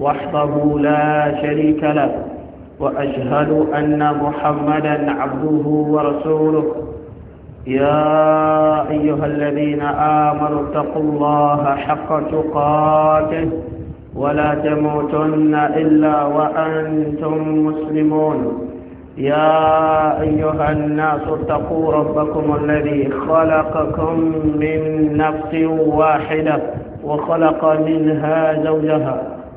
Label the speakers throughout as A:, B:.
A: وحده لا شريك له وأشهد أن محمدا عبده ورسوله يا أيها الذين آمنوا اتقوا الله حق تقاته ولا تموتن إلا وأنتم مسلمون يا أيها الناس اتقوا ربكم الذي خلقكم من نفس واحدة وخلق منها زوجها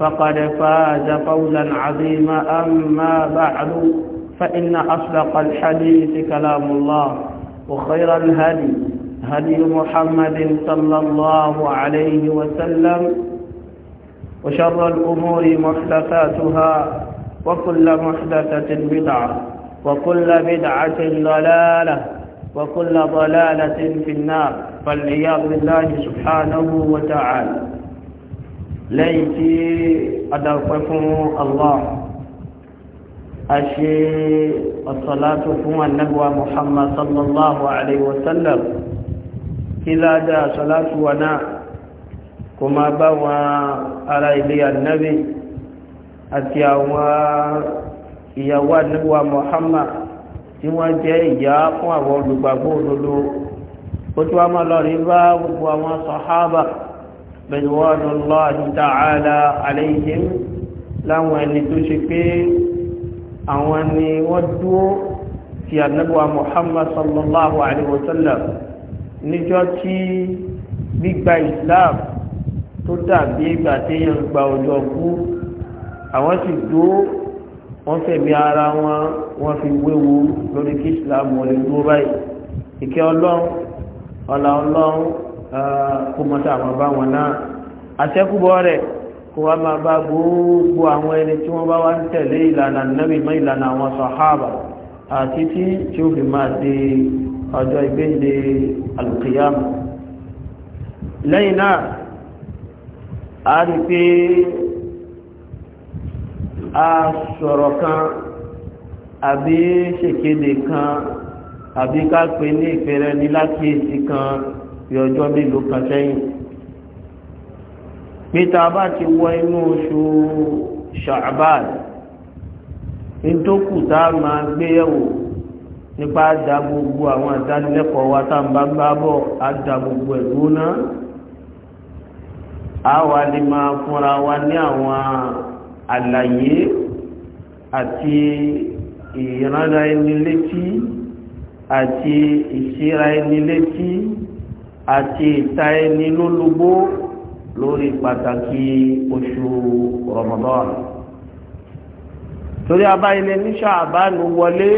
A: فقد فاز فوزا عظيما أما بعد فإن أصدق الحديث كلام الله وخير الهدي هدي محمد صلى الله عليه وسلم وشر الأمور محدثاتها وكل محدثة بدعة وكل بدعة ضلالة وكل ضلالة في النار فالعياذ بالله سبحانه وتعالى lẹ́yìn tí adàpẹ́ fún Allah a ṣe ọ̀sọ̀látò fún annabuwa Muhammad sallallahu alaihi wasallam kí ládá ọ̀sọ̀látò wà náà kò máa bá wọn ara ilé annabi àti àwọn ìyàwó annabuwa Muhammad tí wọ́n jẹ́ ìyá fún àwọn olùgbàgbọ́ òdodo ó tí wọ́n máa lọ rí bá gbogbo àwọn sàhábà رضوان الله تعالى عليهم láwọn ẹni tó ṣe pé àwọn ni wọ́n dúó ti ànábọ̀wà Muhammad sallallahu alaihi wasallam níjọ́ tí gbígba Islam tó dàbí ìgbà téèyàn gba ọjọ́ kú àwọn sì dúó wọ́n fẹ̀mí ara wọn wọ́n fi wéwu lórí kí Islam wọlé dúó báyìí ìkẹ́ ọlọ́run ọlá kó mọ́ta àwọn bá wọn náà àṣẹ́kúbọ̀ rẹ̀ kó wá máa bá gbogbo àwọn ẹni tí wọ́n bá wá ń tẹ̀lé ìlànà nábì mọ́ ìlànà àwọn sàhábà àti tí tí ó fi máa di ọjọ́ ìgbéǹde alùkìyàmù lẹ́yìn náà a rí pé a sọ̀rọ̀ kan àbí ṣèkéde kan àbí ká pè ní ìpẹrẹ ní lákìísí kan bí ọjọ́ mélòó kan sẹ́yìn pé tá a bá ti wọ inú oṣù ṣàbáàd nítòkù tá a máa gbé yẹ̀wò nípa àdá gbogbo àwọn àdánilẹ́kọ̀ọ́ wa tá a bá gbá bọ̀ àdá gbogbo ẹ̀gbọ́n náà àwa lè máa fúnra wa ní àwọn àlàyé àti ìrànlá létí àti ìṣíra létí àti ìta ẹni lólobó lórí pàtàkì oṣù Ramadan torí abáyẹlẹ ní ṣàbánu wọlé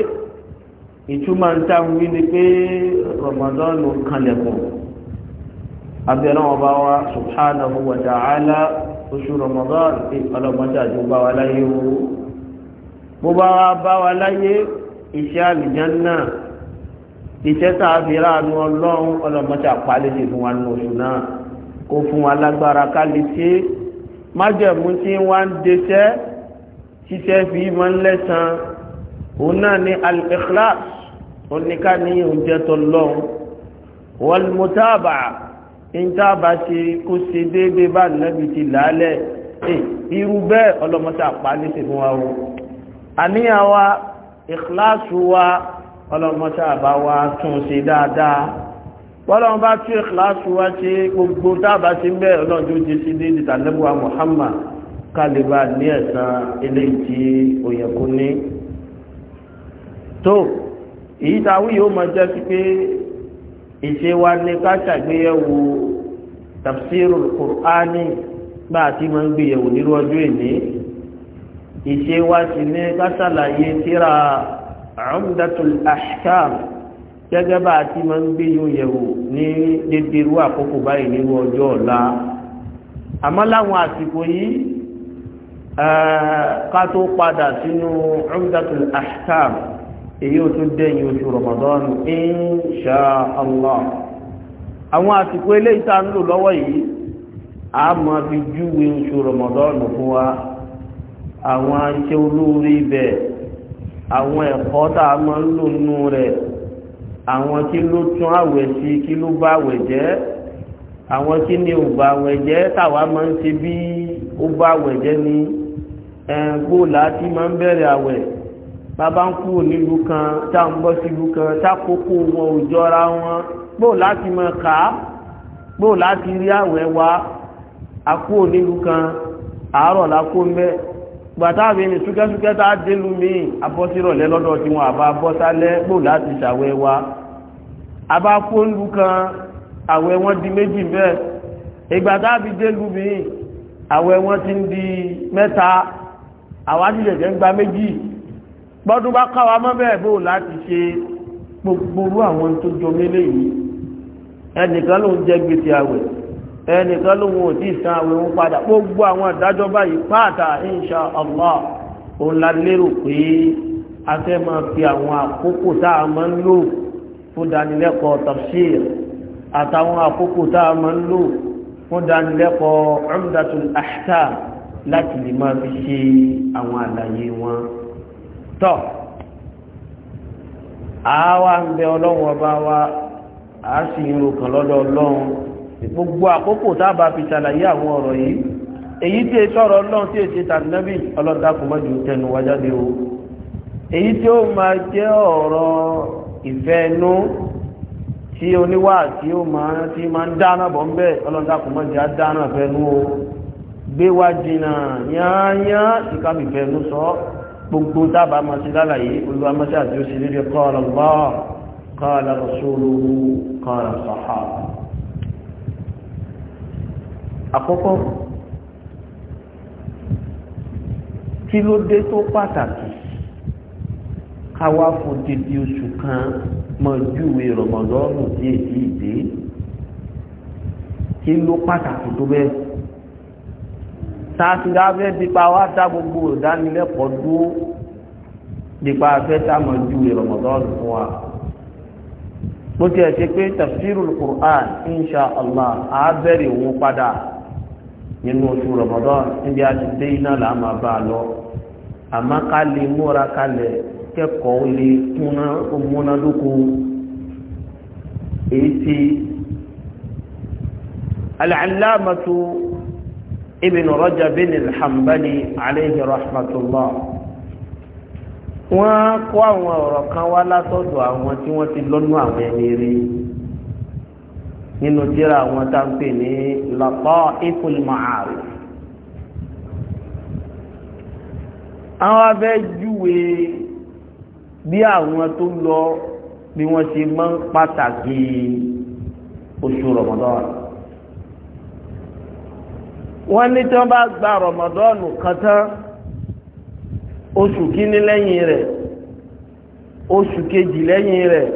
A: ìtumọ̀ níta ń wí ni pé Ramadan ló kanlẹ̀kùn abẹ́rẹ́ wọn wa subhanahu wa ta'ala oṣù Ramadan ọlọ́mọdé àti bá wa láyé wo bó bá wa bá wa láyé iṣẹ́ àlùjánnà náà iṣẹ́ tá a fi ráàánú ọlọ́run ọlọ́mọṣẹ́ àpálẹ́lẹ̀ fún wa nínú oṣù náà kó fún wa lágbára ká lè ṣe é májẹ̀mú tí wá ń deṣẹ́ ṣiṣẹ́ fi mọ́ ń lẹ́sàn òun náà ni al-ikhlas oníká ní oúnjẹ tó lọ́hùn wal-mutaba ìntàbà ṣe kó ṣe déédéé bá nàbì ti làálẹ̀ eh, irú bẹ́ẹ̀ ọlọ́mọṣẹ́ àpálẹ́ṣẹ̀ fún wa o àníyàn wa ikhlasu wa ọlọ́mọ́ta àbá wa tún ṣe dáadáa wọ́n bá tí ìkìláṣù wá ṣe gbogbo dábà sí mẹ́ ọlọ́jọ́ jẹ́ sí ní ìtàlẹ́bùwà Muhammad kálíbà ní ẹ̀sán ilé ìtì òyẹ̀kú ní tó èyí tàwí yóò mọ̀ jẹ́ sí pé ìṣe wa ní ká ṣàgbéyẹ̀wò tafsirul Qur'ani gbà tí wọ́n ń gbéyẹ̀wò nírú ọjọ́ ìní ìṣe wa sì ní ká ṣàlàyé tírà Umdatul Ahkam gẹ́gẹ́ bá a ti máa ń gbé yóò yẹ̀wò ní dédé irú àkókò báyìí nínú ọjọ́ ọ̀la àmọ́ láwọn àsìkò yìí ká tó padà sínú Umdatul Ahkam èyí ò tún dẹ́yìn oṣù Ramadan insha Allah àwọn àsìkò eléyìí tá a ń lò lọ́wọ́ yìí a máa fi júwe oṣù Ramadan fún wa àwọn iṣẹ́ olóore bẹ́ẹ̀ àwọn ẹ̀kọ́ tá a máa ń lò nínú rẹ̀ àwọn kí ló tún àwẹ̀ sí kí ló bá àwẹ̀ jẹ́ àwọn kí ni ò bá àwẹ̀ jẹ́ táwa máa ń ṣe bí ó bá àwẹ̀ jẹ́ ni ẹ̀ǹgbò láti máa ń bẹ̀rẹ̀ àwẹ̀ bàbá ń kúrò nílùú kan tá à ń bọ́ sílùú kan tákòókò wọn ò jọra wọn gbò láti máa kà á láti rí àwẹ̀ wa a kúrò nílùú kan àárọ̀ la kó ń gbàtàbí ni súkẹ́súkẹ́ tá a dínú mi abọ́sírọ̀lẹ́ lọ́dọ̀ tí wọ́n àbá bọ́sálẹ́ gbò láti ṣàwẹ́ wa àbá fóńlù kan àwẹ̀ wọn di méjì bẹ́ẹ̀ ìgbà tábí délù mi àwẹ̀ wọn ti ń di mẹ́ta àwa ti jẹ̀jẹ̀ ń gba méjì gbọ́dún bá káwa mọ́ bẹ́ẹ̀ bò láti ṣe gbogbo àwọn tó jọ mélé yìí ẹnìkan ló ń jẹ gbèsè àwẹ̀ ẹnìkan ló wọn ò tí ìsan àwọn ohun padà gbogbo àwọn ìdájọ́ báyìí pàtà insha allah òun la lérò pé a fẹ́ máa fi àwọn àkókò tá a máa ń lò fún ìdánilẹ́kọ̀ọ́ tafsir àtàwọn àkókò tá a máa ń lò fún ìdánilẹ́kọ̀ọ́ umdatul ahkam láti lè máa fi ṣe àwọn àlàyé wọn tọ́ àwa ń bẹ ọlọ́run ọba wa a sì ń ro kàn lọ́dọ̀ ọlọ́run gbogbo àkókò tábà fi ṣàlàyé àwọn ọ̀rọ̀ yìí èyí tí è sọ̀rọ̀ ọlọ́run tí è ṣe tàbí ọlọ́dàkùn mọ́jú tẹnu wájáde o èyí tí ó máa jẹ́ ọ̀rọ̀ ìfẹ́ẹnú tí oníwà tí ó máa tí máa ń dáná bọ̀ ń bẹ́ ọlọ́dàkùn mọ́jú á dáná fẹ́nu o gbé wá jìnnà yányá ìkábì fẹ́nu sọ gbogbo tábà máa ṣe lálàyé olùwàmọ́sí àti òṣèlérí qala Allah qala rasuluhu qala sahaba àkọ́kọ́ kí ló dé tó pàtàkì káwá fún dídí oṣù kan mọ júwe rọmọdọ́ọ̀nù tí èyí ìdè kí ló pàtàkì tó bẹ́ẹ̀ sáàtìdá fẹ́ dípa wá dá gbogbo ìdánilẹ́kọ̀ọ́ dúró dípa fẹ́ tá mọ júwe rọmọdọ́ọ̀nù fún wa bó tiẹ̀ ṣe pé tafsirul Qur'an insha Allah àá bẹ̀rẹ̀ òun padà nínú oṣù Ramadan níbi àtúndé iná là á máa bá a lọ àmọ́ ká lè múra kalẹ̀ kẹ́kọ̀ọ́ lè kúnná múnádóko èyí ti al-allamatu Ibn Rajab al-Hanbali alayhi rahmatullah wọ́n kó àwọn ọ̀rọ̀ kan wá látọ̀dọ̀ àwọn tí wọ́n ti lọ́nú àwọn ẹni rí nínú tírà àwọn tá à ń pè ní Lata'iful Ma'arif. àwọn abẹ́ júwe bí àwọn tó lọ bí wọ́n ṣe máa pàtàkì oṣù Ramadan wọ́n ní tí wọ́n bá gba Ramadan kan tán oṣù kíní lẹ́yìn rẹ̀ oṣù kejì lẹ́yìn rẹ̀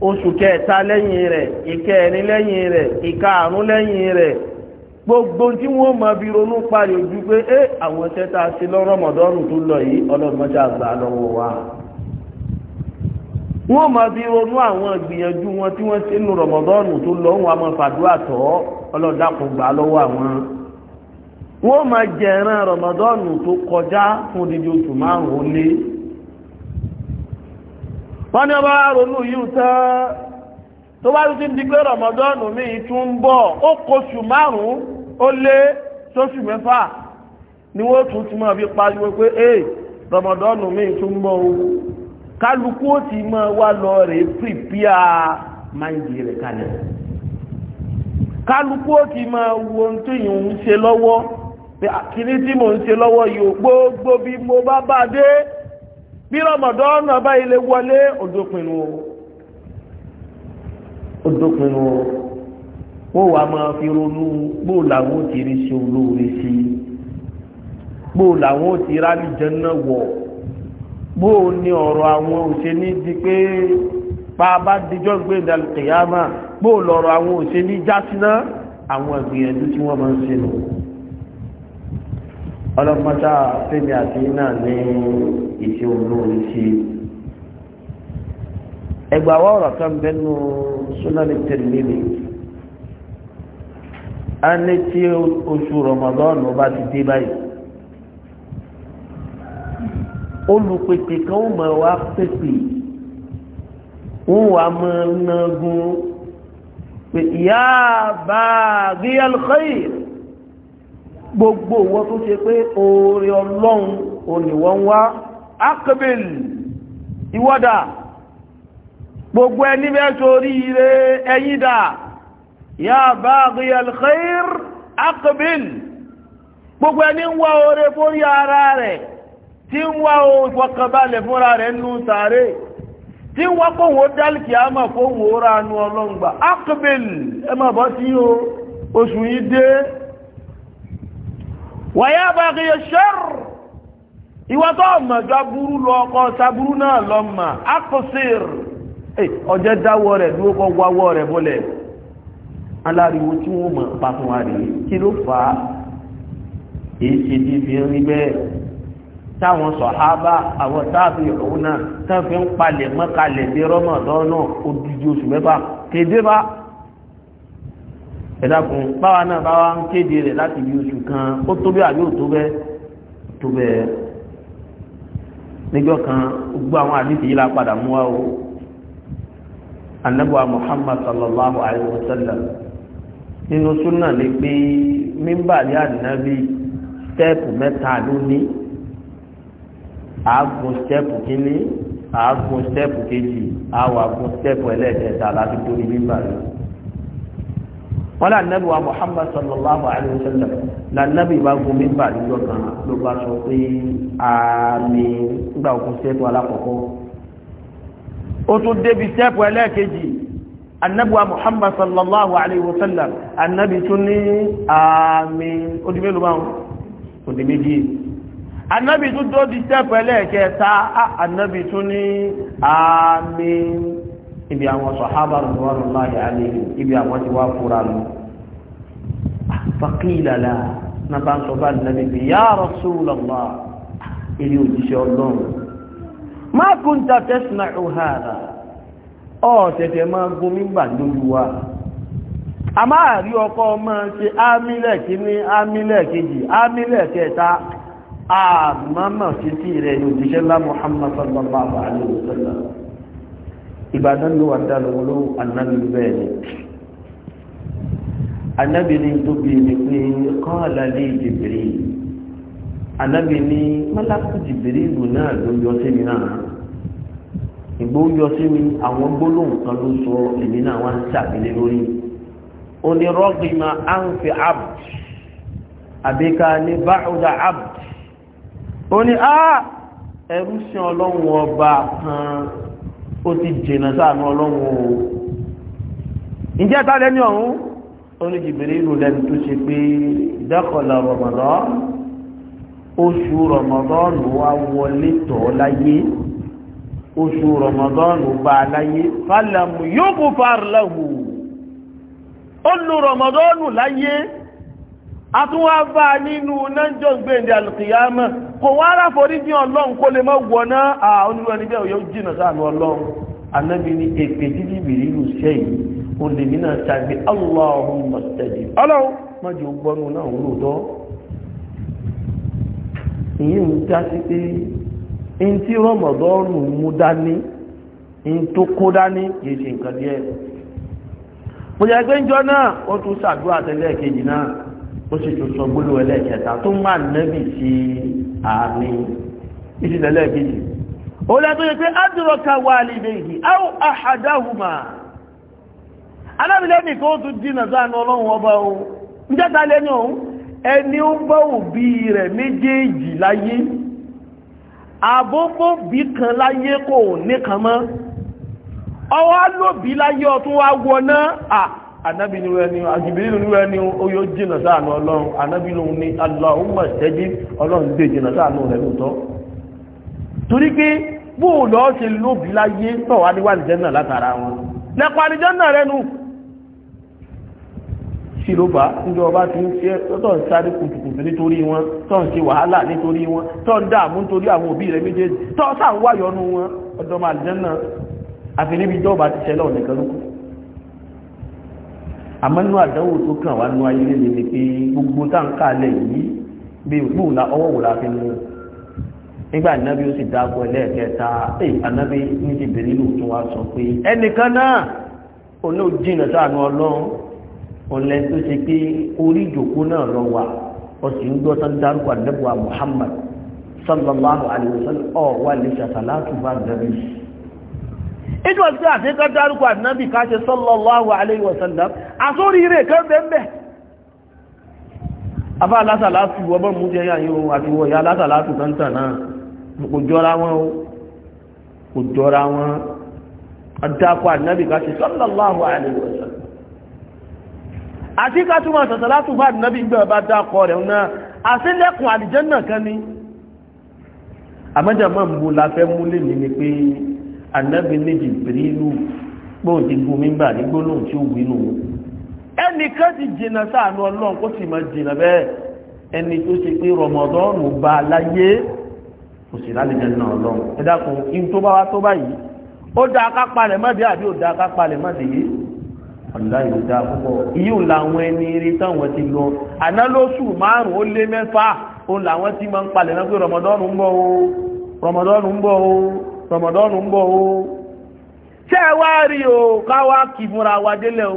A: oṣù kẹta lẹ́yìn rẹ̀ ìkẹrin lẹ́yìn rẹ̀ ìkarùn lẹ́yìn rẹ̀ gbogbo tí wọ́n máa fi ronú parí ojú pé é àwọn iṣẹ́ tá a ṣe lọ́rọ̀ mọ̀dọ́rùn tó lọ yìí ọlọ́mọṣẹ́ àgbà lọ́wọ́ wa wọ́n máa fi ronú àwọn ìgbìyànjú wọn tí wọ́n ṣe nu rọ̀mọ̀dọ́rùn tó lọ wọn máa fàdúrà tọ́ ọlọ́dàkùn gbà lọ́wọ́ àwọn wọ́n máa jẹ̀ràn rọ̀mọ̀dọ́rùn tó kọjá fún odidi oṣù márùn-ún lé wọ́n ní ọba wa ronú yìí tán tó bá ti di rọmọdọ́nù mi tún ń bọ̀ ó kóṣù márùn-ún ó lé sóṣù mẹ́fà ni wọ́n tún ti máa fi pariwo pé ee rọmọdọ́nù mi tún ń bọ̀ o kálukú ó ti máa wá lọ rè pírípíà máìndì rẹ̀ kalẹ̀ kálukú ó ti máa wo ohun tó yìí ń ṣe lọ́wọ́ kíní tí mò ń ṣe lọ́wọ́ yìí ò gbogbo bí mo bá bá dé bí rọmọdọ́nù ọba ilé wọlé òdòpinnu o ó wà máa fi ronú gbóò làwọn ò ti rí sí olóore sí gbóò làwọn ò ti rálì jẹ́nà wọ̀ gbóò ní ọ̀rọ̀ àwọn òṣèlú di pé pa bá dijọ́ gbé ìdàlùkẹ́yàmà gbóò lọ̀rọ̀ àwọn òṣèlú jásínà àwọn ìgbìyànjú tí wọ́n máa ń ṣe nù ọlọ́pọ̀tá fẹ́mi àti náà ní iṣẹ́ olóorí sí ẹgbàwọ́ ọ̀rọ̀ kan bẹ́nu súnáni tẹ̀lélẹ̀ a ní tí oṣù rọmọdọ́ọ̀nù bá ti dé báyìí olùpèpè kan ó mọ̀ wá pèpè ń wà mọ̀ nágun pé ìyá bá gíyàlùkọ́yìí gbogbo wọn tó ṣe pé oore ọlọ́run òníwọ́n wá akẹ́bẹ̀l ìwọ́dà gbogbo ẹni bẹ́ẹ̀ sórí ire ẹ̀yídà ya baghi al-khair akẹ́bẹ̀l gbogbo ẹni ń wá oore fórí ara rẹ̀ tí ń wá ìfọkànbalẹ̀ fúnra rẹ̀ nù sàárè tí ń wá kóhùn ó dálìkì àmà fóhùn ó nu ọlọ́ngbà akẹ́bẹ̀l ẹ má bọ́ sí oṣù yìí dé wàyà bàgì ṣọ́rù ìwọ tó ọmọ jọ burú lọ ọkọ sábúrú náà lọ mà akọsir ọjọ́ dáwọ́ rẹ̀ dúró kọ́ wáwọ́ rẹ̀ bọ́lẹ̀ aláriwo tí wọ́n mọ̀ pàtàkì wa rèé kí ló fà á èyí ṣe bí fi rí bẹ́ẹ̀ táwọn sọ̀hábà àwọn táàfì òun náà táwọn fi ń palẹ̀ mọ́kalẹ̀ bí rọ́mọ̀dọ́ náà ó díjú oṣù mẹ́fà ẹ̀dàkùn báwa náà báwa ń kéde rẹ̀ láti bí oṣù kan ó tó bẹ́ẹ̀ àbí ò tó bẹ́ẹ̀ tó bẹ́ẹ̀ níjọ́ kan gbogbo àwọn àdìsí yìí la padà mú wa o anabuwa muhammad sallallahu alayhi wa sallam nínú súnà lè pé mímbà ní àdínábí stẹ́ẹ̀pù mẹ́ta lóní àágùn stẹ́ẹ̀pù kínní àágùn stẹ́ẹ̀pù kejì àwọn àágùn stẹ́ẹ̀pù ẹlẹ́ẹ̀kẹta láti tó ní mímbà wọ́n lá nẹ́bí wa Muhammad sallallahu alayhi wa sallam la nẹ́bí bá gun mímbà lójọ́ kan ló bá sọ pé àmì gbà òkú sẹ́ẹ̀tù alákọ̀ọ́kọ́ ó tún débi sẹ́ẹ̀pù ẹlẹ́ẹ̀kejì anẹ́bí wa Muhammad sallallahu alayhi wa sallam anẹ́bí tún ní àmì odìmé ló máa ń odìmé jì anẹ́bí tún tó di sẹ́ẹ̀pù ẹlẹ́ẹ̀kẹta anẹ́bí ah, tún ní àmì ibi àwọn sọ̀hábà rọ̀wọ́rọ̀ láàrin àlejò ibi àwọn ti wá fúra lọ fàkílàlá na bá ń sọ bá nínú ibi ya Rasulullah ilé òjíṣẹ́ ọlọ́run ma kunta tasna'u hadha ọ̀ tẹ̀tẹ̀ máa gún mígbà lórí wa a máa rí ọkọ ọmọ ṣe ámílẹ̀ kíní ámílẹ̀ kejì ámílẹ̀ kẹta àmọ́mọ̀ títí rẹ̀ òjíṣẹ́ lá Muhammad sallallahu alaihi wasallam ìbàdàn ló wà dá lọ́wọ́ lọ́wọ́ anábì bẹ́ẹ̀ ni anábì ní tóbi ní pé kọ́ọ̀lá lé jìbìrì anábì ní mọ́lákù jìbìrì ìlú náà ló yọ sí mi náà ìgbó yọ sí mi àwọn gbólóhùn kan ló sọ èmi náà wá ń ṣàbílẹ̀ lórí onírọ́gbìn máa ń àbíká ní báyọ̀dá abd ó ní ẹrú sí ọlọ́run ọba kan ó ti jìnà sáànú ọlọ́run o ǹjẹ́ ta lẹ́ni ọ̀hún oníjìbìrì ìlú lẹ́nu tó ṣe pé ìdákọ̀lá Ramadan oṣù Ramadan wa wọlé tọ̀ láyé oṣù Ramadan bá láyé fálàmù yóò kó fárláhù ó lu Ramadan láyé àtúnwá n'inu a gbende nájọ́ kò wá ráforí ní ọlọ́run kó lè mọ́ wọná onírú ẹni bẹ́ẹ̀ yóò jìnà sáànù ọlọ́run anábì ní èpè títí bìrì ìlú sẹ́yìn ó lè mí náà tàbí aláhùn mọ̀tẹ́jì ọlọ́run náà ń ìyí ń sí pé ń tí mú dání kejì náà ó sì tún sọ gbólú ẹlẹ́ẹ̀kẹta tó má nẹ́bì sí ààrin ìsìnlẹ̀ lẹ́ẹ̀kejì ó lẹ́ yẹ pé ádùrọ̀ka wà lèdè ìdí áwọ̀ àhàdáhùmà alábìlẹ́nì kó tún dínà sáànà ọlọ́run ọba o níjẹ́ta lẹ́ni ọ̀hún ẹni ó bá òbí rẹ̀ méjèèjì láyé àbóbó bí kan láyé kò ní kan mọ́ ọwọ́ lóbi láyé ọtún wá wọná à anábì ni wẹ́ni àjùbìlì ni wẹ́ni ó yóò jìnà sáànù ọlọ́run anábì lòun ni aláhùnmọ̀ ṣẹ́jí ọlọ́run dé jìnà sáànù rẹ̀ lóòótọ́ torí pé bóòlọ́ ṣe lóbi láyé tọ̀ wá níwájú jẹ́nà látara wọn lẹ́pọ̀ àlìjọ́nà rẹ̀ nù tí ló bá níbi ọba tí ń ṣe tọ́ ń sáré kùtùkùtù nítorí wọn tọ́ ń ṣe wàhálà nítorí wọn tọ́ ń dààmú nítorí àwọn òbí rẹ̀ méjèèjì tọ́ sáà ń wáyọnu wọn ọdọ́mọ àmọ́nú àdánwò tó kàn wá nú ayé lè ní pé gbogbo táǹkà lẹ̀ yìí bí ìpú ọwọ́ wò láti mú nígbà ìnábi ó sì dákọ ẹlẹ́ẹ̀kẹta ẹ̀ ànábi ní ti bèrè lò tún wá sọ pé ẹnìkan náà oní òjìnà sáànù ọlọ́run ọ̀lẹ́ tó ṣe pé orí ìjòkó náà lọ wà ọ̀sì ń gbọ́ tán dárúkọ àdẹ́bùwà Muhammad sallallahu alaihi wasallam ọ̀ wà lè ṣàtàlátù bá dàbí inú ọ̀sẹ̀ àti ẹ̀kọ́ dárúkọ ànábì ká ṣe sallallahu alayhi wa sallam àsórí rẹ̀ kan bẹ́ẹ̀ afá alásàlásù ọmọ mú jẹ́ yà yóò àti wọ ìyá alásàlásù tọ́ntà náà kò jọra wọn o kò jọra wọn adákọ̀ ànábì ká ṣe sallallahu alayhi wa sallam àti ká túnmọ̀ sàtàlásù bá ànábì gbẹ̀ bá dákọ̀ rẹ̀ anábì méjì bìrìlù gbóhùn ti gun mímbà ní gbólóhùn tí ó wí nù ẹnìkan ti jìnnà sáànù ọlọ́run kó sì máa jìnnà bẹ́ẹ̀ ẹni tó ṣe pé rọmọdọ́ọ̀nù bá láyé kò sì lálejò náà ọlọ́run ẹ dákun in tó bá wá tó báyìí ó dá akápá rẹ̀ mọ́dé àbí ó dá akápá rẹ̀ mọ́dé yìí ọ̀lá yóò dá púpọ̀ yíò làwọn ẹni rí táwọn ti lọ àná lóṣù márùn-ún ó lé mẹ́fà ó làwọn ti máa ń palẹ̀ náà pé rọmọdọ́ọ̀nù ń bọ̀ o rọmọdọ́ọ̀nù ń bọ̀ o rọmọdọ́nù ń bọ̀ o ṣé ẹ wá rí o káwá o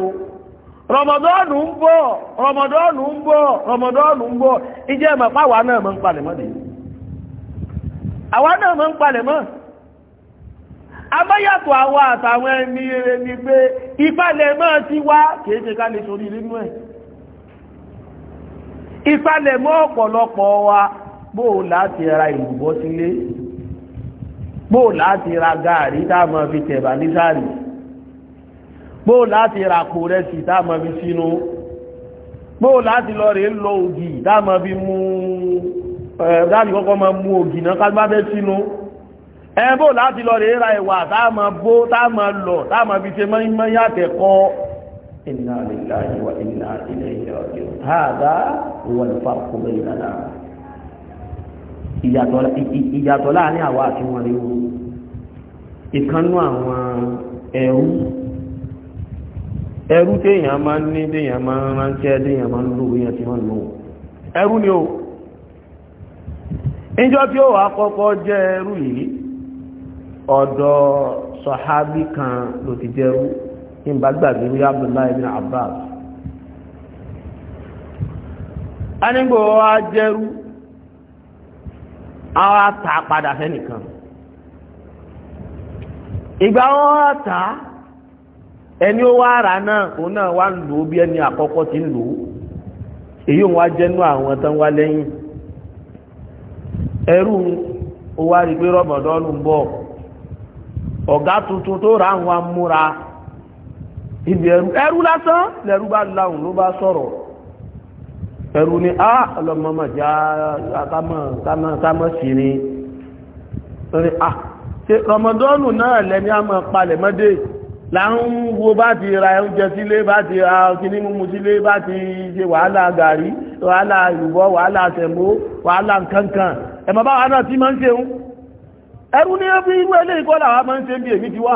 A: rọmọdọ́nù ń bọ̀ rọmọdọ́nù ń bọ̀ rọmọdọ́nù ń bọ̀ ìjẹ́ ẹ̀mọ̀ náà ń palẹ̀ mọ́ àwa náà ń palẹ̀ mọ́ abáyàtọ̀ àtàwọn ẹni rẹ̀ ni pé wa bóò láti ra sílé bó láti ra gaàrí tá a máa fi tẹ̀bà ní sáàrì bó láti ra kò rẹsì tá a máa fi sínú bó láti lọ rèé lọ ògì tá a máa fi mú dáàbì kọ́kọ́ máa mú ògì náà kájú bá fẹ́ sínú ẹ bó láti lọ rèé ra ẹ̀wà tá a máa bó tá a máa lọ tá a máa fi ṣe mọ́yá tẹ̀kọ́ inna lillahi wa inna ilayhi raji'un hada huwa al-farqu baynana ìyàtọ̀ láàrin àwa àti wọn rí wọn ìkanú àwọn ẹrú ẹrú téèyàn máa ń ní téèyàn máa ń ránṣẹ́ téèyàn máa ń lò èèyàn tí wọ́n lò ẹrú ni ó ìjọ tí ó wà kọ́kọ́ jẹ́ ẹrú yìí ọ̀dọ̀ sọ̀hábí kan ló ti jẹ́rú ní gbàgbàgbé rí Abdullahi bin Abbas a nígbò wá jẹ́rú àwọn ata padà fẹ́nìkan ìgbà wọn ata ẹni ó wá rà náà òun náà wá ń lò ó bí ẹni àkọ́kọ́ ti ń lò ó èyí òun wá jẹ́nu àwọn tán wá lẹ́yìn ẹrú ó wá rí pé rọ́mọdọ́nù ń bọ̀ ọ̀gá tuntun tó rà wọn múra ibi ẹrú ẹrú lásán lẹ́rú bá láwùn ló bá sọ̀rọ̀ ẹ̀rù ni á ọlọ́mọmọ jẹ́ àkámọ̀ sí ni lórí à ṣe rọmọdọ́nù náà lẹ́ni àmọ́ palẹ̀ mọ́dé là ń wo bá ti ra oúnjẹ sílé bá ti ra kíní mímu sílé bá ti ṣe wàhálà gàrí wàhálà ìrùbọ wàhálà tẹ̀mó wàhálà nkankan ẹ̀mọ́ báwa náà ti máa ń ṣeun ẹ̀rù ni ó fi irú eléyìí kọ́ làwa máa ń ṣe bí èmi ti wà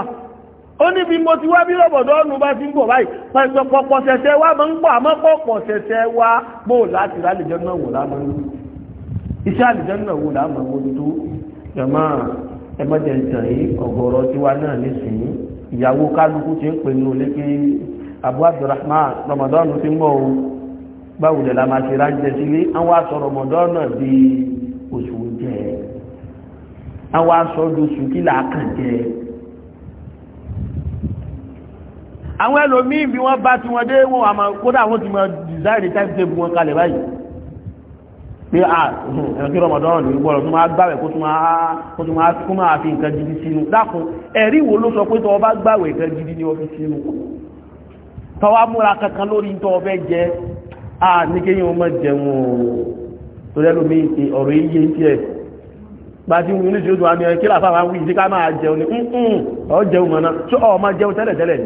A: ó níbi mo ti wá bí rọ̀bọ̀dọ̀ ọ̀nù bá ti ń bọ̀ báyìí pọ̀pọ̀ ṣẹ̀ṣẹ̀ wá máa ń pọ̀ àmọ́ pọ̀pọ̀ ṣẹ̀ṣẹ̀ wá bò láti rálẹ̀jọ́ náà wò lámọ́ iṣẹ́ àlẹ̀jọ́ náà wò lámọ́ ojú jọmọ́ ẹmọ́jẹ ìtàn yìí ọ̀gọ̀rọ̀ tiwa náà nísìnyí ìyàwó kálukú ti ń pè ní olékè Abu Abdulrahman Ramadan ti ń bọ̀ o báwo lè la Ramadan di oṣù jẹ àwọn aṣọ oṣù kí àwọn ẹlòmíì bí wọ́n bá ti wọn dé wọn àmọ́ kódà wọ́n ti mọ design time table wọn kalẹ̀ báyìí pé à ẹ̀rọ kí rọmọdọ́rọ̀ lè gbọ́rọ̀ tó máa gbàwẹ̀ kó tó máa kó máa fi nǹkan gidi sínú dákun ẹ̀rí wo ló sọ pé tó bá gbàwẹ̀ nǹkan gidi ní ọfi sínú tọwa múra kankan lórí tó ọbẹ̀ jẹ à ní kí yíò mọ́ jẹun tó lẹ́lómi ọ̀rọ̀ iye tiẹ̀ bá ti wù ní ṣe ó dùn àmì ẹ̀kí làfáà wí sí ká máa jẹun ní ọ̀ jẹun mọ̀ná tó ọ̀ máa jẹun tẹ́lẹ̀tẹ́lẹ̀ ni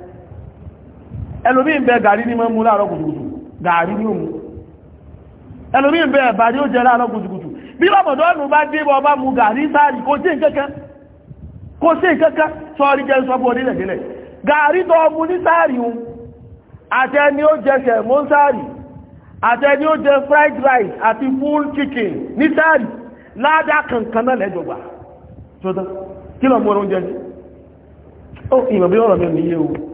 A: ẹlòmí ń bẹ gàrí ní mọ́mú láàárọ̀ kùtùkùtù gàrí ní òun ẹlòmí ń bẹ ẹ̀bà ní ó jẹ láàárọ̀ kùtùkùtù bí lọ́mọ̀dọ́nù bá dé bọ́ bá mu gàrí sáàrì kò sí nǹkankan kò sí nǹkankan sọ́ọ́rí jẹ́ sọ́bù onílẹ̀dílẹ̀ gàrí tó mu ní sáàrì òun àtẹni ó jẹ sẹ̀mó sáàrì àtẹni ó jẹ fried rice àti full chicken ní sáàrì ládà kankan náà lẹ́jọ̀gbà kí lọ́mọ oúnjẹ sí ó ìmọ̀ bí ọ̀rọ̀ mi ò níye o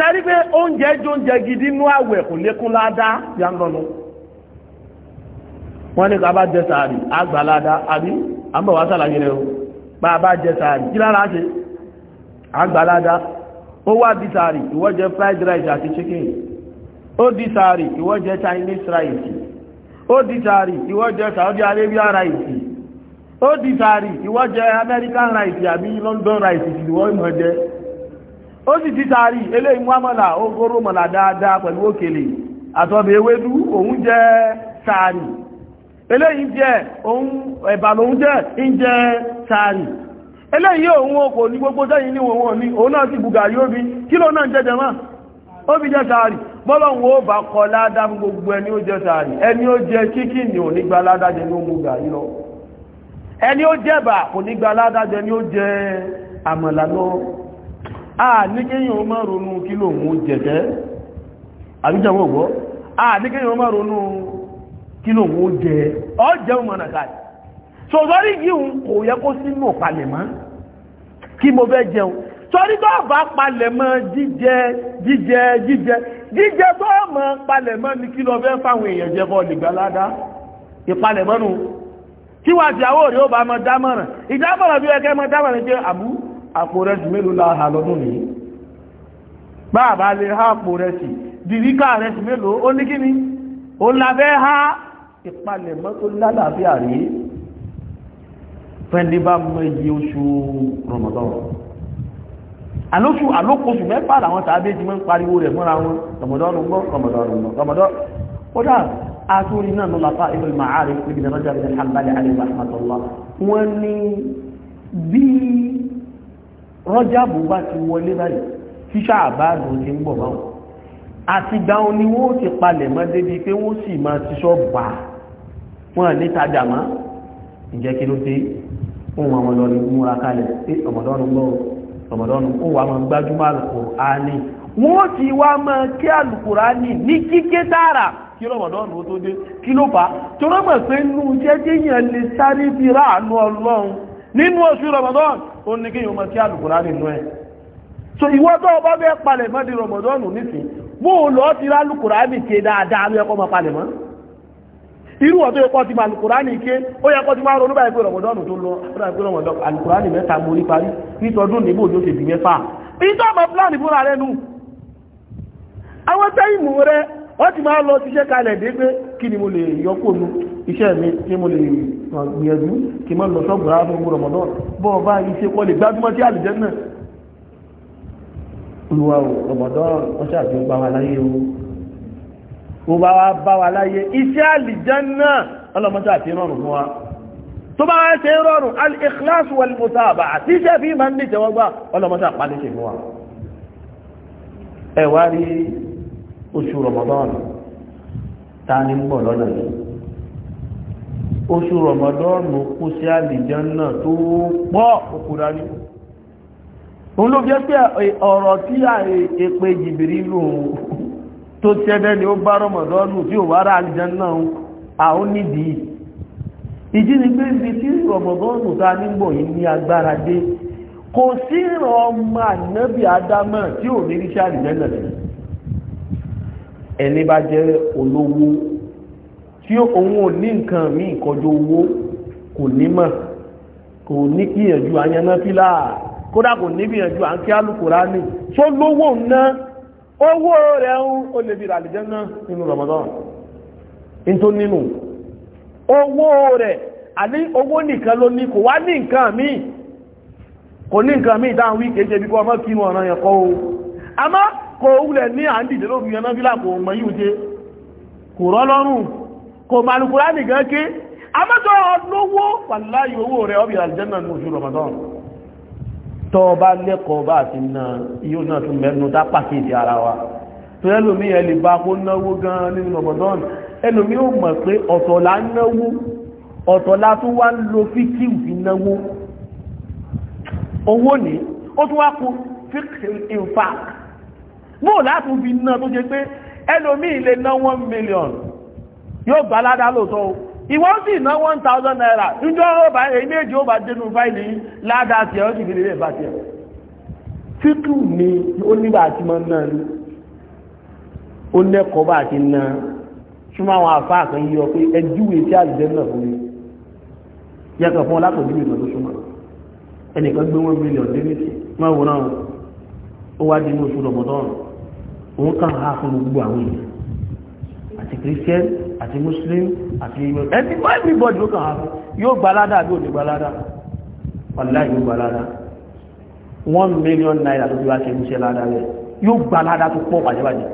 A: sẹ́rí pé oúnjẹ jóúnjẹ gidi nú àwẹ̀ kò lékún ládàá ya ń lọ́nu wọ́n ní ká bá jẹ sàárì àgbà ládàá àbí àmọ́ sàlàyé rẹ̀ o bá bá jẹ sàárì kí lára ṣe àgbà ládàá ó wá di sàárì fried rice àti chicken ó di sàárì ìwọ Chinese rice ó di sàárì ìwọ Saudi Arabia rice ó di sàárì American rice àbí London rice ó sì ti tààrí eléyìí mú àmàlà ó góró mọ̀là dáadáa pẹ̀lú òkèlè àtọ̀bẹ̀ ewédú òun jẹ́ tààrí eléyìí jẹ́ òun jẹ́ ń tààrí eléyìí òun okò ní gbogbo sẹ́yìn ní òun ní òun náà sì bùgà yóò kí ló náà jẹ́ jẹmọ́ ó jẹ́ sàárì bọ́lọ̀hun gbogbo a ní kéyàn ó máa ronú kí ló mú jẹ̀gẹ́ àbíjàwọ̀ ọ̀gbọ́ a ní kéyàn ó máa ronú kí ló mú jẹ ọ jẹun mọ̀nà káàdì sọ̀rọ̀ yìí kò yẹ kó sínú palẹ̀mọ́ kí mo fẹ́ jẹun torí tó bá palẹ̀mọ́ jíjẹ jíjẹ jíjẹ jíjẹ tó mọ̀ palẹ̀mọ́ ní kí lọ fẹ́ fáwọn èèyàn jẹ bọ́ nìgbàládá ìpalẹ̀mọ́ nù kí wà tí àwọ̀ rẹ̀ ó bá mọ dámọ̀ràn ìdámọ̀ràn bí ẹkẹ́ mọ dámọ̀ràn jẹ́ àpò rẹ̀sì mélòó la hà lọ́dún ní bàbá lè há àpò rẹ̀sì dìríkà rẹ̀sì mélòó ó ní kíni ó lábẹ́ há ìpalẹ̀mọ́ tó lálàáfíà rí fẹ́ndé bá mọ́ iye oṣù rọmọdọ́rọ̀ alóṣù alókòṣù mẹ́fà làwọn tàbí ti mọ́ ń pariwo rẹ̀ mọ́ra wọn rọmọdọ́rùn gbọ́ rọmọdọ́rùn gbọ́ rọmọdọ́rùn rọ́jàbù bá ti wọlé báyìí tí ṣáàbáàdù ti ń bọ̀ báwọn àti dáhùn ni wọ́n ti palẹ̀ mọ́ débi pé wọ́n sì máa ti sọ bà wọ́n à ní tajà mọ́ ǹjẹ́ kí ló dé ohun àwọn lọ ní múra kalẹ̀ pé ọmọdọ́nu gbọ́ ọmọdọ́nu ó wà máa gbájúmọ́ Al-Kùránì wọ́n ti wá máa kí Al-Kùránì ní kíké tààrà kí rọmọdọ́nù ó tó dé kí ló fà á torí pé nù jẹ́jẹ́ yẹn lè sáré bí ráàánú ọlọ́run nínú oṣù Ramadan ó ní kí yóò máa kí alùkùrá nínú ẹ̀ so ìwọ tó o bá palẹ̀ di Ramadan nísìn bó o lọ ti rálùkùrá ní ké dáadáa ló yẹ kó ma palẹ̀ mọ́ irú ọ̀tọ́ ti ma alùkùrá ní ké ó yẹ kó ti máa ronú báyìí pé Ramadan tó lọ ní mẹ́ta parí níbo ló ti di mẹ́fà fúlàní fúnra rẹ nù àwọn rẹ wọ́n ti iṣẹ́ mi tí mo lè gbìyànjú kí mọ́ lọ sọ́gbọ̀n ààbò ogun rọmọdọ́ bọ́ bá iṣẹ́ pọ́ lè gbádùmọ́ tí àlìjẹ́ náà olúwa rọmọdọ́ wọ́n ṣàbí ó bá wa láyé o ó bá wa bá wa láyé iṣẹ́ àlìjẹ́ náà ọlọ́mọdé àti rọrùn fún wa ni ń lọ́nà yìí oṣù rọmọdọ́ọ̀nù kú sí àlìján náà tó pọ̀ òkúra ní òun ló jẹ́ pé ọ̀rọ̀ tí à èpè jìbìrí lò tó tẹ́lẹ̀ ni ó bá rọmọdọ́ọ̀nù tí ò wá rà àlìján náà àwọn nídìí ìdí ni pé ibi tí rọmọdọ́ọ̀nù ta nígbọ̀ yìí ní agbára dé kò sí ọmọ ànábì adámọ̀ tí ò ní ríṣà àlìján náà ẹni bá jẹ́ olówó tí òun ò ní nǹkan míì kọjú owó kò ní mọ̀ kò ní gbìyànjú àyànná fílà kódà kò ní gbìyànjú à ń kí tó lówó ná owó rẹ̀ ń ó lè fi ràlìjẹ́ náà nínú Ramadan ní tó nínú owó rẹ̀ àní owó nìkan ló ní kò wá ní nǹkan kò ní nǹkan dáhùn wí kéje bí kò ní kò màlùkùrá nìkan ké amọ́tọ́ lówó wàláyé owó rẹ̀ ọbí àlìjẹ́nà ní oṣù Ramadan tọ́ ọba lẹ́kọ̀ọ́ bá àti na yóò náà tún mẹ́nu dá pàkíyèsí ara wa tó ẹlòmí ẹ bá kó náwó gan nínú Ramadan ẹlòmí ó mọ̀ pé ọ̀tọ̀ la náwó ọ̀tọ̀ la tún wá ń lo fíkìú fi náwó owó ní ó tún wá kú fíkìú in fact bóò látún fi ná tó jẹ pé ẹlòmí lè ná 1 million yóò gbà ládá lóòótọ́ o ìwọ sì ná one thousand naira níjọ́ ó bá èyí méjì ó bá dénú fáìlì ládá tiẹ̀ ó sì fi lè bá tiẹ̀ títù ni ó nígbà tí mo ná ni ó lẹ́kọ̀ọ́ bá ti ná súnmọ́ àwọn àfáà kan yí ọ pé ẹjúwe tí àlùjẹ́ náà fún mi yàtọ̀ fún ọlápẹ̀júwe náà ló súnmọ́ ẹnìkan gbé wọn mílíọ̀n dé ní sí wọn wò náà ó wá di ní oṣù rọ̀mọdọ́rùn òun kàn á fún gbogbo àwọn èèyàn àti kírísítẹ́nì àti muslim àti imam ẹni wọ́n everybody ló kàn án yóò gbalada àbí òní gbalada wàlá yóò gbalada one million naira tó fi wá ṣe iṣẹ́ ládàá rẹ̀ yóò gbalada tó pọ̀ pàjẹ́bàjẹ́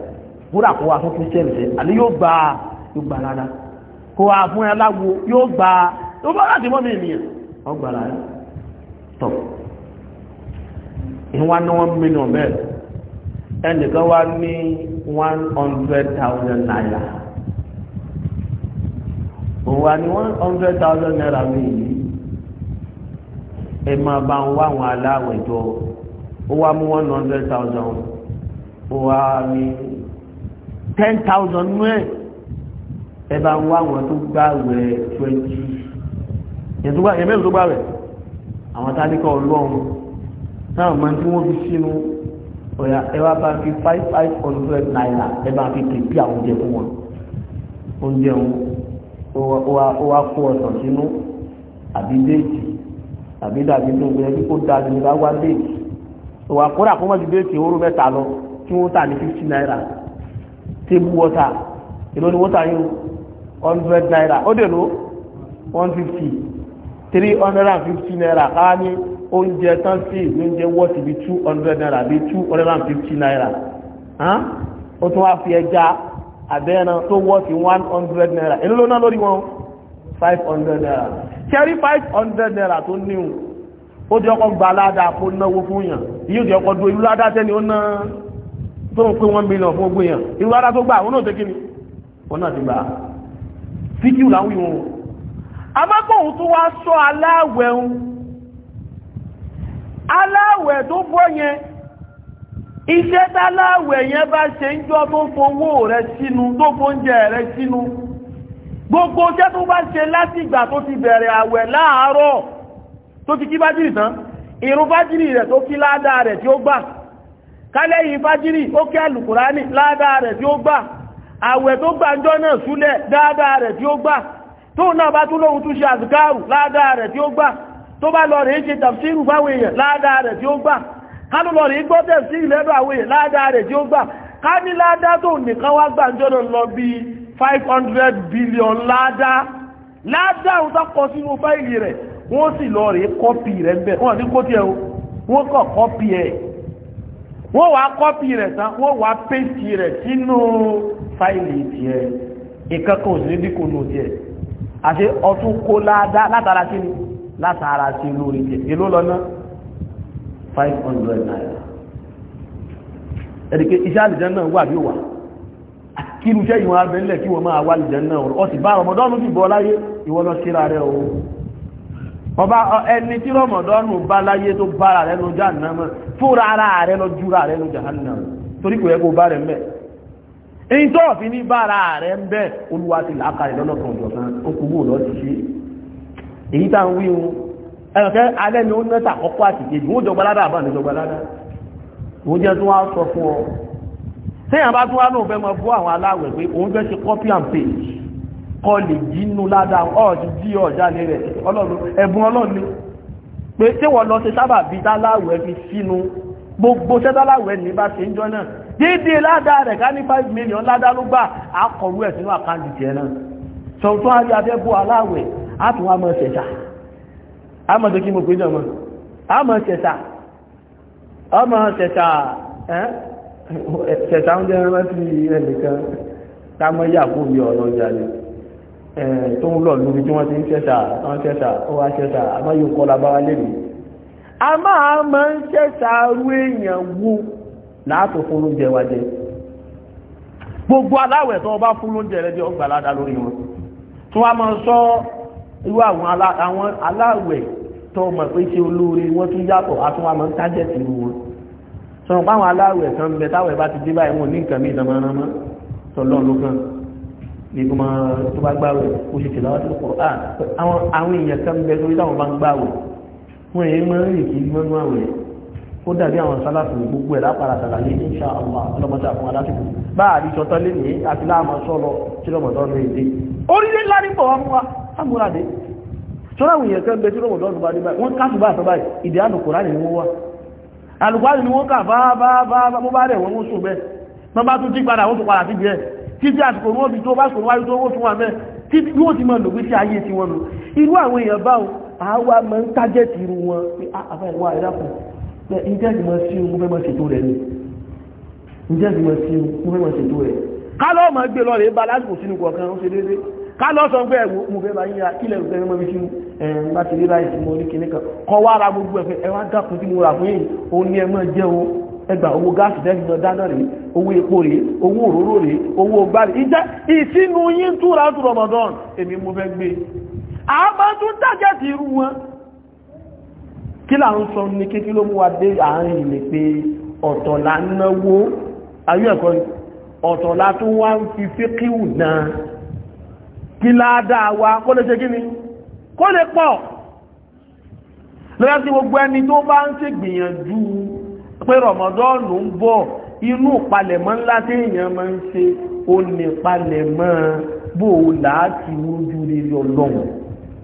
A: kódà kó wa fún christian ṣe àní yóò gba yóò gbalada kó wa fún ẹ láwo yóò gba tó bá láti mọ́ mi nìyẹn wọ́n gbalada tọ̀ ìwọ́n ní one million bẹ́ẹ̀ ẹnìkan wá ní one hundred thousand naira òun ni one hundred thousand naira mi yìí ẹ máa bá ń wá àwọn aláwẹ̀ jọ ó wá mú one hundred thousand ó wá ní ten thousand nú ẹ̀ ẹ bá ń wá àwọn tó gbàwẹ̀ twenty ẹ̀mẹ́rin tó gbàwẹ̀ àwọn tálíkà ọlọ́run náà mọ tí wọ́n fi sínú ọ̀yà ẹ wá bá fi five five hundred naira ẹ bá fi tètè àwọn oúnjẹ fún wọn oúnjẹ wọn ó wá kó ọsàn sínú àbí déètì àbí dàbí tó gbé ẹbí kó dájú ní wá déètì òwò àkúrà kó mọ̀ ju déètì oró mẹ́ta lọ tí wọ́n tà ní fifty naira table water èló ni water yìí hundred naira ó dè ló one fifty three hundred and fifty naira káwá ní oúnjẹ tán sí ìlú oúnjẹ wọ́ọ̀tì bíi two hundred naira bíi two hundred and fifty naira ó tún wá fi ẹja àbẹ́ẹ̀nà tó wọ́ sí 100 naira èlò lóná lórí wọn 500 naira kẹrí 500 naira tó níhùn ó di ọkọ̀ gba aládàá kó náwó fún yàn yíò di ọkọ̀ dúró irú adá tẹ́ni ó ná tó ń pé 1 million fún ogun yàn irú adá tó gbà wọn náà tẹ́kí ni wọn náà ti gbà fíkìú làwọn ìwọ̀n amákòhun tó wá sọ aláwẹ̀ aláwẹ̀ tó iṣẹ́ táláwẹ̀ yẹn bá ṣe ń jọ tó fowó rẹ sínú tó fóúnjẹ rẹ sínú gbogbo iṣẹ́ tó bá ṣe láti ìgbà tó ti bẹ̀rẹ̀ àwẹ̀ láàárọ̀ tó ti kí bájírì tán ìrun bájírì rẹ̀ tó kí ládàá rẹ̀ tí ó gbà kálẹ́yìn bájírì ó kí àlùkùránì ládàá rẹ̀ tí ó gbà àwẹ̀ tó gbà ń jọ náà súlẹ̀ dáadáa rẹ̀ tí ó gbà tó náà bá tún lóhun tún ṣe àzùkárù ládàá rẹ̀ tí ó gbà tó bá lọ rèé ṣe tàbí sírù fáwọn èèyàn ládàá rẹ̀ tí ó gbà kánú lọ rí gbọ́tẹ̀ sí ilẹ́dọ̀ àwòyè ládàá rẹ̀ tí ó gbà ká ní ládàá tó nìkan wá gbà jọ́nà lọ bí 500 billion ládàá ládàá ń sákọ sínú fáìlì rẹ̀ wọ́n sì lọ rí kọ́pì rẹ̀ bẹ́ẹ̀ wọ́n ní kó tiẹ̀ o wọ́n kọ̀ kọ́pì ẹ̀ wọ́n wá kọ́pì rẹ̀ tán wọ́n wá péjì rẹ̀ sínú fáìlì tiẹ̀ ìkẹ́kọ̀ọ́ sí dínkù nù tiẹ̀ àti ọtún kó ládàá látara sí ni látara sí èló lọ náà 500 hundred naira ẹ̀dẹ̀kẹ́ iṣẹ́ àlìjẹ́ náà wà bí wà kí ní iṣẹ́ ìwọ̀n abẹ́lẹ̀ kí wọ́n máa wà àlìjẹ́ náà ọ̀rọ̀ ọ̀sì bá rọmọdọ́nù sì bọ́ láyé ìwọ́n lọ rẹ̀ o ọba ẹni tí rọmọdọ́nù bá láyé tó bára rẹ̀ lọ jahannama fúnra ara rẹ̀ lọ júra rẹ̀ lọ jahannama torí kò yẹ kó bá rẹ̀ mẹ́ èyí tó fi ní bára rẹ̀ ń bẹ́ olúwa ti làákàrẹ̀ lọ́nà kan ọ̀jọ̀kan ó kúgbò lọ́ ti ṣe èyí tá ń ẹnìkẹ́ alẹ́ ni ó ń nẹ́ta àkọ́kọ́ àti kejì wọ́n jọgbà ládà àbá níjọgbà ládà òun jẹ́ tún wá sọ fún ọ téèyàn bá tún wá náà fẹ́ mọ fún àwọn aláwẹ̀ pé òun fẹ́ ṣe copy and paste kọ lè jínú ládà ọ̀ọ́dì dí ọ̀jáde rẹ̀ ẹ̀bùn ọlọ́run ni pé tí wọ́n lọ ṣe sábà bí dáláwẹ̀ fi sínú gbogbo ṣẹ́dáláwẹ̀ ní bá ṣe ń jọ náà dídí ládà rẹ̀ ká ní 5 million ládà ló gbà á kọ̀rú ẹ̀ sínú àkáǹtì tiẹ̀ náà sọ̀tún àrí abẹ́bọ̀ aláwẹ̀ á tún wá mọ̀ ṣẹ̀ṣà a mọ̀ tó kí mo pè jọmọ́ a mọ̀ ṣẹ̀ṣà ọmọ ṣẹ̀ṣà ṣẹ̀ṣà ń jẹ́ rántí ẹnìkan táwọn yàgò bí ọ̀rọ̀ jàre tó ń lọ lórí tí wọ́n ti ń ṣẹ̀ṣà wọ́n ṣẹ̀ṣà ó wá ṣẹ̀ṣà àmọ́ yóò kọ́ labára lèmi a máa ṣẹ̀ṣà irú àwọn aláwẹ̀ tó mọ̀ pé ṣe olóore wọ́n tún yàtọ̀ àtúnwà mọ́ tájẹ̀tì irú wọn sọ̀rọ̀ páwọn aláwẹ̀ kan bẹ táwẹ̀ bá ti dé báyìí wọn ní nǹkan mí ìdánmọ́ránmọ́ tọ́lọ́ ló kàn ní kó máa tó bá gbàwẹ̀ ó ṣe tìlọ́wọ́ tó pọ̀ àwọn èèyàn kan bẹ lórí táwọn bá ń gbàwẹ̀ wọn èyí máa ń rìn kí mọ́nú àwẹ̀ ó dàbí àwọn sálàfù gbogbo ẹ̀ lápára sàlàyé insha Allah ọlọ́mọdé àfún aláṣẹ́kù bá àdìsọ́tọ́ lé ní àti láàmú sọ́lọ tí lọ́mọdọ́ lóye dé orílẹ̀-èdè lárí bọ̀ wá mú wa amúradé tọ́lá àwọn èèyàn kan bẹ tí rọ̀mọ̀dọ́ ọ̀nà bá dé báyìí wọ́n káàtù bá àtọ́ báyìí ìdí àlùkùrá ni wọ́n wá àlùkùrá ni wọ́n kà bá bá bá bó bá rẹ̀ wọ́n sùn bẹ́ẹ̀ tọ́ bá tún jí padà wọ́n tún padà sí bẹ́ẹ̀ títí àsìkò wọn bí tó bá sọ̀rọ̀ wáyé tó wọ́n tún wà mẹ́ títí yóò ti máa lògbé sí ayé ti wọn nù irú àwọn èèyàn bá wọn àwa máa ń tájẹ́ ti irú wọn pé ah, àbá ìwà ẹ̀dá kan bẹ́ẹ̀ ǹjẹ́ ti máa sí ohun fẹ́ máa ṣètò rẹ̀ ni ǹjẹ́ ti máa sí ohun fẹ́ máa ṣètò rẹ̀ ká lọ́ọ́ máa gbé lọ bá lásìkò sínú kọ̀ọ̀kan ó ṣe déédéé ká lọ sọ pé ẹ̀wọ̀ mo fẹ́ bá yín ra kílẹ̀ ìgbẹ́ mọ́ bí kí ẹ̀rùn bá ti rí láì sí mo rí kìíní kan kọ́ wá ra gbogbo ẹ̀fẹ́ ẹwà dákun tí mo rà fún yìí ó ní ẹmọ́ jẹ́ o ẹgbà owó gáàsì dẹ́gbìnà dáná wa dé àárín ilẹ̀ pé ọ̀tọ̀ la náwó ayé ẹ̀kọ́ ọ̀tọ̀ la tún wá ń fi fíkíwù náà kí láàdáa wa kó lè ṣe kí ni kó lè pọ̀ lọ́yá sí gbogbo ẹni tó bá ń ṣe gbìyànjú pé rọ̀mọ̀dọ́ọ̀nù ń bọ̀ inú ìpalẹ̀mọ́ ńlá tí èèyàn máa ń ṣe ó ní ìpalẹ̀mọ́ bó o láti wójú rere ọlọ́run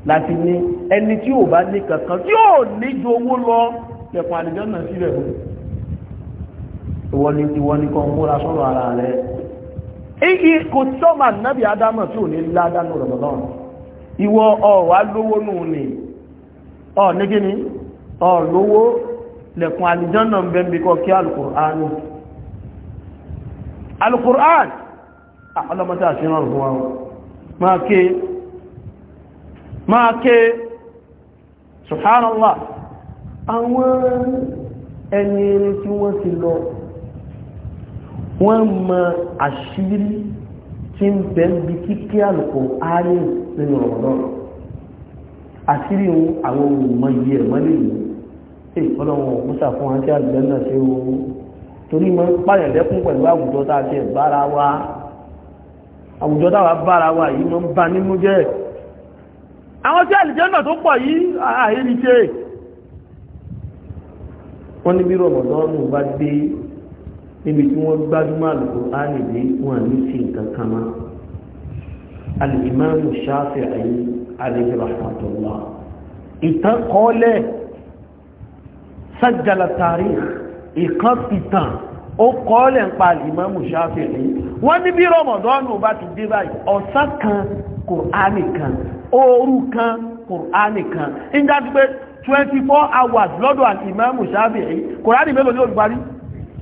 A: láti ní ẹni tí ò bá ní kankan tí ò ní ju owó lọ lẹ̀kùn àlùjọ́ náà sílẹ̀ fún ìwọ ni ìwọ ni kan múra sọ́rọ̀ ara rẹ̀ èyí kò sọ́mà nábì adámọ̀ tí ò ní ládánù Ramadan ìwọ ọ̀wà lówó nù ní ọ̀ ní kí ni ọ̀ lówó lẹ̀kùn àlìjọ́nà ń bẹ́m̀bí kọ́ kí alukur'an alukur'an ọlọ́mọdé àṣírán fún wa máa ké máa ké subhanallah àwọn ẹni tí wọ́n ti lọ wọ́n mọ àṣírí tí ń bẹ ń bi kíkí àlùkò ayé nínú ọ̀rọ̀ náà àṣírí ohun àwọn olùmọ iye ẹ̀mọ́ lè mú èyí ọlọ́run ọ̀pọ̀sà fún wa tí àgbẹ̀ náà ṣe wo torí mọ́ pààyàn lẹ́kún pẹ̀lú àwùjọ tá a ti bára wa àwùjọ tá a bára wa yìí mọ́ ń ba nínú jẹ́ àwọn tí àlùjẹ́ náà tó pọ̀ yìí àìrí ṣe wọ́n ní bí rọ̀mọ̀dọ́nù bá dé níbi tí wọ́n gbájúmọ́ Al-Qur'ani dé wọn ní sí nǹkan kan mọ́ Al-Imam Shafi'i alayhi rahmatullah ìtàn kọ́lẹ̀ sajjala tarikh ìkan ìtàn ó kọ́lẹ̀ ń pa Al-Imam Shafi'i wọ́n ní bí rọmọdọ́nù bá ti dé báyìí ọ̀sán kan Qur'ani kan òru kan Qur'ani kan ìjáde pé four hours lọ́dọ̀ Al-Imam Shafi'i Qur'ani mélòó ni ó parí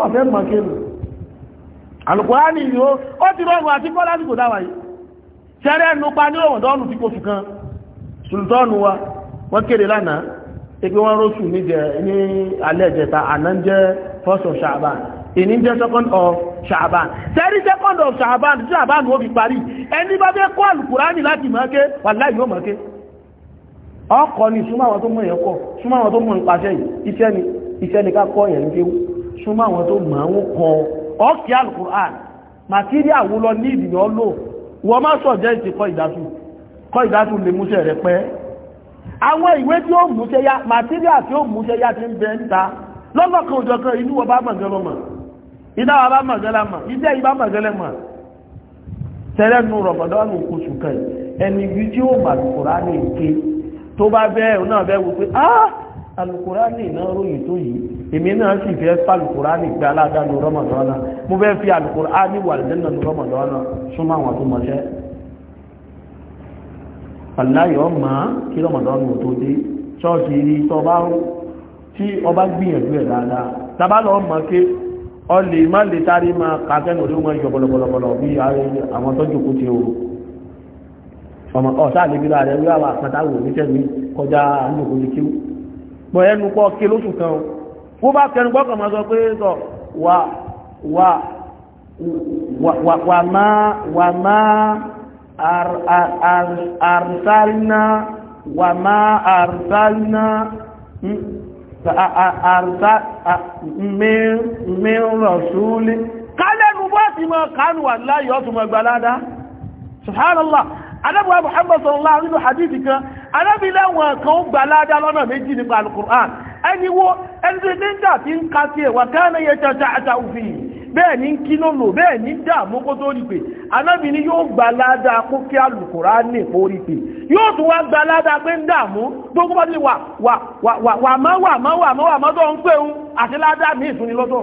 A: ọ̀fẹ́ mọ̀ kéèrò alùkùránì ni ó ó ti rọrùn àti kọ́ lásìkò dáwà yìí ṣẹ́rẹ́ ẹnu pa ní òwò dọ́ọ̀nù ti kóṣù kan sultanu wa wọ́n kéde lánàá pé wọ́n róṣù ní alẹ́ ìjẹta àná first of Shaaban. èní jẹ́ second of Shaaban. ṣẹ́rí second of Sha'ban tí Sha'ban ó fi parí ẹni bá fẹ́ kọ́ alùkùránì láti mọ́ké wàláhì yóò mọ́ké ọkọ̀ ni súnmọ́ àwọn tó mọ̀ yẹn kọ̀ súnmọ́ àwọn tó mọ̀ ni iṣẹ́ ni ká kọ́ yẹn súnmọ́ àwọn tó mọ̀ ń kọ ọ́kì alukur'an màtíríà wo lọ ní ìdìyàn lò wọ́n má sọ jẹ́ ìtì kọ́ ìdásù kọ́ ìdásù lè múṣẹ́ rẹ pẹ́ àwọn ìwé tí ó múṣẹ́ yá màtíríà tí ó múṣẹ́ yá ti ń bẹ níta lọ́lọ́kan òjọ̀kan inú ọba mọ̀gẹ́lọ́ mọ̀ iná ọba mọ̀gẹ́lá ah alukurani náà ròyìn tó yìí èmi náà sì fẹ́ alukurani gbé aládàánu rọmọdọ́nà mo fẹ́ fi alukurani wà lẹ́nu rọmọdọ́nà súnmọ́ àwọn tó mọṣẹ́ aláyọ̀ máa kí rọmọdọ́nà tó dé ṣọ́ọ̀ṣì rí tọba tí ọba gbìyànjú ẹ̀ dáadáa tàbá lọ mọ̀ ké ọlè má lè tárí máa kàtẹ́nù ló wọ́n yọ bọ̀lọ̀bọ̀lọ̀ bí àwọn tọ́jú kú ti o ọ̀sá àlébílà rẹ̀ wíwá àpátáwò níṣẹ́ mi kọjá àlùkò ní kíw pọ̀ ẹnu pọ̀ kí lóṣù kan o bó bá kẹnu gbọ́kàn máa sọ pé sọ wà wà wà má wà má àrùsálínà wà má àrùsálínà mìírànsúlé kálẹ́nu bá ti mọ̀ kánù wà láyé ọ̀tún mọ̀ gbalada subhanallah adábọ̀ Muhammad sallallahu alaihi wa sallam hadith kan arábìnrin àwọn kan ó gbà ládá lọ́nà méjì nípa alukur'an ẹni wo ẹni tó ti ń dà tí ń ka sí ẹ̀wà káàná yẹ tata ata òfin bẹ́ẹ̀ ni ń kí ló lò bẹ́ẹ̀ ni dààmú kó tó rí pé arábìnrin yóò gbà ládá kó kí alukur'an lè kó rí pé yóò tún wá gbà ládá pé ń dààmú gbogbo bá ti wà wà wà wà má wà má wà má wà má tó ń pé òun àti ládá mi ìtúnilọ́tọ̀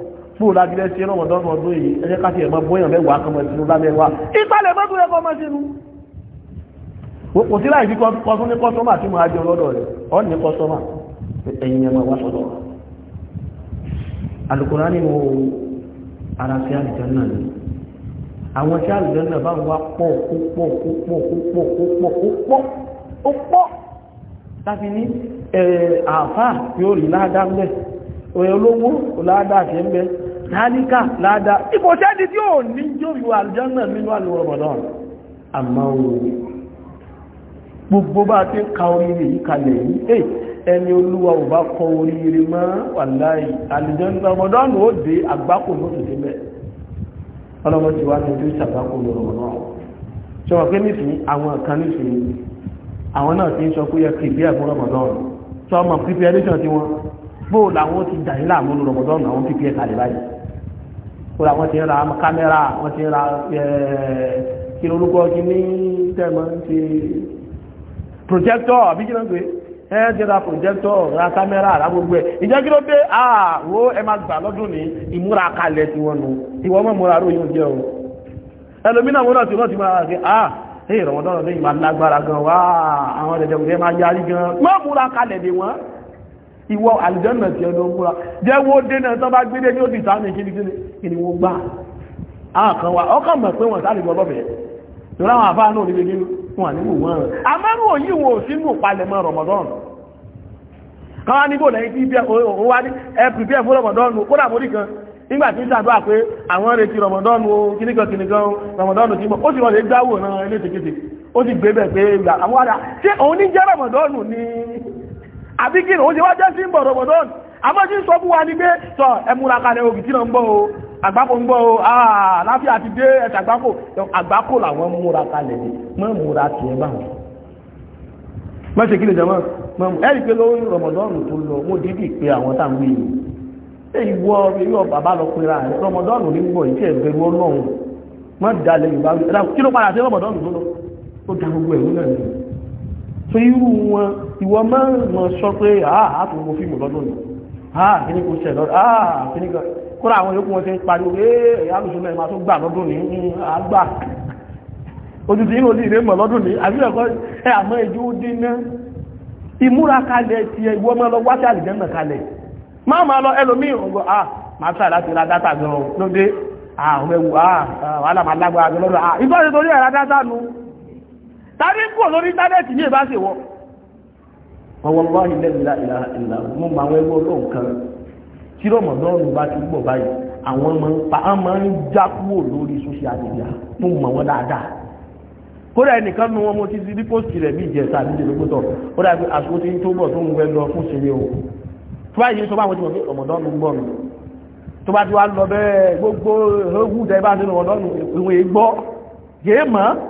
A: fún láti lẹ́ sí ọmọdún ọdún yìí ẹjẹ́ káfí ẹ̀mọ́ bóyàn mẹ́wàá kan mọ̀ sínú lámẹ́wàá ìpalẹ̀ mọ́tún ẹ̀kọ́ mọ́ sínú kò sí láì fi kọsún ní kọ́sọ́mà tí mo á jẹun lọ́dọ̀ rẹ̀ ọ́n ní kọ́sọ́mà ẹ̀yìn ẹ̀mọ́ wá sọ́dọ̀ alùkùnrin ní mo ara sí àlùjànnà ni àwọn sí àlùjànnà bá wà pọ̀ púpọ̀ púpọ̀ púpọ̀ púpọ̀ púpọ̀ púpọ̀ láti ní àfáà yóò rí ládàá ń bẹ̀ olówó ládàá ti ń bẹ̀ tálíkà ládàá ipò sẹ́ni tí ò ní jòrò àlùjọ́nà nínú àlùwọ̀ rọ̀mọ̀dán àmọ́ o gbogbo bá ti ń ka oríire yìí kalẹ̀ yìí eh, ẹni olúwa ò bá kọ oríire mọ́ wàláì àlùjọ́nà rọ̀mọ̀dán ó dé àgbákò lóṣù síbẹ̀ ọlọ́wọ́ ti wá ní ojú ìṣàgbákò rọ̀mọ̀dán ṣe wọ́n pé nísìnyí àwọn kan nísìnyí àwọn náà ti ń sọ bóòlù àwọn ti dà ní láàmú rọ̀mọ̀dán àwọn pípẹ́ kalẹ̀ báyìí kóra wọ́n ti ra kámẹ́rà wọ́n ti ra kiri olúkọ kí ní tẹ̀mọ́ ti projector àbí kí náà pé ẹ ti ra projector ra kámẹ́rà ra gbogbo ẹ̀ ìjẹ́ kí ló dé àwọ ẹ máa gbà lọ́dún ní ìmúra kalẹ̀ tí wọ́n nù ìwọ́ mọ̀ múra ró yóò jẹ́ o ẹlòmínà múra tí wọ́n ti máa ṣe à ẹ ìrọ̀wọ́dọ́rọ̀ lẹ́yìn máa lágbára gan wá àwọn ẹ̀dẹ̀dẹ̀ máa yarí gan mọ́ ìwọ àlìjọ́nà tí ọdún múra jẹ́ wó dé náà tán bá gbé dé ní òdì sáà ní kíníkíní kíní wọ́n gbà áàkan wa ọkàn mọ̀ pé wọ́n sáré gbọ́ bọ́bẹ̀ tó láwọn àfáà náà níbi nínú wọn àníwò wọn rẹ̀ àmọ́rù òyìn wọn ò sínú palẹ̀mọ́ Ramadan kan wá níbò lẹ́yìn tí ó wá ní ẹ pìpẹ́ fún Ramadan kódà mórí kan nígbà tí ń ṣàdúrà pé àwọn retí Ramadan o kíníkan kíníkan Ramadan tí mọ̀ ó sì wọ́n lè dáwò náà ilé tèkété ó sì gbé bẹ̀ pé àwọn àdá ṣé òun ní jẹ́ Ramadan ní àbí kí ni ó ṣe wá jẹ́ sí bọ̀dọ̀bọ̀dọ̀ àmọ́ sí sọ fún wa ní pé sọ ẹmúra kalẹ̀ òbí tí náà ń bọ̀ o àgbákò ń bọ̀ o àláfíà ti dé ẹ̀ṣẹ̀ àgbákò àgbákò làwọn múra kalẹ̀ ní mọ́ múra tì ẹ báwọn mọ́ ṣe kí ni jẹ́mọ́ ẹ̀rí pé lórí rọmọdọ́ọ̀nù tó lọ mo dídì pé àwọn táwọn gbé yìí ìwọ ìwọ bàbá lọ pera rẹ rọmọdọ́ọ̀nù ní bọ̀ ìṣe ìbẹ̀rù ọlọ́run mọ́ dalẹ̀ yorùbá kí ló padà sí rọmọdọ́ọ̀nù tó lọ ó dá gbogbo ẹ̀rú náà so irú wọn ìwọ máa ń sọ pé àá tó gbogbo fíìmù lọ́dún ni àá ah, kí ni kò ṣẹ̀ lọ́dún àá ah, kí ni kò kóra àwọn yòókù wọn ti ń pariwo pé ẹ̀yà alùsùn náà máa tó gbà lọ́dún ní àgbà hmm, ojútùú yìí ò ní ìrẹ́mọ̀ lọ́dún ní àbí ẹ̀kọ́ ẹ àmọ́ ìjú dínà ìmúra kalẹ̀ ti ẹ ìwọ́n máa lọ wáṣẹ́ àlìjẹ́mọ̀ kalẹ̀ máa máa lọ ẹlòmíì ọgọ́ ah, à máa tà láti tàbí kò lórí íńtánẹ́ẹ̀tì ní ìbáṣe wọ wallahi la ilaha illa mo ma àwọn ẹgbẹ́ olóhùn kan tí rọmọdọ́rùn bá ti gbọ̀ báyìí àwọn ọmọ ń pa ọmọ ń já kúrò lórí social media mo mọ̀ wọ́n dáadáa kódà ẹnìkan nu wọn mo ti di post rẹ̀ bí ìjẹta àbí ìjẹlógbótọ̀ kódà ẹgbẹ́ àsìkò tí ń tó bọ̀ tó ń wẹ lọ fún ṣeré o tó bá yìí tó bá wọn ti mọ̀ pé rọmọdọ́rùn gbọ́ mi tó bá ti wá lọ bẹ́ẹ̀ gbogbo ewu dẹ́ bá ti rọmọdọ́rùn ìwé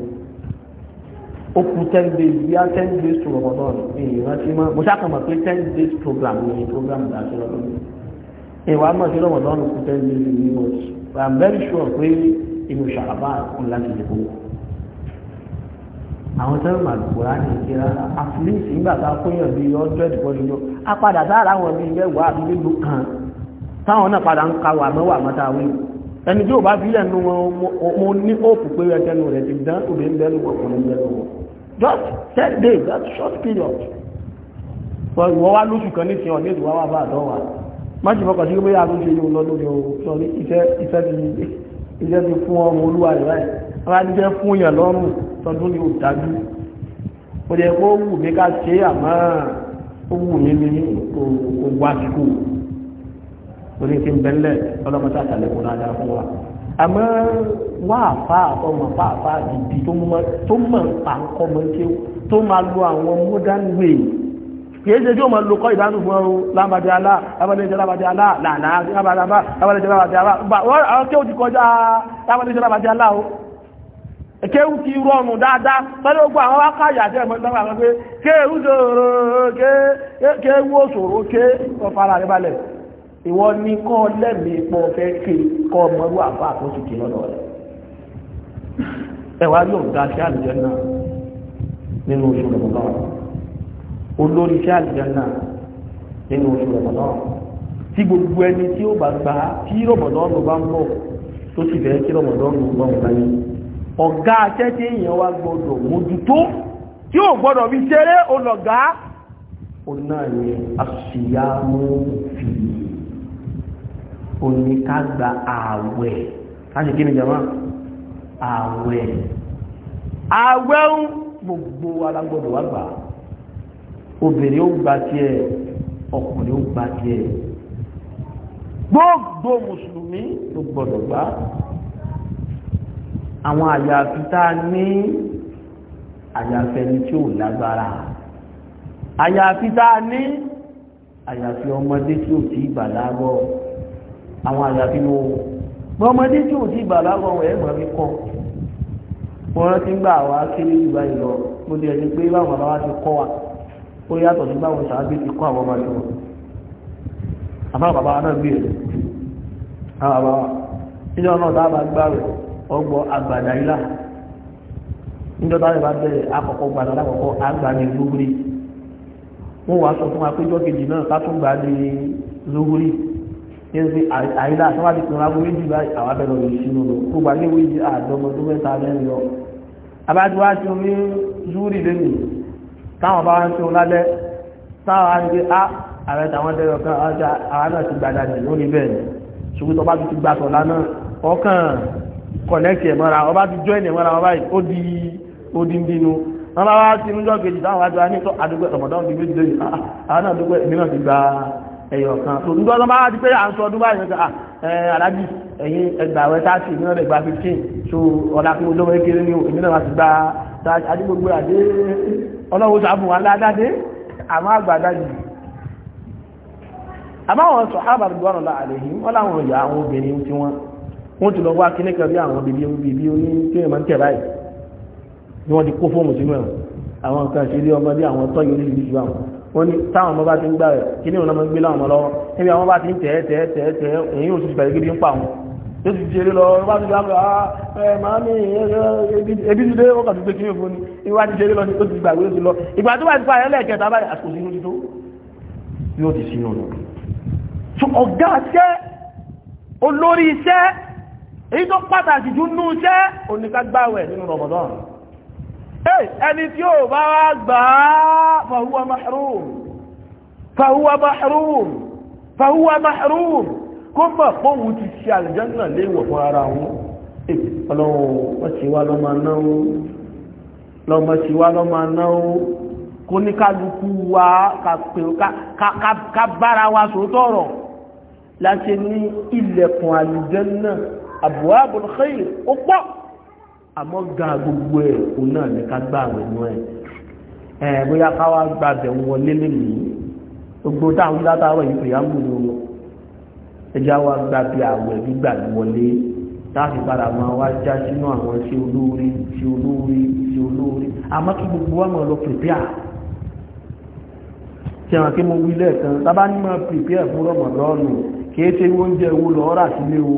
A: ó kù ten days bí ten days to Ramadan ní ìrántí mọ́ mo ṣàkàmọ̀ pé ten days program ní program ìdájọ́ lọ́dún ìwà mọ̀ sí Ramadan kù ten days ní ìwọ̀sí but I'm very sure pé inú ṣàràbà kù láti lè bọ́ àwọn tẹ́lẹ̀ màlúkúrá ní ìkíra àfúlíìsì nígbà tá a kóyàn bí ọjọ́ ìdìbò nínú apádà sára àwọn ẹbí mẹ́wàá àbí mélòó kan táwọn náà padà ń ka wà mẹ́wàá mọ́ta wíwò ẹni tí ò bá fílẹ̀ nù wọn mo ní òkú pé ẹgbẹ́nu rẹ̀ ti dán obìnrin bẹ́ẹ̀ lùwọ̀ ọkùnrin bẹ́ẹ̀ lùwọ̀ just ten days that's short period wọ́n wá lóṣù kan ní ìsìn ọ̀nà ètò wáwá bá àdán wa má jù mọ́kàn sí pé a lóṣù yóò lọ lórí o sọ ní iṣẹ́ iṣẹ́ ti iṣẹ́ ti fún ọmọ olúwa rẹ̀ báyìí wọ́n á ní jẹ́ fún yàn lọ́rùn tọdún ní òdájú ó jẹ́ pé ó wù mí ká ṣe àmọ́ ó wù mí ní ògbó àsìkò torí ti ń bẹ́lẹ̀ ọlọ́mọta àtàlẹ́kùn dáadáa fún wa àmọ́ wá àfáà ọmọ àfáà gidi tó mọ̀ nípa nǹkan mọ́ kí tó máa lo àwọn modern way kìí ṣe tí ó máa lo kọ́ ìdánù fún ọrùn lábàdé alá lábàdéjẹ́ lábàdé alá lànà lábàdéjẹ́ lábàdé alá àwọn tí ó ti kọjá lábàdéjẹ́ lábàdé alá o kéwù ti rọrùn dáadáa pẹ̀lú ogun àwọn wákàyà àti ẹ̀mọ́ ìgbàgbà ìwọ ní kọ́ lẹ́mìí pọ̀ fẹ́ kí kọ́ mọ́rú àbá àkóso kì lọ́dọ̀ rẹ̀ ẹwà yóò ga sí àlùjànnà nínú oṣù rọ̀mọ́lọ́ olórí sí àlùjànnà nínú oṣù rọ̀mọ́lọ́ tí gbogbo ẹni tí ó bá gbà tí rọ̀mọ́lọ́ ló bá ń bọ̀ tó sì fẹ́ kí rọ̀mọ́lọ́ ló bá ń bá yín ọ̀gá aṣẹ́ tí èèyàn wá gbọ́dọ̀ mójútó tí ó gbọ́dọ̀ fi ṣeré olọ̀gá ó náà ní àṣìyá mú fìyè òní ká gba ààwẹ̀ káṣe kí ni jama ààwẹ̀ ààwẹ̀ ń gbogbo alágbọ́dọ̀ wá gbà obìnrin ó gba tiẹ̀ ọkùnrin ó gba tiẹ̀ gbogbo mùsùlùmí ló gbọ́dọ̀ gbà àwọn àyàfi tá a ní àyàfẹni tí ò lágbára àyàfi tá a ní àyàfi ọmọdé tí ò tí bàlágọ́ àwọn àyàfi ló wọ́n ọmọdé tí ò sí ìbàlágọ́ ọ̀hún ẹ̀ mọ̀ fi kọ́ wọ́n rántí gbà wá kéré jù báyìí ti pé báwọn bàbá ti kọ́ wa ó yàtọ̀ ti kọ́ àwọn ọmọ wọn àmọ́ bàbá náà gbé rẹ̀ àwọn bàbá a bá rẹ̀ ọgbọ́ ilá a bá bẹ̀rẹ̀ àkọ́kọ́ gbàdá lákọ̀ọ́kọ́ àgbà ní lógúrí wọ́n sọ fún wa pé náà ká tún gbà ní yẹn fi àyílá àtọ́wádìí kan lágún méjì bá àwọn abẹ́rẹ́ òye sínú lọ gbogbo àgbéwò ìdí àádọ́mọ tó mẹ́ta mẹ́rin lọ abájúwá tí o ní zúrì lẹ́nu táwọn bá ń tí o lálẹ́ táwọn á ń gbé á ààrẹ tàwọn dẹ́rọ kan ọjà àwọn náà ti gbàdá jù lórí bẹ́ẹ̀ ṣùgbọ́n tó bá ti gbà tọ̀ lánà ọkàn kọ̀nẹ́kì ẹ̀ mọ́ra ọba ti jọ́ ẹ̀ mọ́ra ọba yìí ó di odindinu wọn bá wá sí inú jọ́ kejì táwọn wájú wa ní tó àdúgbò ọmọdé wọn ẹyọ kan tó nígbà tó bá wá di pé à ń sọ ọdún báyìí nígbà ah, aláàjì ẹ̀yin ẹgbàwẹ́ táàsì ní ọ̀rẹ́ gba fifteen so ọ̀la fún olówó kéré ní èmi náà wá ti gba adigbogbo àdé ọlọ́wọ́ sàbùn wa ládàdé àmọ́ àgbàdájì àmọ́ àwọn sọ̀hábà tó wà lọ́la àlè yìí wọ́n láwọn ọ̀yà àwọn obìnrin tí wọ́n wọ́n ti lọ wá kíníkan bí àwọn bìbí bìbí oní tí wọ́n àwọn nǹkan ṣe ilé ọmọdé àwọn tọ́ yìí lórí ìṣúra wọn ni táwọn ọmọ bá ti ń gbà rẹ̀ kí ní òun ọmọ gbé láwọn ọmọ lọ́wọ́ níbi àwọn bá ti ń tẹ̀ẹ́ tẹ̀ẹ́ tẹ̀ẹ́ tẹ̀ẹ́ èyí ò sì bẹ̀rẹ̀ gidi ń pa wọn tó ti ṣeré lọ bá ti gbàgbà ah, ẹ máa ní ebi ti dé ó kàn tó gbé kí ní òfin ni ìwà ti ṣeré lọ ni ó ti gbàgbé ó ti lọ ìgbà tó bá ti pa ẹ lẹ́ẹ̀kẹta báyìí àsìkò sínú ti tó yóò ti sínú lọ. ọ̀gá iṣẹ́ olórí iṣẹ́ èyí tó pàtàkì jù nú iṣẹ́ oníkágbáwẹ̀ nínú Ramadan ẹni tí ó bá wá gbà á fàhúwa mahrum fàhúwa mahrum fàhúwa mahrum kó mọ̀ pọ́wù ti ṣe àlìjánà léwọ̀ fún ara wọn ọlọ́run wọ́n ti wá lọ́mọ náà lọ́mọ ti wá lọ́mọ náà kó ní kálukú wa ká wa sòótọ́ ọ̀rọ̀ láti ní ilẹ̀kùn àlìjánà abwabul khair àmọ́ ga gbogbo ẹ̀ òun náà ní ká gbà wẹ̀nú ẹ̀ ẹ̀ bóyá káwá gbàbẹ̀ wọlé lèmi gbogbo táwọn látàwọ̀ yìí pèyà mú lò ẹjá wa gbàbẹ̀ àwẹ̀ gbígbà wọlé láti padà máa wá já sínú àwọn sí olóore sí olóore sí olóore àmọ́ kí gbogbo wa máa lọ pèpéà tí àwọn kí mo wí lẹ́ẹ̀kan tábà ní máa pèpéà fún rọ̀mọ̀dọ́ọ̀nù kì í ṣe oúnjẹ wo lọ́ọ́ sílé o.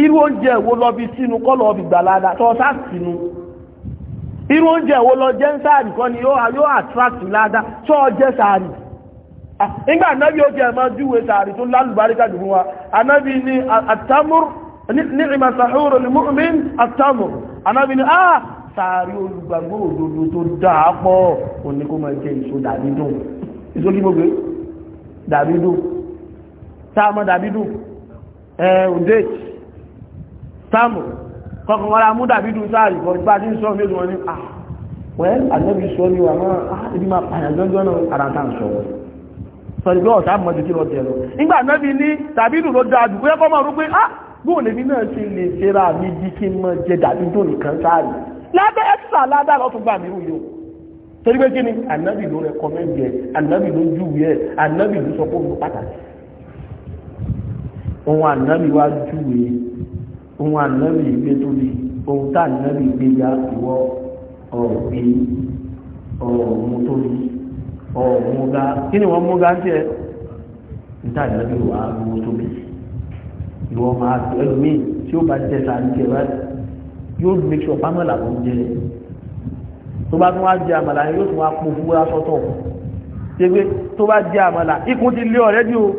A: irú oúnjẹ wo lọ bí sínú kọ́ lọ bí gbàlada tọ́ sá sínú irú oúnjẹ wo lọ jẹ́ ń sáàrì kọ́ ni yóò attract ládá tọ́ jẹ́ sáàrì ah, nígbà anábí ó jẹ́ ẹ̀mọ́ júwe sáàrì tó lálùbáríkà jù fún wa anábí ni àtàmùr ní ìmàsàhúrò ní mu'min àtàmùr anábí ni ah sáàrì olùgbàgbọ́ òdodo tó dáa pọ̀ òní kó máa jẹ èso dàbídùn èso kí gbogbo dàbídùn táàmù dàbídùn ẹ̀ eh, òdèjì táàmù kọkàn wọn amú dàbí dùn sáàrì kan gbá tí ń sọ mélòó wọn ni à wẹ́n àjẹ́bí sọ ni wà máa ah, ibi máa pààyàn gángan náà ara tá à ń sọ wọn sọ ni pé ọ̀tá mọ̀ lọ tẹ̀ lọ nígbà náà ní tàbí dùn ló dáa pé ah bóun lèmi náà ṣe lè ṣera mi di kí n mọ jẹ dàbí dùn nìkan sáàrì lábẹ́ ẹ́kṣà ládà lọ́tún gbà mí wúyò torí pé kí ni ànábì ló rẹkọmẹ́ndì ẹ̀ ànábì ló júwe ẹ̀ ànábì ló sọ pé òun pàtàkì òun wá júwe ohun ànábì gbé tóbi ohun tá ànábì gbé ya ìwọ ọ̀rọ̀ gbé ọ̀rọ̀ ọ̀hún tóbi ọ̀rọ̀ ọ̀hún ga kí ni wọ́n mú ga ń tiẹ̀ ní tá ànábì wà á mú tóbi ìwọ máa tó ẹlòmíì tí ó bá jẹ sàárì tiẹ̀ bá yóò make sure pamọ́ làwọn jẹ tó bá tún wá jẹ àmàlà yóò tún wá pọ̀ fúra sọ́tọ̀ ṣe pé tó bá jẹ àmàlà ikùn ti lé ọ̀rẹ́dì o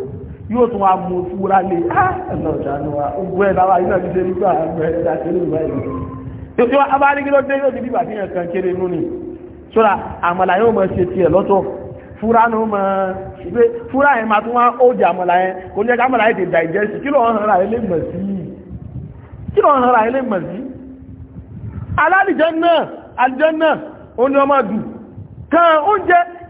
A: yóò tún wá mú fúra lè ẹ̀nà ìjànú wa ogun ẹ̀nà wa iná ti ṣe nígbà àgbẹ̀ ìdàkẹ́lẹ̀ ìgbà ìlú tí wọ́n bá nígbà dé yóò ti bí bàtí yẹn kan kéré nú ni sọ́ra àmàlà yóò mọ̀ ṣe tiẹ̀ lọ́tọ̀ fúra nù mọ̀ ṣùgbẹ́ fúra yẹn máa tún wá ó jẹ àmàlà yẹn kò ní ẹ̀ka àmàlà yẹn ti digest kí ló ń hara ilé mọ̀ sí kí ló ń hara ilé mọ̀ sí alálìjẹ́ náà alìjẹ́ náà ó kan oúnjẹ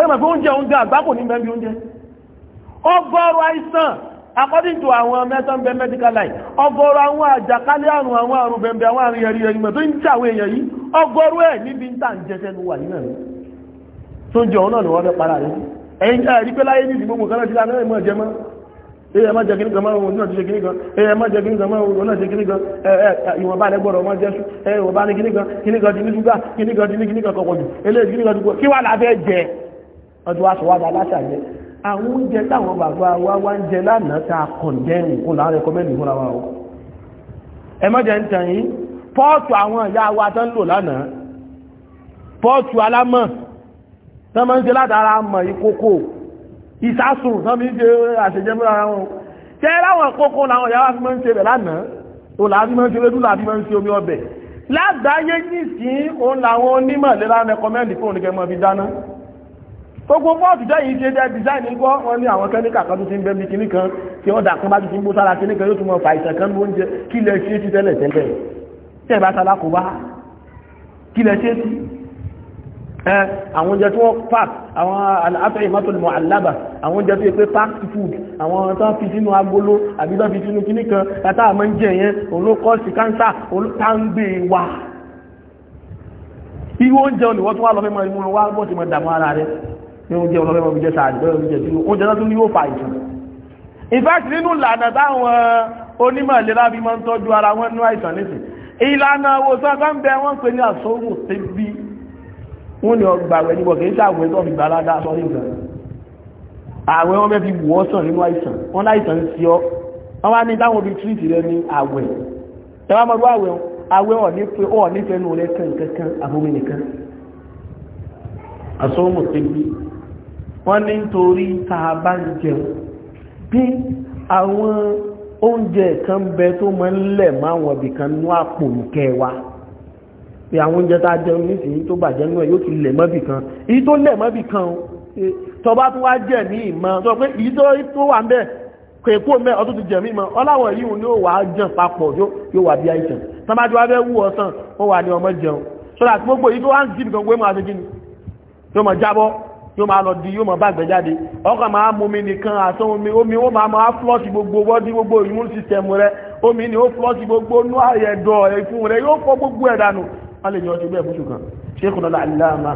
A: ẹgbẹ́ mọ̀ pé oúnjẹ oúnjẹ àgbákò ní bẹ́ẹ̀ oúnjẹ ọgọ́rọ̀ àìsàn according to àwọn mẹ́sàn medical line ọgọ́rọ̀ àwọn àjàkálẹ̀ àrùn àwọn àrùn bẹ̀m̀bẹ̀ àwọn àrùn yẹ̀rì yẹ̀rì tó ń jà àwọn èèyàn yìí ọgọ́rọ̀ ẹ̀ níbi ń tà ń jẹ́ sẹ́nu wà nínú ẹ̀rọ tó ń jẹ òun náà ni wọ́n fẹ́ para rẹ̀ ẹ̀yìn ẹ̀rí pé láyé ní ìdìbò kan náà ti lára ẹ̀mọ́ jẹ mọ́ èyí ẹ̀mọ́ jẹ kí ní kan máa ń náà ti ṣe kí ní kan èyí ẹ̀mọ́ jẹ kí ní kan máa ń náà ti ṣe kí ọdún wa sọ wá da látàgbẹ́ àwọn oúnjẹ táwọn bàbá wa wá ń jẹ lánàá ta kọ̀ndẹ́nù kó là ń rẹkọmẹ́ndì fúnra wa o ẹ má jẹ́ ń tàn yín pọ́ọ̀tù àwọn ìyá wa tó ń lò lánàá pọ́ọ̀tù alámọ̀ tó máa ń jẹ látara mọ̀ ìkókò ìsásùn tó máa ń jẹ àṣẹjẹ́ fúnra wọn tẹ́ láwọn kókó làwọn ìyá wa fi máa ń ṣe bẹ̀ lánàá òun làá fi máa ń ṣe lódú làá fi máa ń ṣe omi ọbẹ̀ lágbàáyé nìsín òun gbogbo pọ́ọ̀tù jẹ́ yìí ṣe jẹ́ design ńkọ́ wọ́n ní àwọn kẹ́míkà kan tó ti ń bẹ́ mi kìíní kan tí wọ́n dàkún bá ti ti ń bó sára kìíní kan yóò tún mọ fàìsàn kan ló ń jẹ kí lẹ ṣe ti tẹ́lẹ̀ tẹ́lẹ̀ tí ẹ̀ bá sára kò bá kí lẹ ṣe ti ẹ àwọn oúnjẹ tí wọ́n pack àwọn afẹ́ ìmọ́tòlù mọ́ àwọn oúnjẹ tó yẹ pé pack food àwọn tó fi sínú agolo àbí tó fi sínú kìíní kan tata àmọ́ ń jẹ yẹn òun ló kọ́ sí káńsà òun wa e irú oúnjẹ olùwọ́ tó wà lọ́fẹ́ mọ́ ìmúra bọ́ sí mọ́ dàmú ara rẹ̀ ní oúnjẹ ọlọ́rẹ́ wọn jẹ́ sàárì lọ́rọ̀ oúnjẹ tí oúnjẹ náà tún ní yóò fa ìtàn in fact nínú ìlànà táwọn onímọ̀ ìlera bí máa ń tọ́jú ara wọn nínú àìsàn nísìn ìlànà òwòsàn kan bẹ wọ́n pè ní àsọ́wò tí bí wọ́n ní ọgbà rẹ̀ níbọ̀ kìí sàwẹ̀ tó fi gbàládá sọ́rí nǹkan àwẹ̀ wọn bẹ́ fi wọ́ sàn nínú àìsàn wọn láìsàn sí ọ wọ́n wá ní táwọn obì tírìtì rẹ ní àwẹ̀ tẹ́wà mọ́ bá àwẹ̀ àwẹ̀ ọ̀ nífẹ̀ẹ́ nù rẹ wọ́n ní nítorí tàà bá ń jẹun bí àwọn oúnjẹ kan bẹ tó mọ́ ń lẹ̀ máwọn ibìkan ní àpò ìkẹwàá pé àwọn oúnjẹ tá jẹun nísìnyí tó bàjẹ́ náà yóò ti lẹ̀ mọ́bì kan èyí tó lẹ̀ mọ́bì kan tọba tó wá jẹ̀ ní ìmọ̀ tó pé èyí tó wà ń bẹ̀ kèkó mẹ́ ọdún ti jẹ̀mí mọ́ ọláwọ̀ yíò ní ó wà á jẹun papọ̀ yóò wà bí àìsàn tọ́bájú wá fẹ́ wú ọ̀sán ó wà ní ọmọ jẹun sọ́dà yóò máa lọ di yóò máa bá gbẹ̀ jáde ọkàn máa mú omi nìkan àtọ́ omi omi ó máa máa flush gbogbo body gbogbo immune system rẹ omi ni ó flush gbogbo inú àyẹ̀dọ̀ ẹ̀fún rẹ yóò fọ gbogbo ẹ̀ dànù wọ́n lè yọ ti bẹ́ẹ̀ fúnṣù kan Sheikhuna al-Allama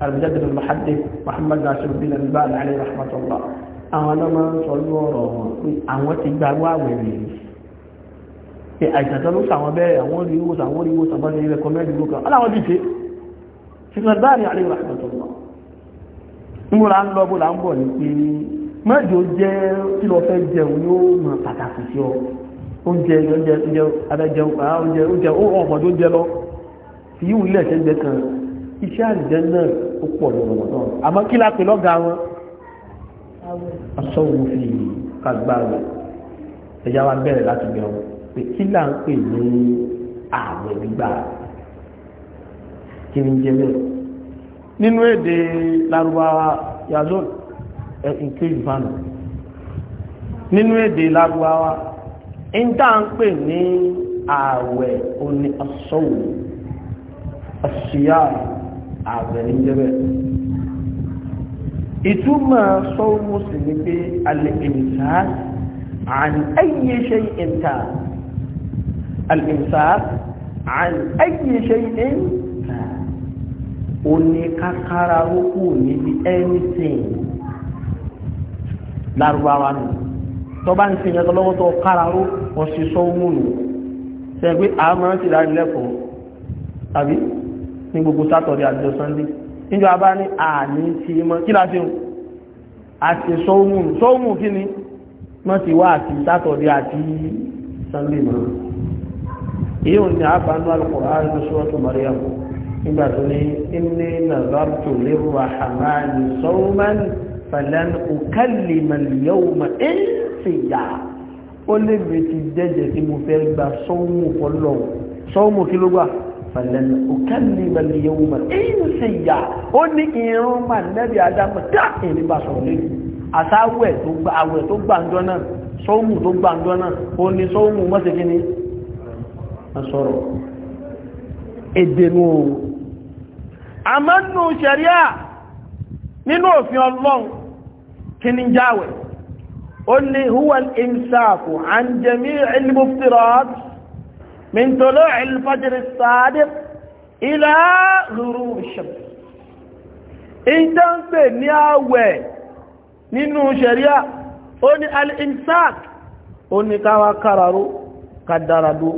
A: al-Mujaddid al-Muhaddith Muhammad Nasiruddin Al-Albani alayhi rahmatullah àwọn ọlọ́mọ ń sọ ní mo là ń lọ bó là ń bọ̀ ní pé mẹ́jọ jẹ́ kí lọ fẹ́ jẹun yóò mọ pàtàkì sí ọ oúnjẹ oúnjẹ oúnjẹ abẹ́jẹun pàá oúnjẹ oúnjẹ ó rọ̀ ọ̀pọ̀ tó jẹ lọ fi yíwù ilé ẹ̀sẹ̀ gbẹ kan iṣẹ́ àjẹ́ náà ó pọ̀ lọ́wọ́ náà àmọ́ kí la pè lọ́gàá wọn asọ́wọ́ fi kagbára ẹ̀yà wa bẹ̀rẹ̀ láti bẹ̀rẹ̀ wọn pé kí là ń pè ní ààwẹ̀ gbígbà kí ni jẹ́ bẹ́ẹ̀ nínú èdè Lárúbáwá yazol increase value nínú èdè Lárúbáwá ìta ń pè ní ààwẹ̀ oní asọ́wò àṣíyá ààwẹ̀ ní jẹ́bẹ̀ ìtumọ̀ sọ́wọ́ sí ní pé alìmìsáà عن أي شيء كان الإمساك عن أي شيء كان ó ní kákára rókù níbi anything lárúbáwá nù tọ́ba ń sèyàn tó lọ́wọ́ tó kára ró ọ̀sẹ̀ sọ́wọ́ nù sẹ́gbẹ́ àmọ́ ti rà nílẹ̀kọ̀ọ́ tàbí gbogbo satori àjọ sunday níjọ abá a ni ti mọ́ kí láti hùn àti sọ́ọ̀mù ni wọ́n ti wa àti satori ati sunday mọ́ nígbà tó ní ilé nàzọ́tò lérò àhàmáàlì sọ́wọ́mán fàlẹ́n òkàlì màlìyàwòmà ẹ̀ẹ́sìyà ó lè mi ti jẹ́jẹ́ tí mo fẹ́ gba sọ́wọ́mù fọlọ́ sọ́wọ́mù kí ló gbà fàlẹ́n òkàlì màlìyàwòmà ẹ̀ẹ́sìyà ó ní irun mà nẹ́bí adamu dá èmi bá sọ̀rọ̀ lẹ́nu àtàwẹ̀ tó gba àwẹ̀ tó gbà ń dọ́nà sọ́wọ́mù tó gbà ń dọ́nà ó ní sọ́wọ́mù mọ́sẹ̀kíní sọ̀rọ̀ èdè nù àmọ́ nínú ṣẹ̀ríà nínú òfin ọlọ́run kí ni jáwẹ̀ ó ní huwal imsaku an jami'il muftirat min tulu'il fajr as-sadiq ila ghurub ash-shams ìjọ ń pè ní àwẹ̀ nínú ṣẹ̀ríà ó ní al-imsak ó ní káwà káraró kàdàràdó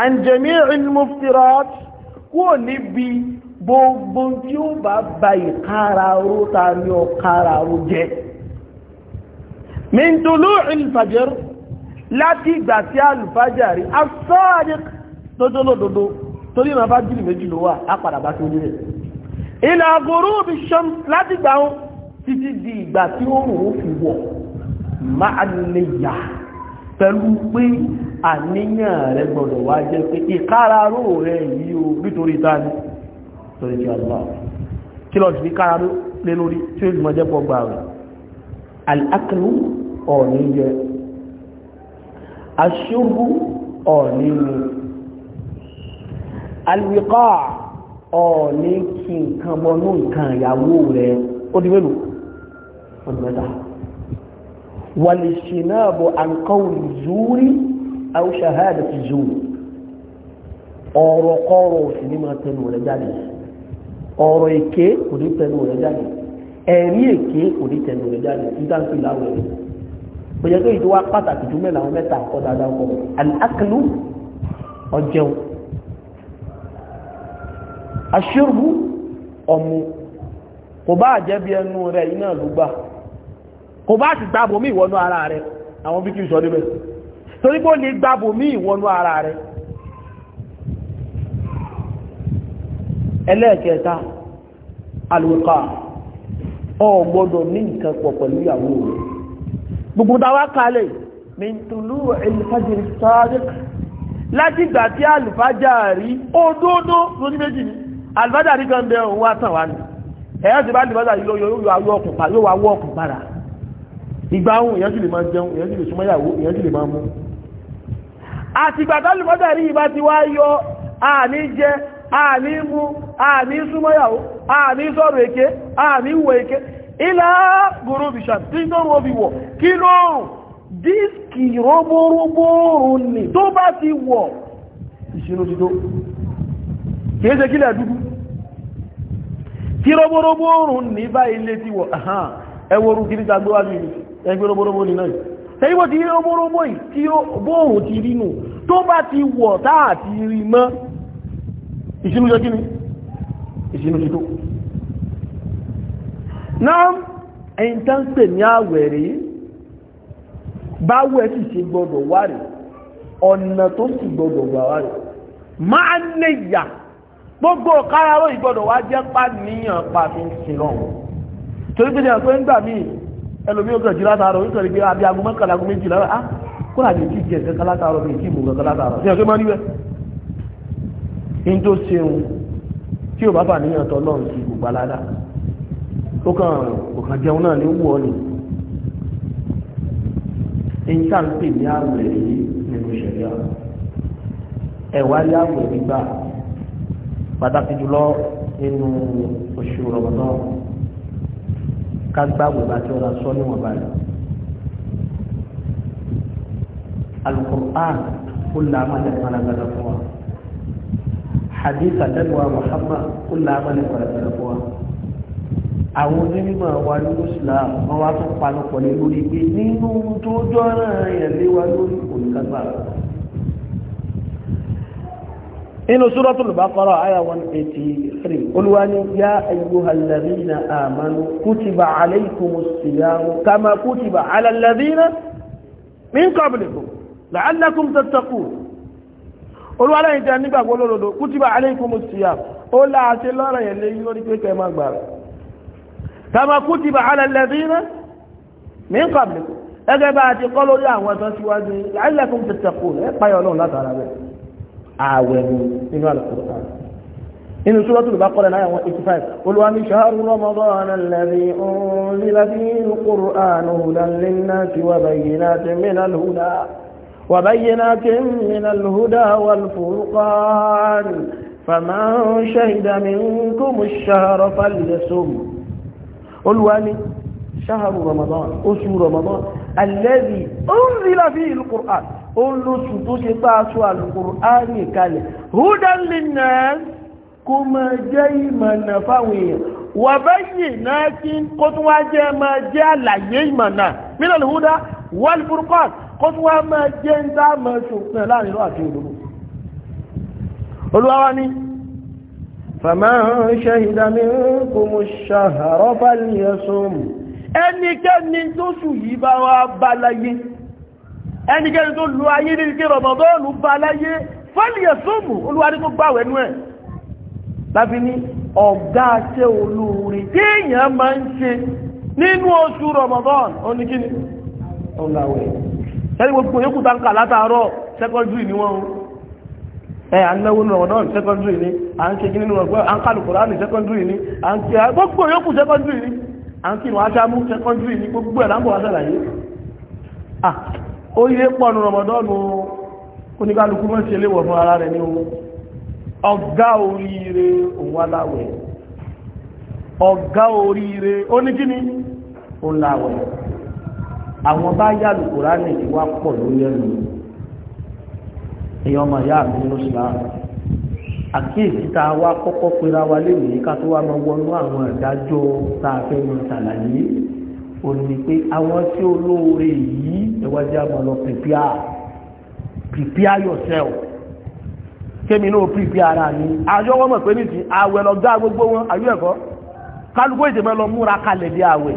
A: an jami'il muftirat kúrò níbi gbogbo tí ó bá ba ìkára oró ta ní ọkára oró jẹ́ min tulu'il fajr láti ìgbà tí alùfàjàrí ma bá ló wà bá tó nílẹ̀ di ìgbà tí ó rùn ó fi wọ̀ máa lè yà pẹ̀lú pé àníyàn rẹ̀ gbọ́dọ̀ wá jẹ́ pé ìkára rẹ̀ yìí o nítorí ta torí ti ọlọ́ kí lọ sí kára lé lórí tí ó mọ̀ jẹ́ pọ̀ gbà rẹ̀ alákìlú ọ̀ní jẹ́ aṣúrú ọ̀ní mu alwikọ́ ọ̀ní kí nǹkan bọnú nǹkan ìyàwó rẹ̀ ó di mélòó ọdún mẹ́ta wàlìṣìnáàbò àǹkọ́wò zúrí àwùṣàhádà ti zúrí ọ̀rọ̀kọ́rọ̀ òsì ní máa tẹnu rẹ̀ jáde yìí ọ̀rọ̀ èké kò ní tẹnu rẹ̀ jáde ẹ̀rí èké kò ní tẹnu rẹ̀ jáde ìdáǹkì láwọn ẹ̀rí kò yẹ kí èyí tó wá pàtàkì jù mẹ́lẹ̀ àwọn mẹ́ta àkọ́ dáadáa kọ́ alákìlú ọjẹun aṣọ́rù ọmú kò bá jẹ́ bí ẹnu rẹ̀ iná ló gbà kò bá sì gbàbòmí ìwọ́nú ara rẹ̀ àwọn bí kí n sọ níbẹ̀ torí pé ó lè gbàbòmí ara rẹ̀ ẹlẹ́ẹ̀kẹta alùkà ọ gbọ́dọ̀ ní nǹkan pọ̀ pẹ̀lú ìyàwó rẹ̀ gbogbo dáwà kalẹ̀ mintulu alifajiri sadiq láti gbà tí alifajari òdòdó lóní méjì ni alifajari kan bẹ òun wá tàn wá ní ẹ̀yà ti bá alifajari lọ yóò wá wọ́ ọkùn padà ìgbà ohun èyàn sì rí àní mú àní súnmọ́yàwó àní sọ̀rọ̀ èké àní wọ èké ilá gúrú bìṣà tí ń tọ́rọ obì wọ̀ kí lóòrùn díìskì rọ́bọ́rọ́bọ́rùn ni tó bá ti wọ̀ ìṣirò tító kìí ṣe kílẹ̀ dúdú tí rọ́bọ́rọ́bọ́rùn ní bá ilé ti wọ̀ ni náà tẹ́yìnbó ti rí rọ́bọ́rọ́bọ́ yìí tí bóòrùn ti ìsinú jẹ́ kíni ìsinú tító náà ẹ̀yìn tán pè ní àwẹ̀ rí báwẹ̀ sì ṣe gbọdọ̀ wà rí ọ̀nà tó sì gbọdọ̀ wà wà rí máa lè yà gbogbo káraró ìgbọdọ̀ wá jẹ́ pà níyàn pa fi ń sin náà torí pé ní àpẹ́ ń gbà mí ẹlòmí ó kàn jí látàárọ̀ ó kàn rí pé abẹ́ agunmọ́kànlá agunmẹ́jì lára ah, á kó làbí ìtì jẹ́ kẹ́kẹ́ látàárọ̀ bí ìtì mú kẹ́kẹ́ látàárọ̀ ní tó ṣeun tí ò bá bà níyàn tọ́ lọ́rùn sí gbogbo aládá ó kàn òkàn jẹun náà ní wù ọ́ ni èyí tá à ń pè ní àwẹ̀ yìí nínú ìṣẹ̀lẹ̀ ẹ̀wà rí àwẹ̀ gbígbà pàtàkì jùlọ nínú oṣù Ramadan ká gbàwẹ̀ bá tí ó ra sọ níwọ̀n báyìí Al-Qur'an ó là á má lẹ́kọ̀ọ́ alágbádá fún wa hadith anabiwa muhammad ó làmàlẹ̀ pẹ̀lẹ́pẹ̀lẹ́ fún wa àwọn onímọ̀ wa ní islam wọ́n wá tún panupọ̀ lé lórí pé nínú tó jọ́ra yẹn lé wa lórí olùkágbà inú suratul baqara àyà 183 olúwa ní yá ayyuhal ladhina amanu kutiba alaykumus siyam kama kutiba ala alladhina min qablikum la'allakum olúwarẹ̀yìn tẹ nígbàgbọ́ lódodo kútìbà alaykumus siyam ó láàṣẹ lọ́rọ̀ yẹn lé lórí pé kẹ́ẹ̀ máa gbà rẹ̀ kama kútìbà ala alladhina min qablikum ẹgẹ́ bá a ti kọ́ lórí àwọn ẹ̀tọ́ síwájú la'allakum tattaqun ẹ̀ páyọ̀ náà látara rẹ̀ ààwẹ̀ ni inú al-Qur'an inú suratul Baqara náà àwọn 85 olúwa ní shahru ramadana alladhi unzila fihi al-Qur'anu hudan lin-nasi wa bayyinatin minal huda وبينات من الهدى والفرقان فمن شهد منكم الشهر فليصم الوالي شهر رمضان أسو رمضان الذي أنزل فيه القرآن قلوا ستسطاس القرآن كالي هدى للناس كما جيما نفوي وبينات قطوة جيما جالا ييمنا من الهدى والفرقان kó tún wá máa jẹ́ ń dá máa ṣòpin láàrin lọ́wọ́ àti olówó olúwa wá ní faman shahida minkumu ash-shahra falyasum ẹnikẹ́ni tó sù yìí bá wá bá láyé ẹnikẹ́ni tó lu ayé ní ìké rọ̀mọ̀dọ́ọ̀lù bá láyé falyasum olúwa ní tó gbàwẹ̀ ẹ̀ láfi ní ọ̀gá tẹ́ olóore téèyàn máa ń ṣe nínú oṣù rọ̀mọ̀dọ́ọ̀lù oníkíni ọ̀làwẹ̀ sẹ́ni gbogbo yókù tá ń kà látàárọ̀ secondary ni wọ́n ẹ à ń náwó nínú ọ̀dọ́ secondary ni à ń ṣe kí nínú ọgbẹ́ à ń kàlù kùránì secondary ni à ń ṣe gbogbo yókù secondary ni à ń kírun aṣáámú secondary ni gbogbo ẹ̀ láǹbọ̀ wá sàlàyé ah ó yẹ pọ̀nù ọmọdọ́nù oníkálukú mọ́ ṣe léwọ̀ fún ara rẹ̀ ní ohun ọ̀gá oríire òun aláwẹ̀ ọ̀gá oríire oníkíní òun láwẹ̀ àwọn bá yà lùkùrá ní ìwà pọ̀ lórí ẹnu èèyàn ọmọ ìyá mi ló ṣùlá àkíyèsí tá a wá kọ́kọ́ pera wa léwèé ká tó wá máa wọnú àwọn ìdájọ́ tá a fẹ́ mọ ṣàlàyé òní pé àwọn tí olóore yìí ẹwájú àmọ́ lọ prepare prepare yourself kémi náà prepare ara mi àjọ wọn mọ̀ pé nìdí àwẹ̀ lọ gbá gbogbo wọn àyú ẹ̀kọ́ kálukú ìdèmọ́ lọ múra kalẹ̀ bí àwẹ̀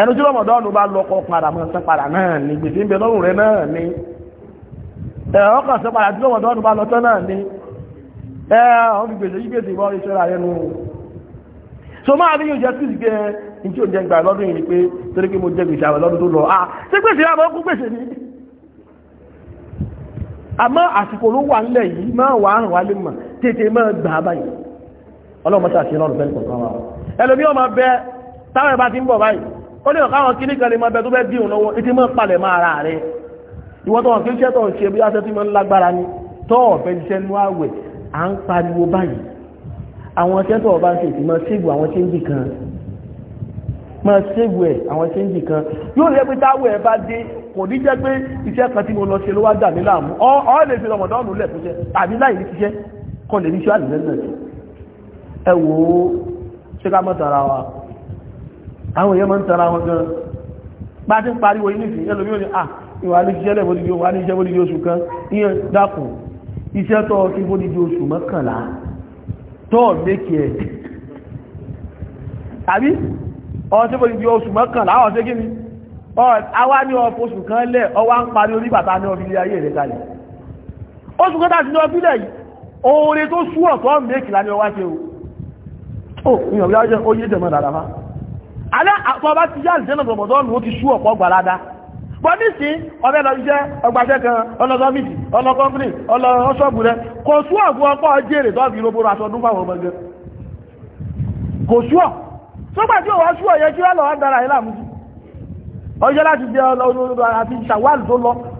A: ẹnu tí rọmọdọ́nù bá lọ́kọ́ padà mọ́ sẹ́ padà náà ni gbèsè ń bẹ lọ́rùn rẹ náà ni ẹ̀rọ kan sẹ́ padà tí rọmọdọ́nù bá lọ́tọ́ náà ni ẹ̀ ọ́n fi gbèsè yí gbèsè ìwọ́ iṣẹ́ ra rẹ nù. so máa ní yóò jẹ́ sí ìgbẹ́ ní tí ò jẹ́ gbà lọ́dún yìí pé torí pé mo jẹ gbèsè àwẹ̀ lọ́dún tó lọ à ṣé gbèsè àmọ́ kú gbèsè ni. àmọ́ àsìkò ló wà nílẹ̀ yìí máa wà á rìn wálé mọ̀ tètè máa gbà á báyìí ọlọ́run mọ́tà sí lọ́rùn bẹ́ẹ̀ kọ̀ọ̀kan wa ẹlòmíọ́ máa bẹ táwọn ẹ̀ bá ti ń bọ̀ báyìí ó ní ọ̀ká àwọn kíní kan lè máa bẹ tó fẹ́ dí òun lọ́wọ́ ètí máa palẹ̀ máa ra rẹ̀ ìwọ́n tó wọn kí iṣẹ́ tó ń ṣe bí aṣẹ́ tí máa ń lágbára ni tó ọ̀fẹ́ iṣẹ́ nú àwẹ̀ à ń pariwo báyìí àwọn iṣẹ́ tó ọba ń ṣe ìtìmọ̀ ṣégbù àwọn tí ń bì kan máa ṣégbù ẹ̀ àwọn tí ń bì kan yóò lẹ́ pé táwọ̀ ẹ̀ bá dé kò ní jẹ́ pé iṣẹ́ kan tí mo lọ ṣe ló wá dà ká mọ́ tara wa àwọn èèyàn máa ń tara wọn gan bá ti ń pariwo inú ìfì ẹlòmí ò ní à ah, ìwà ní iṣẹ́ lẹ́bọ̀dìdì wà ní iṣẹ́ bọ́dìdì oṣù kan ìyẹn dákùn iṣẹ́ tọ́ sí bọ́dìdì oṣù mọ́kànlá tọ́ mékì ẹ̀ àbí ọ̀n sí bọ́dìdì oṣù mọ́kànlá ọ̀ sí kíni àwa ní ọ̀pọ̀ oṣù kan lẹ̀ ọwá ń parí orí bàtà ní ọ̀fìlẹ̀ ayé rẹ̀ kalẹ̀ oṣù kan láti ní ọ̀fìlẹ̀ yìí oore tó sú ọ̀tọ́ mékìlá ní ọwá ṣe o alẹ́ àpọ̀ bá ti jáde sẹ́nà rọ̀mọ̀dọ́nù ó ti sú ọ̀pọ̀ gbàlada bọ́ nísìn ọbẹ̀ lọ iṣẹ́ ọgbàṣẹ́ kan ọlọ́sọ́fíìsì ọlọ́kọ́mpìnì ọlọ́ṣọ́bù rẹ kò sú ọ̀fún ọpọ̀ jèrè tó fi roboro aṣọ ọdún fáwọn ọmọge kò sú ọ̀ sọ́gbà tí ó wá sú ọ̀yẹ́ kí wọ́n lọ́wọ́ dára ilá mú ọjọ́ láti jẹ́ ọlọ́run àti ṣàwálì tó lọ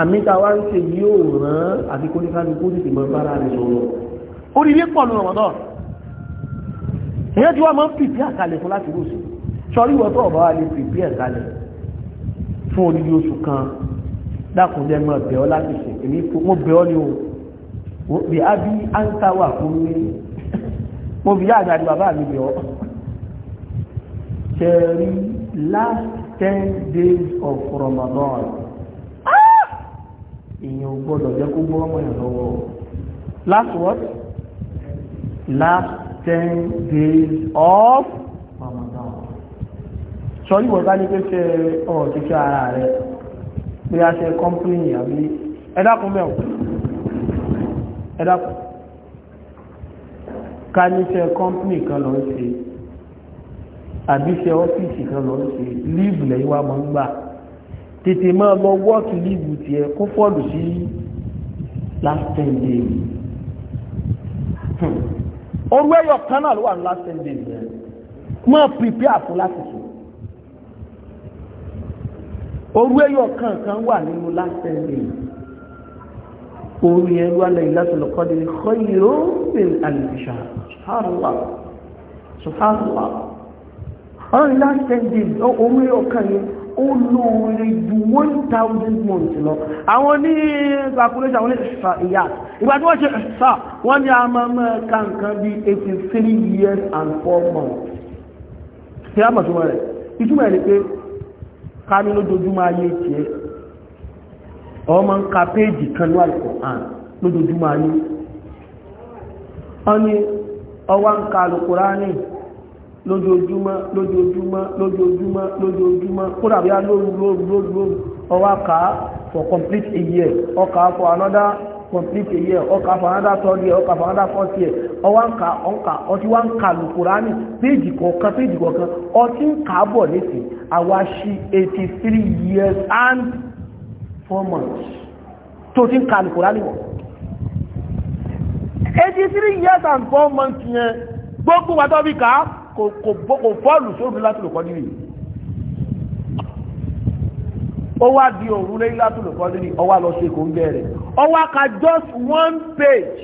A: àmì tàwa ń ṣe yóò rán àti kó ní kálukú sì mọ bára rẹ̀ sọ̀rọ̀ oríire pọ̀ lọ́rọ̀ mọ́tọ́ ìyẹn tí wọ́n máa ń pìpì àkàlẹ̀ fún láti rúùsì sọrí wọ́n tó ọ̀bá wa lè pìpì àkàlẹ̀ fún odidi oṣù kan dákùnjẹ́ mọ́ bẹ̀ ọ́ láti ṣe èmi mo bẹ̀ ọ́ ni o bí abí áńtà last ten days of Ramadan èèyàn ò gbọ́dọ̀ jẹ́ kó gbọ́ ọmọ yàn lọ́wọ́ last word. last ten days of Ramadan sọ yìí wọ́n bá ní pé ṣe ọ̀ ti ṣe ara rẹ̀ pé a ṣe kọ́mpìnì àbí ẹ dákun mẹ́wọ̀ ẹ dákun ká ní ṣe kọ́mpìnì kan lọ ṣe àbí ṣe ọ́fíìsì kan lọ ṣe líìbù lẹ́yìn wa máa ń gbà tètè máa lọ wọ́ọ̀kì líìbù tiẹ̀ kó fọ́ọ̀lù sí last ten days hmm. orú ẹ̀yọ̀ kan náà ló wà ní last ten days yẹn máa prepare fún láti sùn orú ẹ̀yọ̀ kan kan wà nínú last ten days orí ẹrú aláìlátọ̀lọ̀ kọ́dé khayrun min alf shahr subhanallah subhanallah ọlọ́run last ten days owó ọkàn yẹn ó lóore ju one thousand months lọ àwọn ní calculation àwọn ní ṣà ìyá ìgbà tí wọ́n ṣe ṣà wọ́n ní àmàmà kankan bíi eighty three years and four months ṣe á mọ̀ tó wọ́n rẹ̀ ìtumọ̀ ẹ̀ ni pé ká ní lójoojúmọ́ ayé tiẹ̀ ọmọ ń ka péèjì kan ní Al-Qur'an lójoojúmọ́ ayé ọ ní ọwá ń ka ní lójoojúmọ́ lójoojúmọ́ lójoojúmọ́ lójoojúmọ́ kódà bí a lóru lóru lóru lóru ọwá kàá for complete a year ọkà for another complete a year ọkà for another third year ọkà for another fourth year ọwá ń ka ọ̀nkà ọtí wá ń ka lùkùránì péjì kọ̀ọ̀kan péjì kọ̀ọ̀kan ọtí ń kà á bọ̀ létí àwa ṣí eighty three years and four months tó ti ń ka lùkùránì wọ̀ eighty three years and four months yẹn gbogbo wa tó fi kò fọ́ọ̀lù sóòrùn látùlù kọ́ nínú ó wá di òru lẹ́yìn látùlù kọ́ nínú ọwá lọ ṣe kò ń bẹ̀rẹ̀ ọwá ka just one page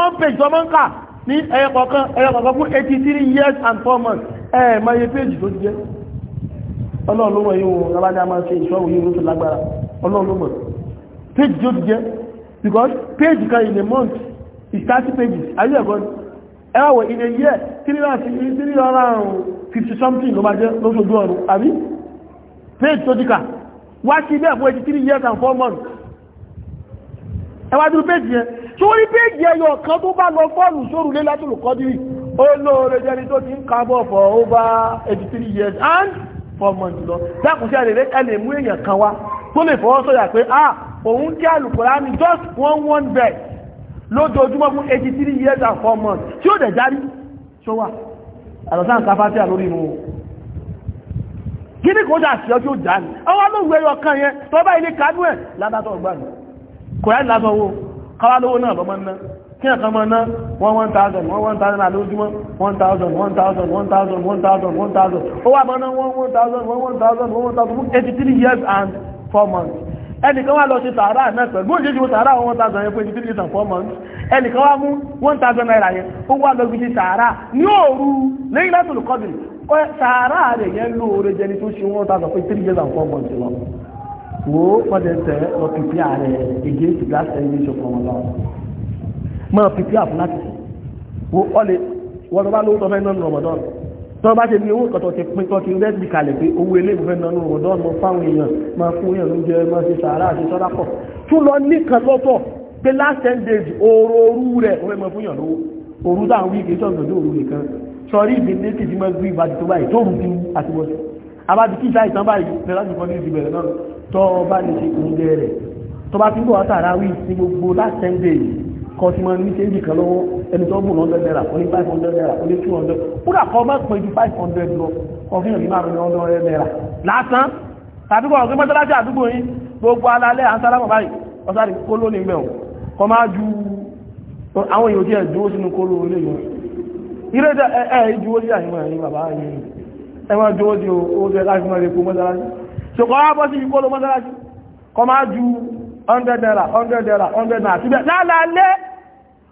A: one page tó máa ń kà ní ẹ̀yọkọ̀kan ẹ̀yọkọ̀kan fún eighty three years and four months ẹ̀ máa yẹ péjì tó jẹ́ ọlọ́run ló mọ̀ yóò máa ṣe ìṣọ́wò yóò tó lágbára ọlọ́run ló tó jẹ́ because page kan in a month is thirty pages ayé ẹ̀kọ́ ni ẹwàwọ̀ ilé yẹ́ 350 something ló máa jẹ́ lóṣòdó ọ̀rùn àbí page tó díkà wá sí ilé ẹ̀fún 83 years and 4 months ẹwàdúrú page yẹn tó rí page yẹn yọ kan tó bá lọ fọ́ọ̀lù sórùlé látòlù kọ́dírì ó lóore jẹni tó ti ń kábọ̀ for over 83 years and 4 months lọ dákùnṣẹ́ rẹ̀ ẹlẹ̀ mú èèyàn kan wá tó lè fọwọ́ sọ̀yà pé ah òun kí àlùkùránì just one one bed lójoojúmọ́ fún 83 years and 4 months tí ó dẹ̀ járí ṣó wà àlọ́sán káfáfíà lórí inú gíní kò jà sí ọjọ́ járí ọwọ́ lóòwú ẹyọ kan yẹn tó bá ilé kanú ẹ̀ ládátọ̀ gbàmù kò ẹ́ lásọwọ́ káwá lówó náà lọ́mọ ná kí ẹ̀kan mọ́ ná 1000 1000 lójúmọ́ 1000 1000 1000 1000 1000 ó wà mọ́ ná 1000 1000 1000 83 years and 4 months ẹnìkan wá lọ sí sàárà náà pẹ̀lú bóyá ìṣẹ́jú sàárà wọn tàbí ẹ̀yẹ fún ìdílé ìtàn fọ́ọ̀mọ́ ẹnìkan wá mú one thousand naira yẹn ó wá lọ gbèsè sàárà ní òru lẹ́yìn láti olùkọ́bì sàárà rẹ̀ yẹn ló oore jẹni tó ṣe one thousand fún ìdílé ìtàn fọ́ọ̀mọ́ ti lọ. wo pọ́dẹ tẹ lọ pìpì ààrẹ ìgé ìgbà sẹ́yìn ìṣòfò wọn lọ. mọ pìpì àfúnátì wo ọ tó bá ṣe ní owó kọ̀tọ̀ ti pín tọ́kí rẹ̀ bí kalẹ̀ pé owó ilé ìfẹ́ náà nínú ọ̀dọ́ ọmọ fáwọn èèyàn máa fún èèyàn ló jẹ máa ṣe sàárà àti sọ́dá pọ̀ tún lọ ní lọ́tọ̀ pé last ten days oòrò orú rẹ̀ ó fẹ́ máa fún èèyàn lówó òru dáa wí kì í sọ̀rọ̀ lójú òru nìkan sọrí ìdí ní ti máa gbé ìbàdí tó báyìí tó rù bí àti wọ́n abájú kí ìṣá ìtàn báyìí pẹ̀lú àti ìfọ́nì ìdìbẹ̀rẹ̀ náà tó bá lè ṣe oúnjẹ kọ́ tí ma ní ṣéjì kan lọ́wọ́ ẹni tó bùn 100 naira ó ní 500 naira ó ní 200 kúrà kọ́ bá pẹ̀jú 500 lọ ọ̀fíìn ní márùn-ún ọdún naira lásán tàbíkọ̀ ọ̀gbẹ́ mọ́tàlájì àdúgbò yìí gbogbo alalẹ́ àǹsálámọ̀ báyìí ọ̀sáàrí kóló ní mẹ́wọ̀n kọ máa ju àwọn èèyàn tí ẹ̀ dúró sínú kóló ilé yìí ilé ẹ̀ ìjúwó sí àyíwọ̀ ẹ̀yìn bàbá yìí ẹwọ́n dúró sí ó jẹ́ láti mọ́ ẹ̀kọ́ mọ́tàlájì ṣùgbọ́n wá bọ́ sí kóló mọ́tàlájì kọ máa ju 100 naira 100 naira 100 naira síbẹ̀ lálẹ́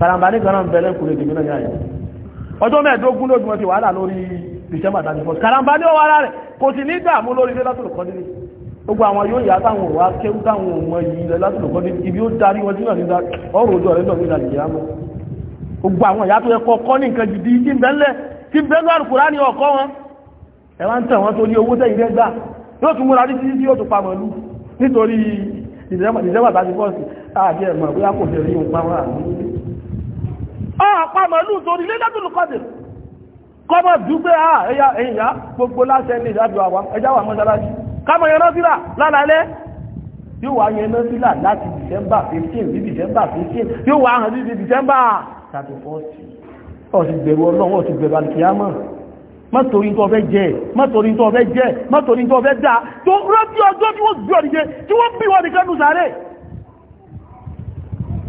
A: karambani kan náà bẹ̀rẹ̀ kúrò ìdìbò náà yáyẹ ọjọ́ mẹ́ẹ̀ẹ́dógún lójú wọn ti wàhálà lórí december thirty first karambani ó wàhálà rẹ̀ kò sì ní dààmú lórí ilé látòlù kọ́ nílé gbogbo àwọn yóò yá táwọn òwà kéwú táwọn òmọ yìí ilẹ̀ látòlù kọ́ nílé ibi ó darí wọn sínú nígbà ọrọ̀ ojú ọ̀rẹ́ lọ́gbìn ìlànà ìyá mọ́ ní nǹkan ni ọ̀kọ́ wọn ẹ wá ń tẹ̀ wọ́n tó ní owó tẹ́yìn rẹ̀ gbà yóò nítorí ìdẹ́mọ̀ tàbí fọ́ọ̀sì àti ẹ̀mọ̀ bóyá kò fẹ́ rí òun pa àmì ọ̀pá màálù torí lẹ́dàdùn kọ́dìrì kọ́mọ̀ dúpẹ́ à ẹ̀yà ẹ̀yà gbogbo láṣẹ ní ìdájú àwa ẹjá wà mọ́sálásí kámọ̀ yẹn náfílà lálálẹ́ yóò wá yẹn náfílà láti december 15 december 15 yóò wá hàn sí december 31 ọ̀sì bẹ̀rù ọlọ́run ọ̀sì bẹ̀rù alìkìyàmọ́ má torí tó fẹ́ jẹ má torí tó fẹ́ jẹ má torí tó fẹ́ dá tó rántí ọjọ́ tí wọ́n gbé ọ̀dìjẹ tí wọ́n bí wọn nìkan nù sáré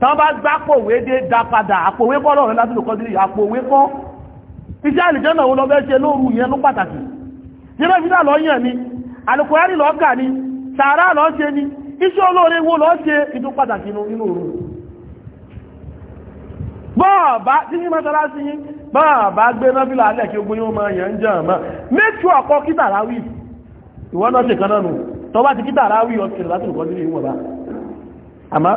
A: tán bá gbá pòwé dé dá padà àpòwé kọ́ lọ́rọ̀ Isi lòkọ́ sílé àpòwé kọ́ iṣẹ́ lọ ṣe yẹn ló pàtàkì lọ yàn ni alùkùránì lọ kà ni sàárà lọ ṣe ni iṣẹ́ olóore wo lọ ṣe ìdún pàtàkì nínú òru bọ́ọ̀bá tí ní bọ́ọ̀bá gbé alẹ́ kí ogun yóò máa jẹ́ méjì kítàráwì ìwọ́n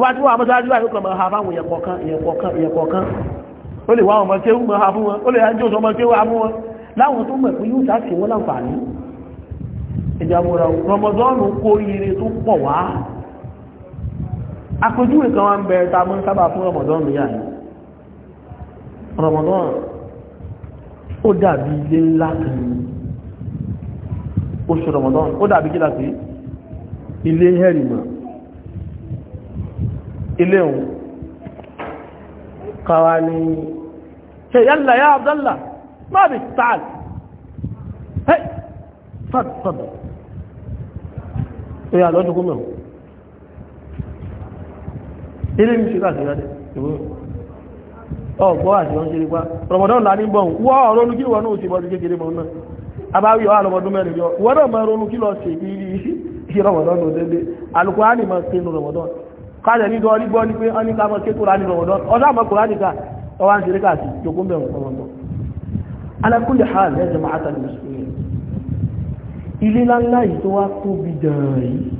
A: wá tí wọ́n àmọ́sáájú láì lókọ̀ máa ha fáwọn èèyàn kọ̀ọ̀kan èèyàn kọ̀ọ̀kan èèyàn kọ̀ọ̀kan ó lè wá ọmọ kéwú máa ha fún wọn ó lè ájò ọmọ kéwú ha fún wọn láwọn tó mọ̀ pé yóò sá sí wọn láǹfààní ìjàmùrà rọmọdọ́nù kó ire tó pọ̀ wá àpèjúwe kan wá ń bẹ̀rẹ̀ ta mọ́ sábà fún rọmọdọ́nù yà ní Ramadan ó dàbí ilé ńlá kan oṣù rọmọdọ́nù ó dàbí kí láti ilé hẹ́rìmọ̀ ilé òun kàwà ní ṣe yálà yá abdallá máa bí tààl hey fàdì fàdì ó yà lọ́dún gómìnà ilé mi ṣe káàkiri rẹ̀ ìwé ọgbọ́ àti wọ́n ṣeré pa rọmọdán là ní bọ̀n wọ́ ọ̀rọ̀nù kí wọ́n náà ti bọ́dún kékeré mọ́ náà abáwí ọ̀há rọmọdún mẹ́rin yọ wọ́n náà máa ronú kí lọ káàdẹ̀ ní gọ́ọ́rí gbọ́ ní pé ọ́ ní ká mọ́ kékòrò á nílò ọ̀dọ́ ọ̀dọ́ àmọ́ kòrò á nìka ọwá ń ṣe ríkà sí ya jama'ata al-muslimin ilé ńláńlá yìí tó wá tóbi gan-an yìí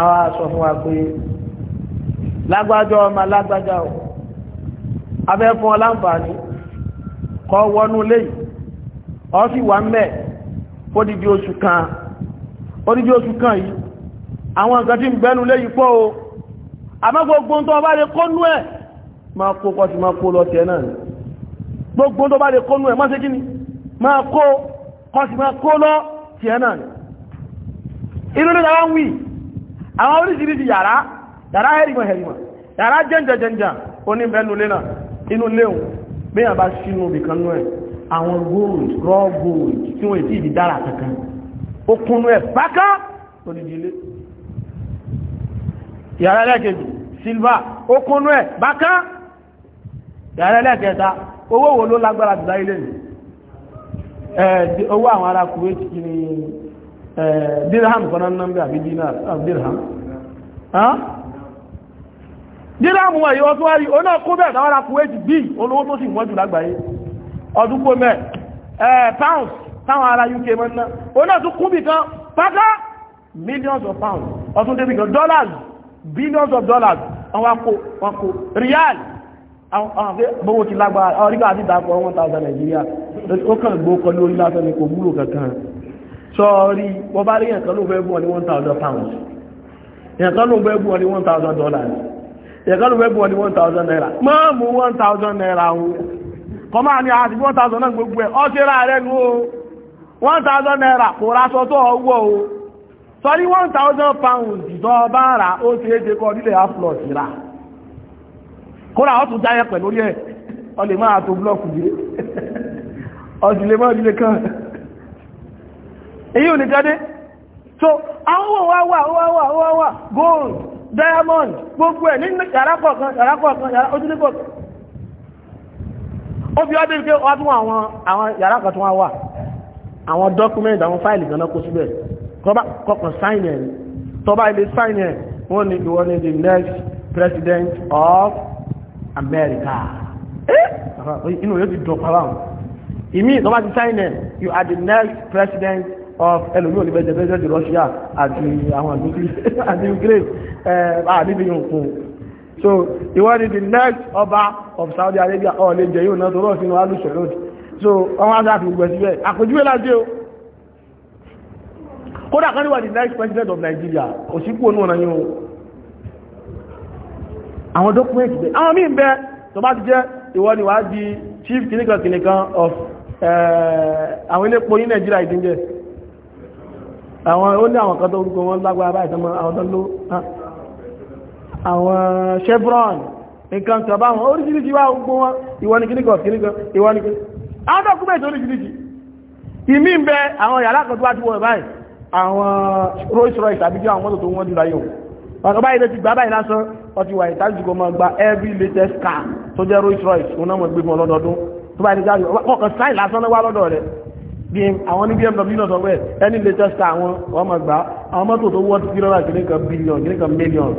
A: àwa sọ fún wa pé lágbájá ọmọ lágbájá o abẹ́ fún ọ láǹfààní kọ́ wọnú léyìí ọ́ sì wà ń bẹ̀ ó yìí àwọn nǹkan tí ń bẹnu lé yìí o àmọ́ gbogbo tó bá lè kónú ẹ̀ máa kó kọ́ sí máa kó lọ tẹ̀ náà gbogbo tó bá lè kónú ẹ̀ máa ṣe kíni máa kó kọ́ sí máa kó lọ tẹ̀ náà inú ní àwọn wí àwọn oríṣiríṣi yàrá yàrá hẹ́rìmọ̀ hẹ́rìmọ̀ yàrá jẹ́ǹjẹ̀jẹ̀ǹjà oní bẹnu lé náà inú léhùn bí yàbá sínú ibìkan náà àwọn gold raw gold tí wọ́n ti ìdí dára kankan ó kúnnú ẹ̀ bákan onídìílé yàrá lẹ́kẹ̀ẹ́jì silva okúnú ẹ̀ bákán yàrá lẹ́kẹ̀ẹ́ta owó wo ló lágbára jù láyé lẹ́yìn owó àwọn ará kuwait kí ni dirham kan náà ń bẹ àbí dinar ah, dirham dirham wọ̀n yíò tó wáyé oná kó bẹ̀ àwọn ará kuwait bí olówó tó sì wọ́n jù lágbàáyé ọdún kó mẹ́ pounds táwọn ará uk mọ́ ná oná tó kú bìkan pátá millions of pounds ọdún débìkan dollars billions of dollars wọ́n wá kó wọ́n kó real gbogbo ti lágbára ọ̀ríkà àti ìdàpọ̀ 1000 Nàìjíríà ó kàn gbó kọ lórí lásán ni kò múlò kankan sọ́ọ̀rí wọ́n bá rí ẹ̀kan ló fẹ́ bú ọ ní 1000 pounds ẹ̀kan ló fẹ́ bú ọ ní 1000 dollars ẹ̀kan ló fẹ́ bú ọ ní 1000 naira máa mú 1000 naira ohun kọmá ní àti 1000 náà gbogbo ẹ̀ ọ́ sọrí one thousand pounds ìjọ bá rà ó ṣe é ṣe kọ nílẹ̀ aflọ sí ra kóra ó tún jáyẹ pẹ̀lú orí ẹ̀ ọ lè máa tó blọọkù yìí ọdún lè máa nílé kan èyí ò ní jáde so àwọn wà wà wà wà wà wà gold diamond gbogbo ẹ̀ nínú yàrá kọ̀ọ̀kan yàrá kọ̀ọ̀kan yàrá ojúlé kọ̀ọ̀kan ó fi ọdún pé wọ́n tún àwọn yàrá kan tún wá wà àwọn document àwọn fáìlì gan náà kó síbẹ̀ tọ́bá kọkàn sáìn ẹ̀ tọ́bá ilé sáìn ẹ̀ wọ́n ní ìwọ́n ní the next president of America inú yóò ti dùn pàrọ̀ àwọn ìmí tọ́bá ti sáìn ẹ̀ you are the next president of ẹlòmí olùbẹ̀jẹ̀ president of Russia àti àwọn àti Ukraine àdébí yóò kún so ìwọ́n ní the next ọba of Saudi Arabia ọ̀ lè jẹ́ yóò náà tó rọ̀ sínú alùsọ̀rọ̀ so wọ́n á dáàbò gbẹ̀síbẹ̀ àpèjúwe láti o kódà kan ní wà the next president of Nigeria òsìkú onú ọ̀nà yíò àwọn document bẹ àwọn míì bẹ tó bá ti jẹ́ ìwọ ni wà di chief clinical clinical of eh, àwọn ilépo ní Nigeria ìdíjẹ́ àwọn ó ní àwọn kan tó orúkọ wọn lágbára báyìí tán àwọn tó ló àwọn chevron nǹkan kan báwọn oríṣiríṣi wá gbogbo wọn ìwọ ni clinical of clinical ìwọ ni clinical àwọn document oríṣiríṣi ìmí ń bẹ àwọn yàrá kan tó wá ti wọ báyìí àwọn Rolls Royce àbíjú àwọn mọ́tò tó wọ́n jù láyé wọn ọ̀nà báyìí lè ti gbá báyìí lásán ọtí wà ìtajú kò máa gba every latest car tó jẹ́ Rolls Royce òun náà mọ̀ gbé fún ọlọ́dọọdún tó báyìí lè kọ̀ọ̀kan sáì lásán lọ́wọ́ lọ́dọ̀ rẹ̀ bí àwọn ní BMW náà sọpẹ́ any latest car àwọn wọ́n máa gbá àwọn mọ́tò tó wọ́n ti fi lọ́ra kìíní kan billion kìíní kan million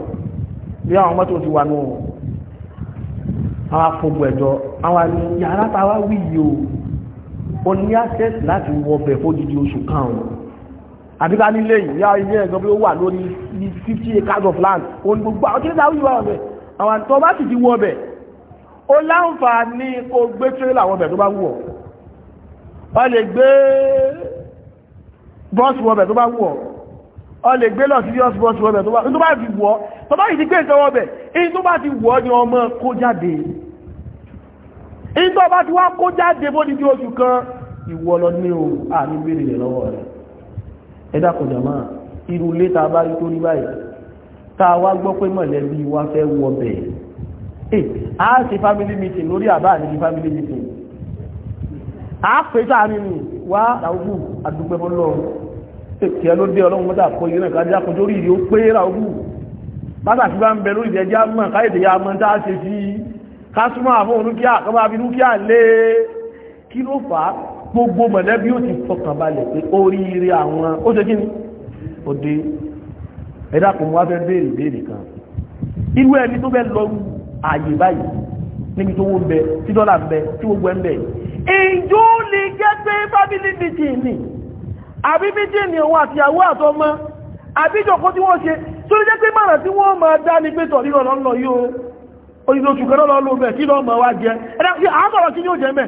A: bí àwọn mọ́tò ti wà nù àwọn afọgbọ̀ ẹ̀jọ́ àwọn yàrá táwa wí yìí o ò ní access láti wọ bẹ̀ fódìdí oṣù kan àbí ká nílé yìí yá ilé ẹ̀gbọ́n bí ó wà lórí fifty acres of land òun gbogbo àwọn tí ó dáwọ́ ìwà ọ̀bẹ̀ àwọn àti ọba sì ti wọ ọbẹ̀ ó láǹfààní kó gbé tírélà wọbẹ̀ tó bá wù ọ́ ọ lè gbé bọ́ọ̀sì wọbẹ̀ tó bá wù ọ́ ọ lè gbé lọ sí bọ́ọ̀sì bọ́ọ̀sì wọbẹ̀ tó bá tó bá ti wù ọ́ tó bá ti gbé nǹkan wọbẹ̀ èyí tó bá ti wù ọ́ ni ọmọ kó jáde ẹ̀dá kọjọ máa irú ilé ta bá rí tó rí báyìí ta wá gbọ́ pé mọ̀lẹ́bí wa fẹ́ wọ bẹ̀ ẹ̀ eh, a ṣe family meeting lórí àbá ní family meeting a pè sáàrin ni wá ràúgbù àdúgbẹ́bọ́ lọ́rùn eh, kí ẹ ló dé ọlọ́run mọ́ta kọ ìrìn ẹ̀ka jẹ́ àkójọ orí ìrìn ó pé ràúgbù pàtàkì bá ń bẹ lórí ìdẹ́jẹ́ mọ̀ káyèdè ya mọ́ tá a ṣe sí kásùmọ̀ àfọ́ òun dúkìá kọ́ bá fi dúkìá lé e. kí ló fà á gbogbo mọ̀lẹ́bí ó ti fọkàn balẹ̀ pé oríire àwọn ó ṣe kí ni òde ẹ̀dá kò mú wá fẹ́ béèrè béèrè kan irú ẹni tó bẹ́ lọ àyè báyìí níbi tó wó ń bẹ tí dọ́là ń bẹ tí gbogbo ẹ̀ ń bẹ ìjó lè jẹ́ pé fábílì bìtì ni àbí bìtì ni òun àtìyàwó àtọmọ àbí ìjọkó tí wọ́n ṣe tó lè jẹ́ pé mọ̀ràn tí wọ́n máa dá ní pé tọ̀ lílọ lọ́nà yóò onílòtù kan lọ́lọ́ lóòmẹ̀ kí lọ́mọ wá jẹ ẹ̀dá sí àmọ̀ràn kí ni ó jẹ mẹ́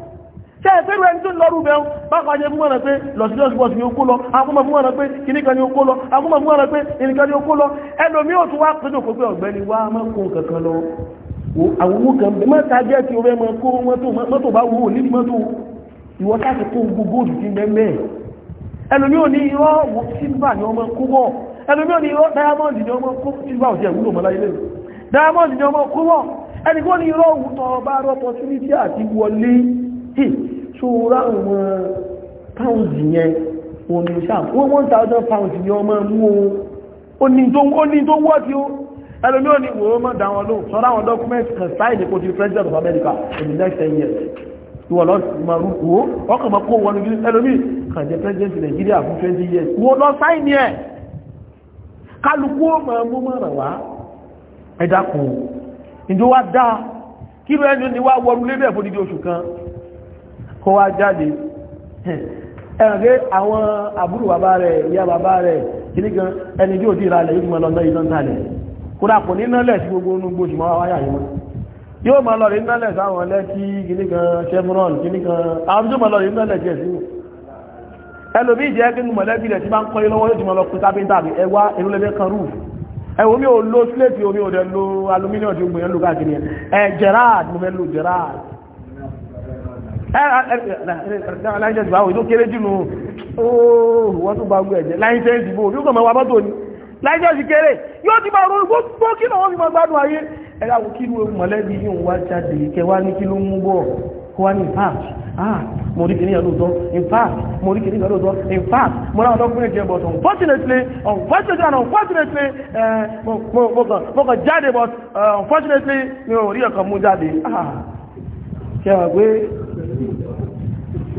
A: ṣe ẹ̀fẹ́rù ẹni tó ń lọ́rù bẹ̀rún pápá jẹ fún ọ̀nà pé lọ́sílọ́sí bọ́sí ni ó kó lọ akúmọ̀ fún ọ̀nà pé kìníkan ni ó kó lọ akúmọ̀ fún ọ̀nà pé kìníkan ni ó kó lọ ẹlòmí ò tún wá pẹ́jọ kó pé ọ̀gbẹ́ni wá mọ́kún kankan lọ àwọn owó kan bẹ mọ́ta jẹ́ ti ọ̀rẹ́ mọ́ kó mọ́tò bá wúwo ní mọ́tò ìwọ láti kó gbogbo òdù sí mẹ́mẹ́ ẹlòmí ò ní irọ́ sílvà ni ọmọ kó bọ̀ ẹlòmí ò ní irọ́ diamond ni ọmọ kó sílvà ò sí ẹ̀wúlò mọ́lá ilé diamond ni ọmọ kó bọ̀ ẹnìkan ní irọ́ òwútọ̀ bá rọ́pọ̀ sílítì àti wọlé tí ṣòro àwọn pounds yẹn wọn ni sáà wọ́n one thousand pounds ni ọmọ mú o ó ní tó wọ́ tí ó ẹlòmí ò ní wòó mọ́ dá wọn lóhùn sọ́dá àwọn document kan sáìdì kò ti president of America in the next ten years ìwọ̀n lọ ma rú kú ọkàn máa kó wọn nígbìrì ẹlòmí kàn jẹ́ president of Nigeria fún twenty years wọ́n lọ sáìdì ẹ̀ kálukú ó máa mú mọ́ràn wá ẹ̀dá kù ìjọ wa dá kí ló ẹni wá wọrú lébẹ̀ fún dídí oṣù kan kó wá jáde ẹ̀rùn pé àwọn àbúrò bàbá rẹ̀ ìyá bàbá rẹ̀ kìí gan ẹni tí ò dí ìralẹ̀ yóò mọ̀ lọ́nà ìdán tàlẹ̀ kódà kò ní nálẹ̀ sí gbogbo onú gbòṣù mọ́ wáyà yìí wọn yóò chevron kìí gan àwọn tó mọ̀ lọ́rẹ̀ nálẹ̀ jẹ́ sí wọn ẹlòmí ìjẹ́ kí ní mọ̀lẹ́bí rẹ̀ tí máa ń kọ́ ilọ́wọ́ yóò ti mọ̀ lọ pín kápẹ́ntà bí ẹwà ìrúlẹ́bẹ́ kan rúùfù ẹwọ mi ò lo sílẹ̀tì omi ò dẹ̀ lo alumíníọ̀ tí ó gbìyànjú káàkiri ẹ̀ gerard mo fẹ́ lo gerard láìsẹ̀sì báwo ìlú kéré jùlọ ooo wọ́n tó bá gbé ẹ̀jẹ̀ láìsẹ̀sì bó yóò kàn máa wà bọ́tò ní láìsẹ̀sì kéré yóò ti máa ronú gbogbo kí lọ́wọ́ fi máa gbádùn ayé ẹ̀rọ àwọn kí ló mọ̀lẹ́bí yóò wá jáde kẹwàá ní kí ló mú bọ̀ kó wá ní infact ah mo rí kìnìyàn lóòótọ́ infact mo rí kìnìyàn lóòótọ́ infact mo ráwọn ọdọ́kùnrin jẹ but unfortunately unfortunately and unfortunately mo kàn jáde but unfortunately mi ò rí ọkàn mú jáde ah kẹwàá pé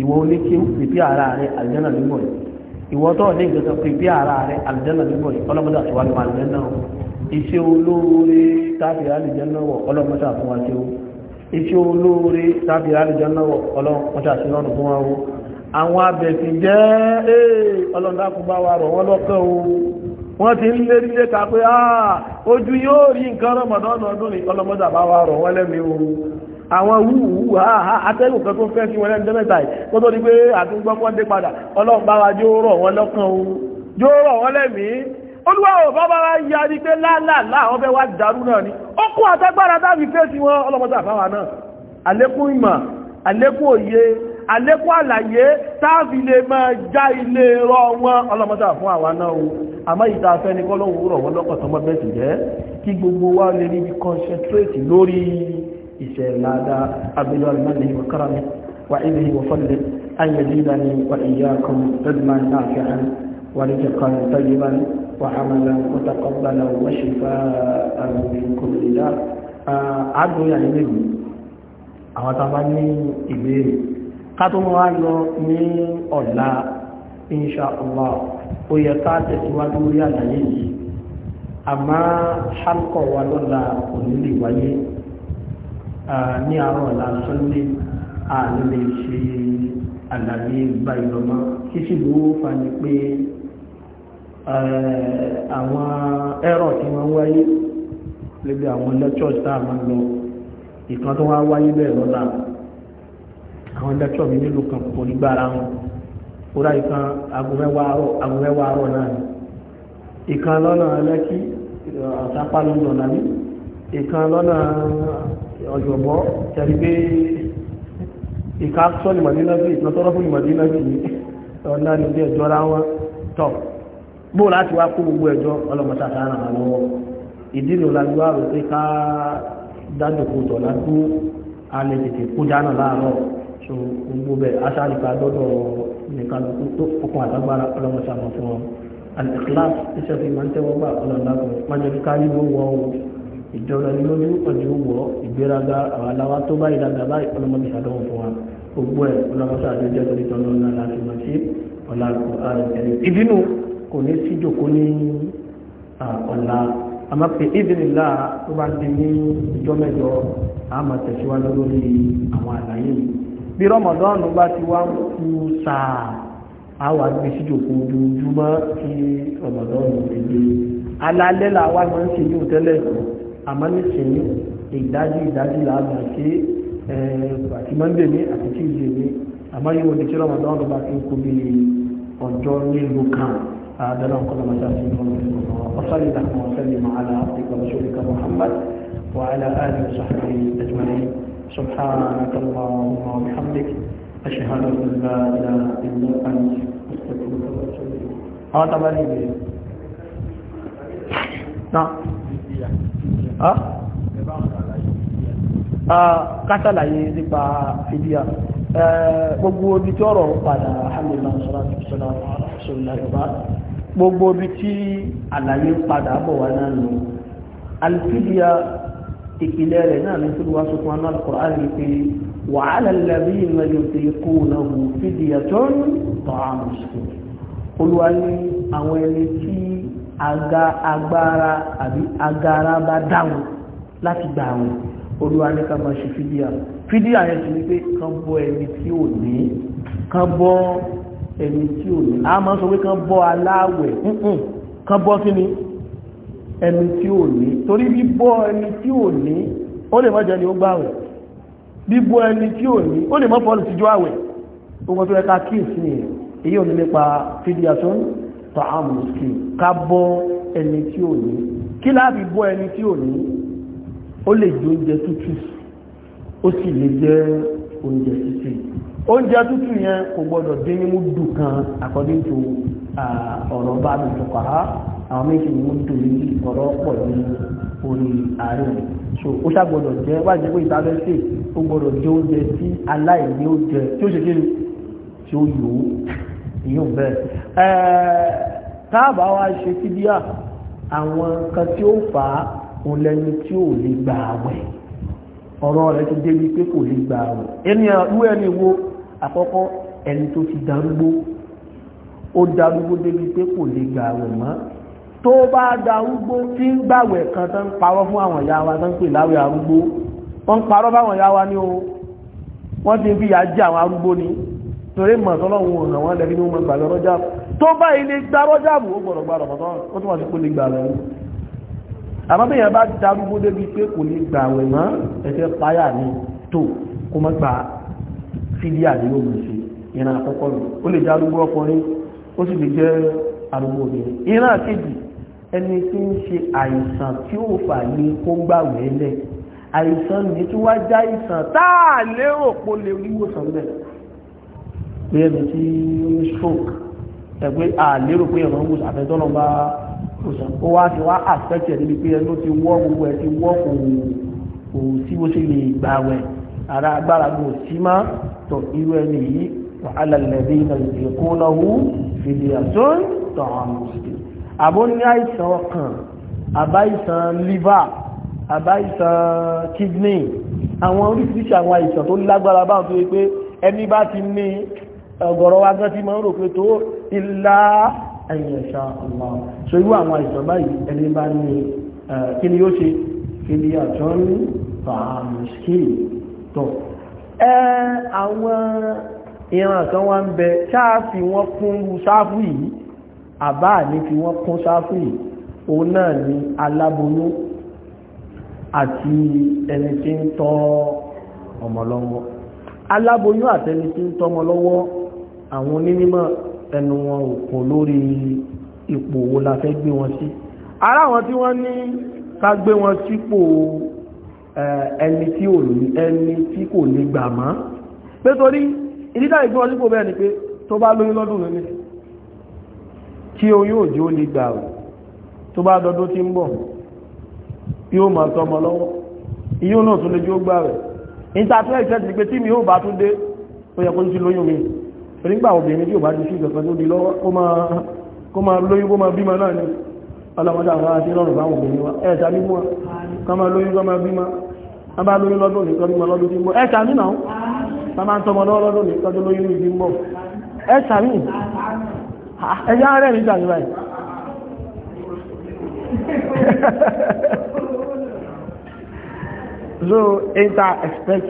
A: ìwọ oníkí pèpè ara rẹ àlùjánnà nígbò rẹ ìwọ tó ní ìgbésọ pèpè ara rẹ àlùjánnà nígbò rẹ ọlọ́mọdé àtiwájú máa lẹ́ náà iṣẹ́ olóore tábì àlùjánnà wọ ọlọ́mọdé àfún wa ṣe o iṣẹ́ olóore tábì àlùjánnà wọ ọlọ́mọdé àṣẹ lọ́nà fún wa o àwọn abẹ̀sìn jẹ́ ee ọlọ́dàkùnbá wa rọ̀ wọ́n lọ́kàn o wọ́n ti ń lé nílé ka pé ojú yóò rí nǹkan rọmọdọ́nà ọdún ní ọlọ́mọdé àbáwá rọ̀ wọ́n lẹ́mìí o àwọn wúwú atẹ́gùn kan tó fẹ́ sí wọn lẹ́nu mẹ́ta yìí kó tó di pé àtúngbọ́ pọ́n dé padà ọlọ́run bá wa yóò rọ̀ wọn lọ́kàn o yóò rọ̀ wọn lẹ́mìí olúwa ò bá bára ya ni pé láàlá àwọn fẹ́ wá dàrú náà ni ó kó àtẹ́gbára tábì fẹ́ sí wọn ọlọ́mọdé àfáwà náà àlékún ìmọ̀ àlékún òye àlékún àlàyé táàfi lè máa já ilé rọ wọn ọlọ́mọdé fún àwa náà o àmọ́ ìta fẹ́ ní إسير لادا أبدو المنه وكرمه وعيده وفضله أن يزيدني وإياكم علما نافعا ورزقا طيبا وعملا متقبلا وشفاء من كل داء àádùn ìyà nílé ìlú àwọn tàbá ní ìbéèrè ká tó mọ́ wá lọ ní ọ̀la insha Allah ó yẹ ká tẹ̀síwájú orí àlàyé yìí àmá ṣálkọ̀ wa lọ́la kò ní lè wáyé ní àárọ̀ ọ̀la sunday ààrẹ lè ṣe àlàyé gba ìrọ̀mọ́ kí sì ló fà ní pé àwọn ẹ̀rọ tí wọ́n wáyé lébi àwọn lectures tá a máa lọ ìkan tó wá wáyé bẹ́ẹ̀ lọ́la àwọn lecture mi nílò kan kò ní gbára wọn kódà ìkan agomẹ́wàá àárọ̀ náà ni ìkan lọ́nà lẹ́kí ọ̀sápá ló ń lọ nàní ìkan lọ́nà ọ̀jọ̀gbọ́ tẹ̀lé pé ìka sọ́ọ̀lì màdínà sí ìtọ́tọ́rọ́ fún ìmàdínà sí ọ̀nà ní bí ẹ̀jọ́ ra wọn tọ̀ bó láti wá kó gbogbo ẹ̀jọ́ ọlọ́mọta sára hàn lọ́wọ́ ìdí nù la gbọ́ àrò pé ká dádòkò tọ̀ lágbó alẹ́ tètè kó jáná láàárọ̀ so gbogbo bẹ́ẹ̀ aṣáájú ká dọ́dọ̀ nìkan tó kókun àtàgbára ọlọ́mọta mọ̀ fún ọ ìjọba ni lójú ọjọ́ wọ ìgbéraga àwọn aláwa tó bá ìdàgbà báyìí ọlọ́mọdé ṣàdánwò fún wa gbogbo ẹ̀ ọlọ́mọdé àdójẹ́ torí tọ́lọ́ náà láti mọ̀ sí ọ̀la àrùn ìdínú kò ní síjòkó ní ọ̀la àmọ́ pé ìdínlá tó bá ti ní ìjọ mẹ́jọ àmọ́ tẹ̀síwájú lórí àwọn àlàyé yìí bí rọmọdọ́ọ̀nù bá ti wá ń kú sáà àwọn àgbẹ̀ síjòkó ojoojúmọ́ kí rọmọdọ́ọ̀nù ti dé alálẹ́ làwọn máa ń ṣe yóò tẹ́lẹ̀ ìkọ̀ọ́ àmọ́ nísìnyí ìdájú ìdájú làágbà sí àti mọ́ndé eh, mi àti tíìzì mi àmọ́ yóò di tí ramadan ló bá ti ń kó bí ọjọ́ nílùú kan àádọ́nà ọ̀kọ́lọ́ mọ́tà sí ìfọ̀n ọ̀sálì dàkùn ọ̀sálì màálà ìgbàlóṣọ́lùkà muhammad wa ala alihi wa sahbihi ajma'in subhanaka allahumma wa bihamdik àwọn tábà náà Ah, kásàlàyé nípa fìdíà eh, gbogbo ibi tí ọ̀rọ̀ padà alhamdulillah sọ́lá sọ́lá sọ́lá yorùbá gbogbo ibi tí àlàyé padà bọ̀ wá náà nù alfìdíà ìpìlẹ̀ rẹ̀ náà ní fúlùwá sọ́kún aná al-Qur'an ní pé wàhálà lẹ́bí ìmọ̀lẹ́ òtò ikú náà fìdíà tó ń tọ́ àmì sùkúrù olùwà àwọn ẹni tí aga agbára àbí agara bá dáwọn láti gbà àwọn olúwa ní ká máa ṣe fídíà fídíà yẹn ti ní pé kán bọ́ ẹni tí ò ní kán bọ́ ẹni tí ò ní a máa sọ pé kán bọ́ aláwẹ̀ kán bọ́ kí ni ẹni tí ò ní torí bíbọ́ ẹni tí ò ní ó lè má jẹ́ ni ó gbàwẹ̀ bíbọ́ ẹni tí ò ní ó lè má fọ́ọ̀lù tíjọ́ àwẹ̀ ó wọ́n tó ẹka kíyèsí nìyẹn èyí ò ní nípa fídíà tó ń tààmù skin ká bọ́ ẹni tí ò ní kí láti bọ́ ẹni tí ò ní ó lè jẹ oúnjẹ tútù ó sì lè jẹ oúnjẹ sísè oúnjẹ tútù yẹn kò gbọdọ̀ dín ní múdù kan according to ọ̀rọ̀ bá mi tó kọ́ àwọn méjì ní múdù méjì ọ̀rọ̀ pọ̀ ní orí ààrẹ so ó ṣàgbọdọ̀ jẹ wájú pé ìtàlẹ́sẹ̀ ó gbọdọ̀ jẹ oúnjẹ tí aláìní ó jẹ tí ó ṣe kí ni tí ó yòó ìyún bẹ́ẹ̀ táàbà wa ṣe sí bíà àwọn kan tí ó fà á òun lẹni tí ò lè gbà àwẹ̀ ọ̀rọ̀ rẹ̀ ti débi pé kò lè gbà àwẹ̀ ẹni àrú ẹni wo àkọ́kọ́ ẹni tó ti darúgbó ó darúgbó débi pé kò lè gbà àwẹ̀ mọ́ tó bá darúgbó tí ń gbàwẹ̀ kan tó ń parọ́ fún àwọn ìyá wa tó ń pè láwẹ̀ arúgbó wọ́n ń parọ́ fáwọn ìyá wa ní o wọ́n ti ń fi ìyà jẹ àwọn arúgbó ni torí mọ̀ tọ́lọ́wọ́ ọ̀nà wọn lẹ́bí ní wọ́n gbà lọ́rọ́jà tó bá ilé gbà rọ́jà bù ó gbọ́dọ̀ gbà rọ̀mọ́tọ́ ó tún wà sí kó lè gbà lọ́rọ́ àmọ́ bí yẹn bá darúgbó débi pé kò lè gbà wẹ̀ mọ́ ẹ̀fẹ́ páyà ní tó kó mọ́ gbà fídí àdéhùn ṣe ìran àkọ́kọ́ rẹ̀ pé ẹni tí ó stroke ẹgbẹ́ àlérò pé ẹ̀rọ ń wò àfẹ́tọ́nà bá ó sàn ó wá ti wá àfẹ́tì ẹ̀ níbi pé ẹni ó ti wọ́ gbogbo ẹ̀ ti wọ́ kò kò sí bó ṣe lè gbà wẹ̀ ara agbára kò sí má tọ̀ irú ẹni yìí wà á lẹ́lẹ́bí iná ìdíkó náà wú fìdí àtún tọ̀ àwọn mùsùlùmí àbó ní àìsàn ọkàn àbáìsàn liver àbáìsàn kidney àwọn oríṣiríṣi àwọn àìsàn tó lágbára báwọn tó yẹ pé ẹni bá ti ní ọ̀gọ̀rọ̀ wa gan ti máa ń rò pé tó ilá ẹ̀yẹ̀ṣà ọ̀la so irú àwọn àìsàn báyìí ẹni bá ní kí ni yóò ṣe kí ni àjọ ní fàámùsíkì tọ̀ ẹ àwọn ni aláboyún àti ẹni tí ń tọ́ ọmọ lọ́wọ́ aláboyún àtẹni tí ń tọ́mọ lọ́wọ́ àwọn onímọ̀ ẹnu wọn ò kò lórí ipò wo la fẹ́ gbé wọn sí ara wọn tí wọ́n ní ká gbé wọn sípò ẹni tí ò ní ẹni tí kò ní gbà mọ́ pé torí ìdídá ìgbé wọn sípò bẹ́ẹ̀ ni pé tó bá lóyún lọ́dún lónìí tí oyún òjò lè gbà ọ̀ tó bá dọdún tí ń bọ̀ yóò máa tọmọ lọ́wọ́ ìyóò náà tún lè jó gbà rẹ̀ ìta tó ti pé tí mi ò bá tún dé ó yẹ kó ń ti lóyún mi nígbà obìnrin tí ò bá ti sí ìgbẹ̀kan tó di lọ́wọ́ kó máa lóyún kó máa bímọ náà ni ọlọ́mọdé àwọn àti rọrùn bá obìnrin wa ẹ̀ẹ̀ta ní mú wa ká máa lóyún kó máa bímọ a bá lóyún lọ́dún nìkan bímọ lọ́dún tí ń bọ̀ ẹ̀ẹ̀ta ní náà ta máa tọmọ lọ́dún nìkan tó lóyún ìdí ń bọ̀ ẹ̀ẹ̀ta ní so enter expect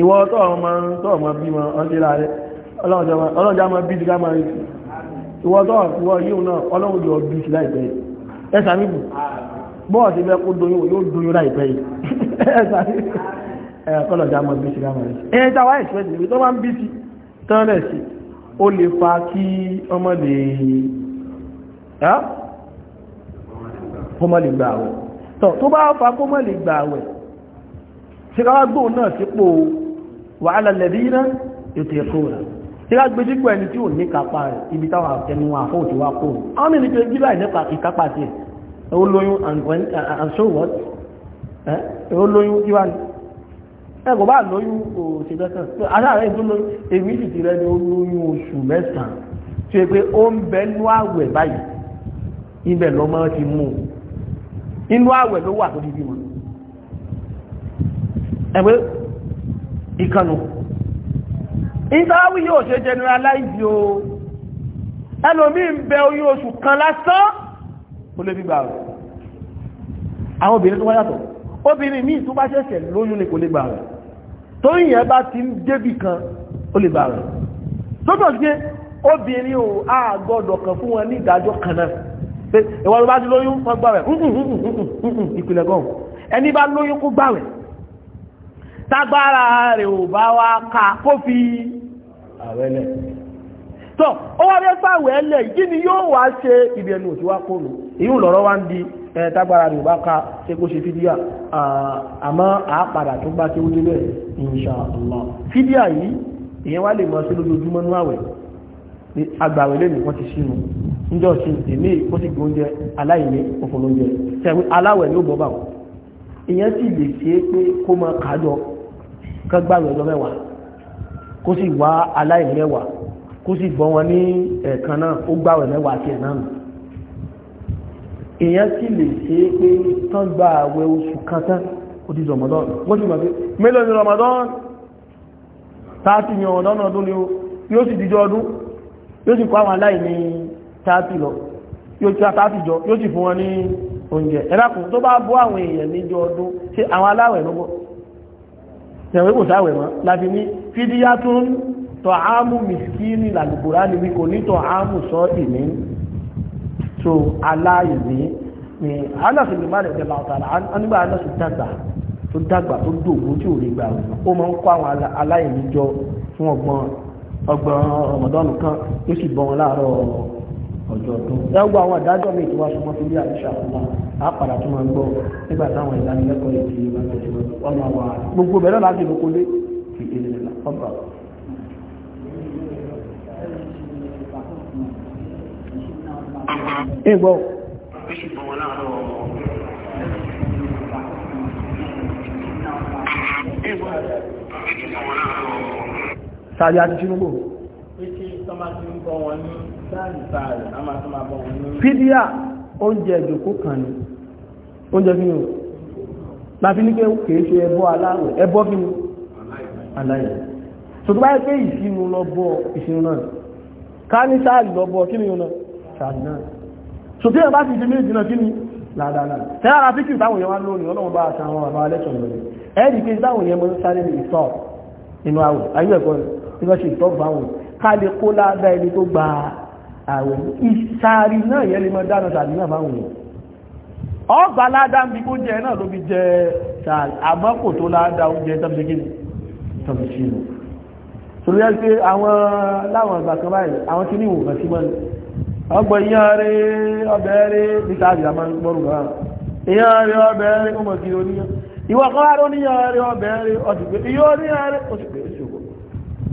A: ìwọ tó ọmọ tó ọmọ bí mọ ọdí láàrẹ ọlọ́jà mọ bí dìgá mọ ìwọ tó ọ̀fíwọ yíò náà ọlọ́run yóò bí sí láìpẹ́ ẹ̀sà níbù bọ́ọ̀ sí bẹ́ kó doyún yóò doyún láìpẹ́ yìí ẹ̀sà níbù ọlọ́jà mọ bí sí láìpẹ́ yìí ẹ̀ẹ́ta wá ìṣẹ́ ìṣẹ́ tó bá ń bí sí tán rẹ̀ sí ó lè fa kí ọmọ lè gbà àwẹ̀ tó bá fa kó mọ́ lè gbà àwẹ̀ ṣe ká wá gbóhùn náà sípò wàhálà lẹ́bí iná ètò ẹ̀kọ́ rẹ̀ tí a gbéjípọ̀ ẹni tí ò ní kápá rẹ̀ ibi táwọn àtẹnu àfọ́ òtí wá kó àwọn mìíràn jẹ́ gílà ìnípa ìkápá sí ẹ̀ olóyún and so what ẹ̀ olóyún kí wá ní ẹ̀ kò bá lóyún kò ṣe dẹ́kàn aláàrẹ̀ tó lóyún èmi sì ti rẹ̀ ní olóyún oṣù mẹ́sàn-án tí ó pé ó ń bẹ nú àwẹ̀ báyìí ibẹ̀ lọ́mọ ìkànnù ìsáwí yóò ṣe generalize o ẹlòmí ń bẹ oyún oṣù kan lásán ó lé gbígbà rẹ̀ àwọn obìnrin tó wáyàtọ̀ obìnrin míì tó bá ṣẹ̀ṣẹ̀ lóyún ní kò lè gbà rẹ̀ tó yìnyẹn bá ti ń débì kan ó lè gbà rẹ̀ tó tọ̀ sí pé obìnrin ò á gbọ́dọ̀ kan fún wọn ní ìdájọ́ kan náà pé ìwọ́n ló bá ti lóyún wọ́n gbà rẹ̀ ìpìlẹ̀ gan ẹni bá lóyún kó gbà rẹ̀ tágbára rẹ̀ ò bá wá ká kó fi àwẹ́lẹ̀ tọ́ ó wá fẹ́ fàwẹ́lẹ̀ kí ni yóò wá ṣe ibi ẹnu òtí wá kóòlù ìyún lọ́rọ́ wá ń di tágbára rẹ̀ ò bá ká ṣe kó ṣe fídíà àmọ́ àápadà tó bá kéwú débẹ̀ inṣàlá fídíà yìí ìyẹn wá lè mọ́ sí lójoojúmọ́ nú àwẹ̀ agbàwẹ̀ lẹ́nu wọ́n ti sínú níjọ́ sí èmi ó sì gbóúnjẹ aláìní òfòlóúnjẹ aláwẹ̀ ni ó bọ́ bá ìyẹn sì lè ṣe pé kó máa kájọ kán gbàwẹ̀ ọjọ́ mẹ́wàá kó sì wá aláìmẹ́wàá kó sì bọ́ wọn ní ẹ̀ẹ̀kan náà ó gbàwẹ̀ mẹ́wàá tiẹ̀ náà nù èèyàn sì lè ṣe é pé tán gba àwẹ̀ oṣù kan tán ó di Ramadan wọ́n sì mọ̀ pé mélòó ni ni ó yóò sì díjọ ti fún wọn ní oúnjẹ ẹ̀dàkùn tó bá bọ́ àwọn èèyàn níjọ ọdún ṣé àwọn aláwẹ̀ ló tẹ̀wé kò sáwẹ̀ mọ́ láti ní fídíyà tó ń tọ́ ámù mìskínì làlùkùrá níbi kò ní tọ́ ámù sọ ìní tó aláìní ni anásù lè má lè jẹba ọ̀tàrà anígbà anásù dàgbà tó dàgbà tó dògbò tí ò lè gbà wọn ó máa ń kó àwọn aláìní jọ fún ọgbọ̀n ọgbọ̀n ọmọdọ́nù kan ó sì ọjọ́ tó dáwọ́ àwọn àdájọ́ mi tó wá sọmọ tó bí àdúṣà fúnmọ́ á padà tó máa ń gbọ́ nígbà táwọn ìdánilẹ́kọ̀ọ́ yìí ti máa tẹ̀sí wọn máa wà gbogbo bẹ̀rẹ̀ láti lóko lé fi èdè nílá ọba. ìgbọ́. sáyé àti Tinubu. pé kí ti ń bọ́ wọn ní fídíà oúnjẹ ìjòkó kan ni oúnjẹ fi hàn láti ní pé kìí ṣe ẹbọ aláwẹ̀ ẹbọ fi hàn aláìwẹ̀ ṣùgbọ́n báyìí pé ìsinú lọ́bọ̀ ìsinú náà ká ní sáàlì lọ́bọ̀ kí ni yóò náà sáàlì náà ṣùgbọ́n bá ti di méjì náà kí ni láàdáadáa tẹ́lá ara fíkì táwọn èèyàn wá lónìí ọlọ́run bá aṣọ àwọn bàbá alẹ́sọ̀rọ̀ lónìí ẹ̀ẹ́dì pé táwọn èèyàn mọ́ sáré ní ìtọ́ inú àwọ̀ ayé ẹ̀kọ́ nígbà ṣe ìtọ́ bá wọn ká lè kó láàdá ẹni tó gba àwẹ̀ ìsàárì náà yẹ́ lè mọ́ dáná sàárì náà máa wùn ọba ládá ń bí kó jẹ náà ló fi jẹ sàárì àmọ́ kò tó ládá oúnjẹ tọ́bíṣẹ́gínì tọ́bíṣẹ́gínì torí ẹ́ pé àwọn láwọn àgbà kan báyìí àwọn tí níwò kan sí mọ́ ọgbọ̀ ìyàn rẹ̀ ọbẹ̀ rẹ̀ níta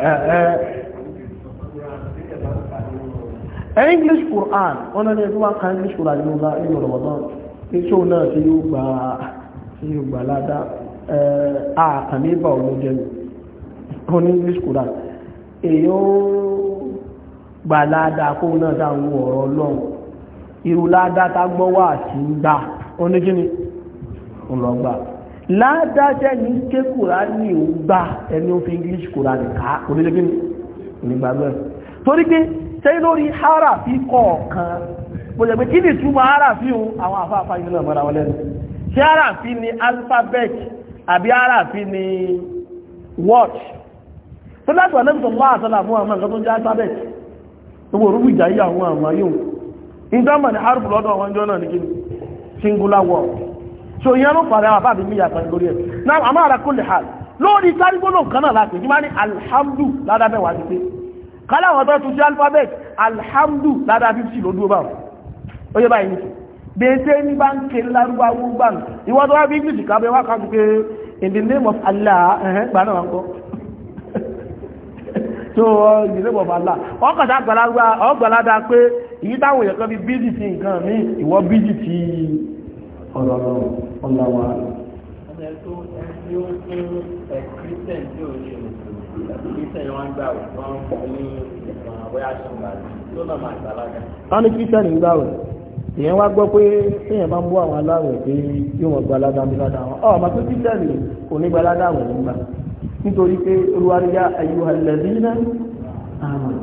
B: Eh, eh.
A: English Quran English Quran ní ọlá inú Ramadan ní tí ó náà tí yóò gbà tí yóò gbà ládá àkàní eh, bá ọ̀rọ̀ jẹ́nu ó ní English Quran èyí ó gbà ládá kó náà dáhùn ọ̀rọ̀ Ọlọ́run irú ládá gba. ládájẹ́ ní ké kùránì ò gbá ẹni fi english kùránì ká onílẹ́gbẹ́ nígbàgbẹ́ torí pé tẹ́ lórí hara fi harafi bó jẹ́ kí ni túmọ̀ hara fi hun àwọn afáfá yìí lọ mọ́ra wọn ni alphabet àbí hara ni word tó láti wà so ìyẹn ló padà wà fáàbí míyà kan lórí ẹ̀ náà àmọ́ ara kò lè hà lórí sárígbónà kan náà láti ìjìmá ní alhamdu ládàá mẹ́wàá ti pé káláwọn tó tún sí alphabet alhamdu ládàá fífì ló dúró báwọn ó yẹ báyìí nìkan bẹ́ẹ̀ ní bá ń ké lárúbáwó gbà nù ìwọ́n tó wá bí english kan bẹ́ẹ̀ wá kan pé in the name of allah ẹ̀hẹ́n gbà náà wà So in the name of allah ọkàn sá gbàládà pé èyí táwọn èèyàn kan bí bíjì ti nǹkan mí ìwọ́ bíjì ti ọ̀rọ̀ ọ̀rọ̀ ọ̀la wa. ọ̀sẹ̀ tó ẹni ó fún ẹ̀kírísẹ̀n tí ò ṣe ẹ̀kírísẹ̀n wọn gbà wọ́n fún ní ìfọ̀nàwé àṣùgbà tó náà máa gbàlaga. wọ́n ní kírísẹ̀n ń gbà wẹ̀ èèyàn wá gbọ́ pé téèyàn bá ń bú àwọn aláwẹ̀ pé yóò wọ́n gbalaga ń bí ládàá wọn ọ̀ màá tó kírísẹ̀n kò ní gbalaga wọ̀ nígbà nítorí pé olúwaríyá ayyuhallazina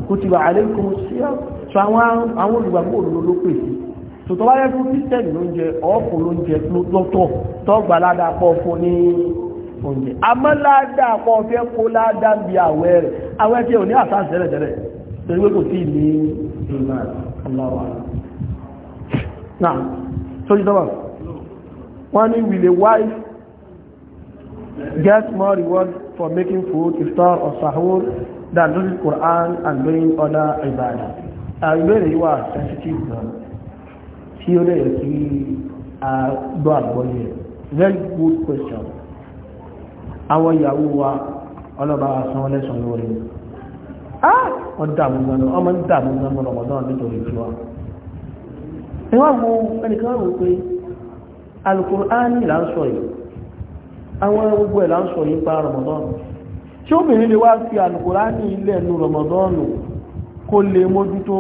A: kutiba alaykumus siyam sọ àwọn olùgbàgbọ́ òdodo ló pèsè tòtò wáyé fún kristẹni lóúnjẹ ọ̀pọ̀ lóúnjẹ lọ́tọ̀ tọ́gbà ládàá pọ̀ fún ní oúnjẹ àmọ́ ládàá pọ̀ fẹ́ kó ládàá bí àwẹ̀ rẹ̀ àwẹ̀ tí ò ní àṣà tẹ́lẹ̀tẹ́lẹ̀ torí pé kò tí ì ní ìmọ̀ ọlọ́wà náà sójú tọ́wà wọ́n ní will a get more reward for making food iftar or sahur than reading Quran and doing other ibadah ìbéèrè yìí wà sensitive náà tí ó lè kí a gbọ́ àgbọ́lé very good question àwọn ìyàwó wa ọlọ́ba san wọ́n lẹ́sàn lórí wọ́n dààmú gbọ́nà ọmọ ń dààmú gbọ́nà ọmọdán nítorí tí wá ìwọ́n mú ẹnìkan rò pé alukur'ani là ń yìí àwọn gbogbo ẹ̀ yìí pa ramadan tí obìnrin lè wá fi alukur'ani ilẹ̀ nu ramadan kó lè mójútó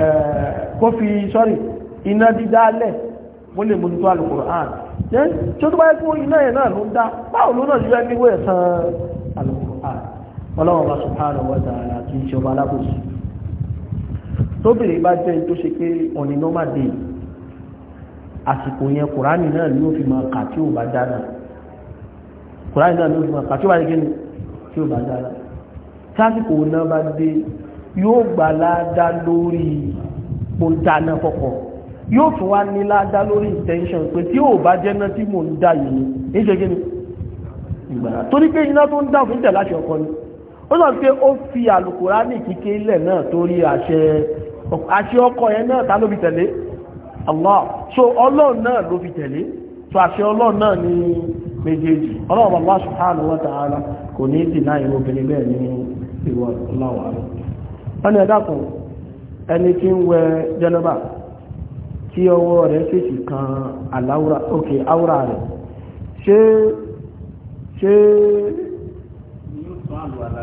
A: Eh, kó fi sọ́rì iná dídá lẹ̀ mo lè mójú tó alukur'an jẹ́ tí ó tó bá yẹ kó iná yẹn náà ló ń dá báwo ló náà yíyá ní wẹ́ẹ̀ san alukur'an ọlọ́run bá subhanahu wa ta'ala kì í ṣe ọba alábòsí tóbìnrin bá jẹ́ tó ṣe pé ọ̀nì normal day àsìkò yẹn kùránì náà ló fi máa kà tí ò bá dára kùránì náà ló fi máa kà tí ò bá dára tí àsìkò náà bá dé yóò gbà láàdá lórí mo dáná fọ́kọ̀ yóò tún wá ní láàdá lórí intention pé tí ò bá jẹ́ náà tí mò ń dá yìí ní ṣe gẹ́gẹ́ ìgbàlá torí pé iná tó ń dá fún ìtẹ̀láṣẹ ọkọ ni ó sọ pé ó fi àlùkùránì kíké ilẹ̀ náà torí àṣẹ àṣẹ ọkọ yẹn náà ta ló fi tẹ̀lé Allah so ọlọ́run náà ló fi tẹ̀lé so àṣẹ ọlọ́run náà ni méjèèjì ọlọ́run Allah subhanahu wa ta'ala kò ní dìnnà ìrobìnrin bẹ́ẹ̀ ní ìwọ ọláwàá ọ́nà ẹ̀dàkùn ẹni tí ń wẹ jẹ́nàbà tí ọwọ́ rẹ̀ fèsì kan aláwúrà òkè áwúrà rẹ̀ ṣé ṣé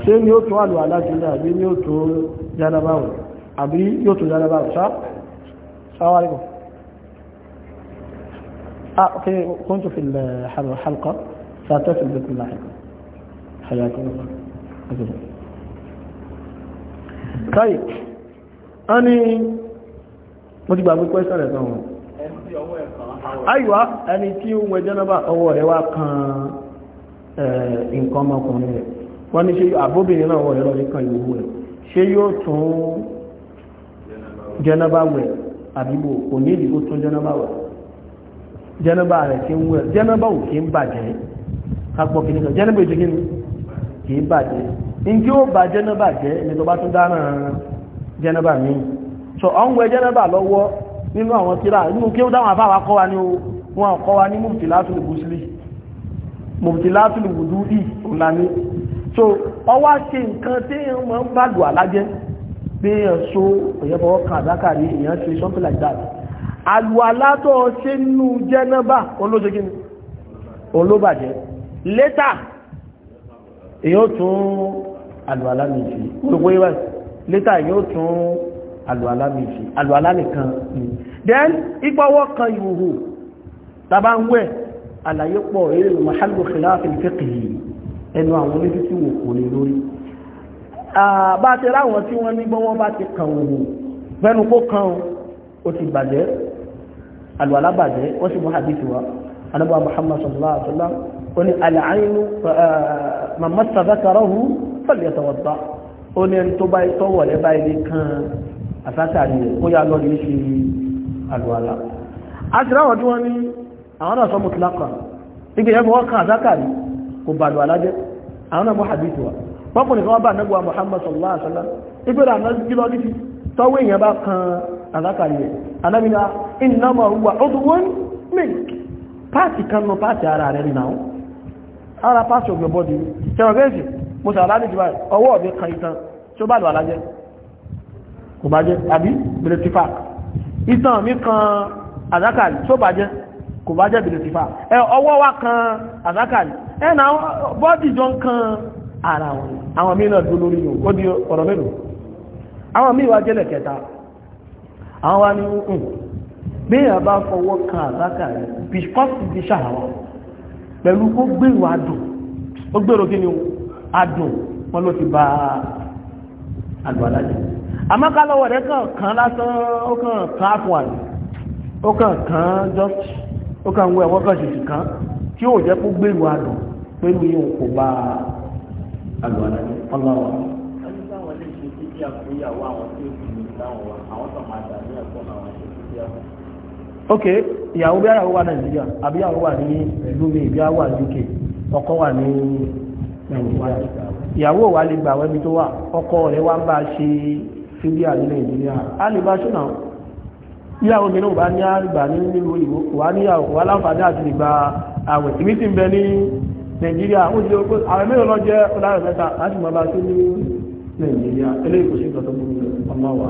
A: ṣé ni ó tún àlò aláṣẹ́lẹ̀ àbí ni ó tún jẹ́nàbà wọ̀ àbí yóò tún jẹ́nàbà wọ̀ sá sáwárìkọ̀ أوكي كنت في الحلقة سأتصل بكم لاحقا káyì a mo ti gbàgbé kwẹ́sàn question tán wọn ayíwá ẹni tí ó wẹ jẹ́nàbà owo rẹ̀ kan nǹkan ọmọkùnrin rẹ̀ wọ́n ní ṣe àbóbìnrin náà wọ́n ẹ̀rọ nìkan ìwò rẹ̀ ṣe se tún tun wẹ̀ àbíbò kò ní ìdí ó tún jẹ́nàbà wẹ̀ jẹ́nàbà rẹ̀ ti ń wẹ̀ jẹ́nàbà ka njẹ́ ó bà jẹ́nàbà jẹ́ ẹni tó bá tún jẹ́nàbà mi so ọ̀nwẹ̀ jẹ́nàbà lọ́wọ́ nínú àwọn tíra nínú kí ó dáwọn afáwà kọ́ wa ní o wọn kọ́ wa ní muftilatul so ọwá ṣe nǹkan tí èèyàn máa ń bá so òyẹ́bọ̀ kan àdákàrí èèyàn something like that àlùwàlátọ̀ ṣe nínú jẹ́nàbà olóṣèkí ni òun ló bàjẹ́ later èèyàn tún àlùwàlá mi fi gbogbo ìwà létà yóò tún àlùwàlá mi fi àlùwàlá nìkan then ìgbọ́wọ́ kan ìhòhò tàbá ń wẹ̀ àlàyé pọ̀ eré mahallu khilaf al-fiqh ẹnu àwọn oníṣẹ́ tí wò kò ní lórí bá ti ráwọn tí wọ́n ní gbọ́wọ́ bá ti kàn àlùwàlá bàjẹ́ ó sì mú hadith wa anábọ̀ sallallahu alaihi wa ó ní àlàáyínú màmá sàbákàrọ̀hù fọ́lẹ̀tọ̀wọ̀dá ó ní ẹni tó bá tọ́wọ̀ lẹ́bá ilé kan àsátàrí rẹ̀ ó yá lọ́dún ṣe àlùwàlá àtìráwọ̀ tí wọ́n ní àwọn náà sọ mùtìlákà nígbè yẹn kan àsátàrí kò bàlù alájẹ́ àwọn náà mọ́ hadith wa pọ́pù nìkan wọ́n bá Muhammad sallallahu alaihi wasallam ìgbèrè àná jílọ́ nífi tọ́wọ́ other parts of your body tẹ̀rọ̀gẹ́sì mo sàrọ̀ láti jùlọ ọwọ́ ọ̀bẹ kan itan tí ó bá lọ alájẹ́ kò bá jẹ́ àbí bìrìtìfà itan mi kan àzákàrí tí ó bá jẹ́ kò bá jẹ́ bìrìtìfà ọwọ́ wa kan àzákàrí ẹ na bọ́dì jọ ń kan ara wọn àwọn míì náà dúró lórí di ọ̀rọ̀ wa pẹ̀lú ó gbèrò adùn ó gbèrò kí ni adùn wọn ló ti ba adùn alájẹ àmọ́ ká lọ́wọ́ rẹ̀ kàn kàn lásán ó kàn kàn áfọ̀ àlè ó kàn kàn just ó kàn wọ ẹ̀wọ́ kàn ṣèṣì kàn tí yóò jẹ́ kó gbèrò adùn pẹ̀lú yóò kó ba adùn alájẹ ọlọ́wọ́. ok ìyàwó bí àyàwó wà nàìjíríà àbí àyàwó wà ní ìlú mi ìbí àwà UK ọkọ wà ní nàìjíríà ìyàwó wa lè gbà wẹ́bi tó wà ọkọ rẹ̀ wá ń bá ṣe fídíà ní nàìjíríà a lè bá ṣúná ìyàwó mi náà bá ní àgbà ní nílùú òyìnbó wà ní wà láǹfààní àti ìgbà àwẹ̀ ìmí ti ń bẹ ní nàìjíríà ó ti ọkọ àwẹ̀ mélòó lọ jẹ́ ọlọ́rẹ̀ mẹ́ta láti mọ̀ bá ṣe ní nàìjíríà eléyìí kò sí ìtọ́tọ́ gbogbo ọmọ wa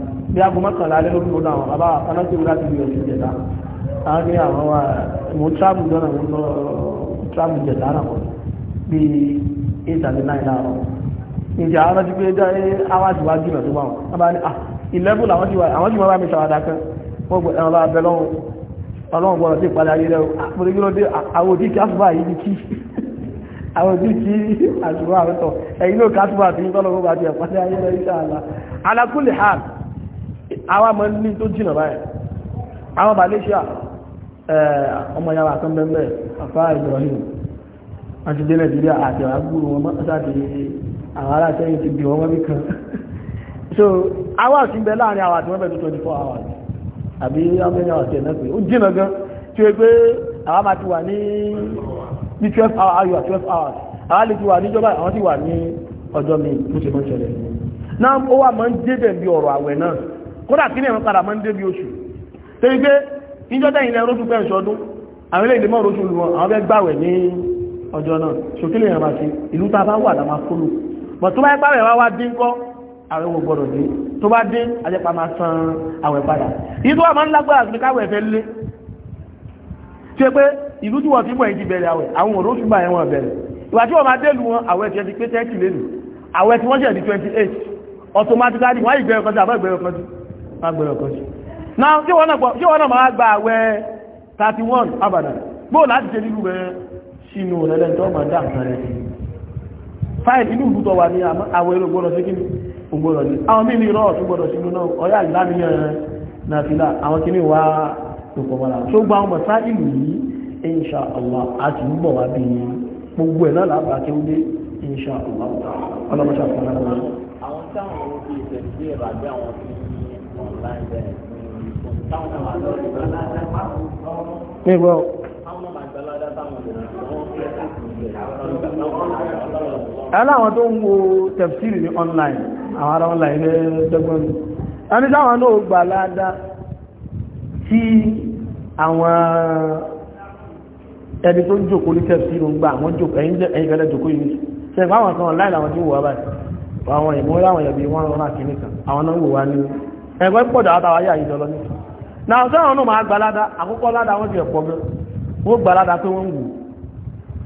A: bí aago mọ́kànlá alẹ́ ló fi rọ́dọ̀ àwọn bàbá aláṣẹ́wò láti bí ọ̀sẹ̀ jẹ̀dá àwọn ní àwọn wa mo travel lọ́nà mo lọ travel jẹ̀dá náà pọ̀ bí eight and nine láàárọ̀ ǹjẹ́ àwọn ti pé dá àwọn àtiwájú náà tó bá wọn wọn bá ní ah eleven làwọn ti wá àwọn ti wọn bá mi sàwádà kan wọn gbọ́ ẹ̀rọ bá bẹ lọ́wọ́ ọlọ́run gbọ́dọ̀ sí ìpàdé ayé lẹ́wọ́ àpòrí ah, kí ló dé ah, àwọn òdí kásùbà yìí ti kí àwọn òdí kí àṣùwà àwẹ́tọ̀ ẹ̀yìn ló kásùbà tí ń tọ́lọ́gbọ́gbà ti ẹ̀pàdé ayé lẹ́wọ́ ìṣàlá alákùnlé hàn àwa mọ́ ní tó jìnà báyìí àwọn malaysia ọmọ yàrá kan bẹ́ẹ̀ afá àti dé Nàìjíríà àti àgbúrò wọn mọ́sáàdì àwọn ará ti bí wọ́n kan so àwa sí bẹ láàrin àwa àti wọ́n bẹ̀ tó 24 hours gan ti n'i 12 hours ti n'i kódà kí ní ẹ̀rọ padà máa ń débi oṣù tẹ́bí pé níjọ́ tẹ́yìn lẹ́rọ tó fẹ́ǹsọ ọdún àwọn ilé ìdímọ̀ oṣù lùwọ̀n àwọn fẹ́ gbàwẹ̀ ní ọjọ́ náà ṣòkílẹ̀ yẹn máa ṣe ìlú tá a bá wà láwọn akóló bọ̀ tó bá yẹ pàwẹ̀ wá wá dín kọ́ àwọn ẹwọ gbọdọ̀ dín tó bá dín ajẹ́pà máa san àwẹ̀ padà yìí tó wà máa ń lágbára sí káwẹ̀ fẹ́ lé ṣe pé ìlú tí wọ́n ti bọ̀ yìí bẹ̀rẹ̀ àwẹ̀ àwọn òró ṣùgbọ́n àyẹ̀wò àbẹ̀rẹ̀ ìwà tí wọ́n máa délu wọn àwẹ̀ tiẹ̀ ti pé tẹ́ẹ̀tì lẹ́nu àwẹ̀ tí wọ́n ṣẹ̀ di twenty eight automatically wọ́n á ìgbẹ́rẹ̀ kan sí àbọ̀ ìgbẹ́rẹ̀ kan sí agbẹ̀rẹ̀ ọ̀kan sí náà kí wọ́n náà máa gba àwẹ̀ 31 abàdà gbóò láti ṣe nílùú rẹ̀ sínú rẹ̀ tó máa dá nǹkan rẹ̀ fáìl inú ìlú tó wà ní àwẹ̀ ìlú gbọ́dọ̀ sí kíni ògbọ́dọ̀ ní àwọn mí ní irọ́ ọ̀tún gbọ́dọ̀ sínú náà ọ̀yá ìlànìyàn náà fìlà àwọn kíní wá lòpọ̀ mọ́ra tó gba àwọn mọ̀sá ìlú yìí insha Allah àti ń bọ̀ wá bí gbogbo ẹ̀ náà lábàá tí ó dé insha Allah ọlọ́mọṣà fún ọlọ́mọṣà.
B: àwọn táwọn ohun bíi ìtẹ̀síyẹ̀ bàbá àwọn tí
A: mi gbọ́. aláwọn tó ń wo tẹ̀fsìrì ní online àwọn ará online ní ẹni táwọn náà gbà láadá tí àwọn ẹni tó ń jòkó ní tẹ̀fsìrì ń gbà àwọn jòkó ẹ̀yìn gẹ́lẹ́ jòkó yìí ṣẹ̀gbọ́n àwọn kan online àwọn tí wò wá báyìí àwọn ìmúra àwọn ẹ̀bí wọn rọra ẹ̀wẹ́ pọ̀dọ̀ àtàwà yà yìí lọ́lọ́ nípa náà sẹ́wọ̀n náà máa gbalada àkọ́kọ́ ládá wọ́n ti ẹ̀pọ̀ mẹ́ wọ́n gbalada pé wọ́n ń wù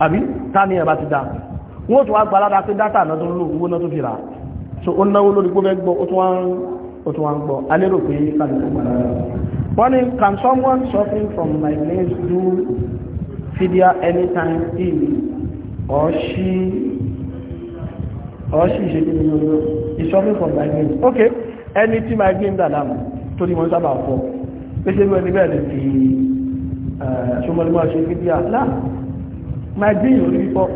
A: àbí tani ẹ̀bá ti dá wọ́n tún wá gbalada pé dátà can someone suffering from migraines do fidya anytime he or she or she is suffering from migraines okay ẹni tí máa gbé ń dà láàmú torí wọ́n sábà fọ́ pèsè bí ẹni bẹ́ẹ̀ lè fi ṣọmọlúmọ́ ṣe fi bí àlá máa gbé ìyàn orí fífọ́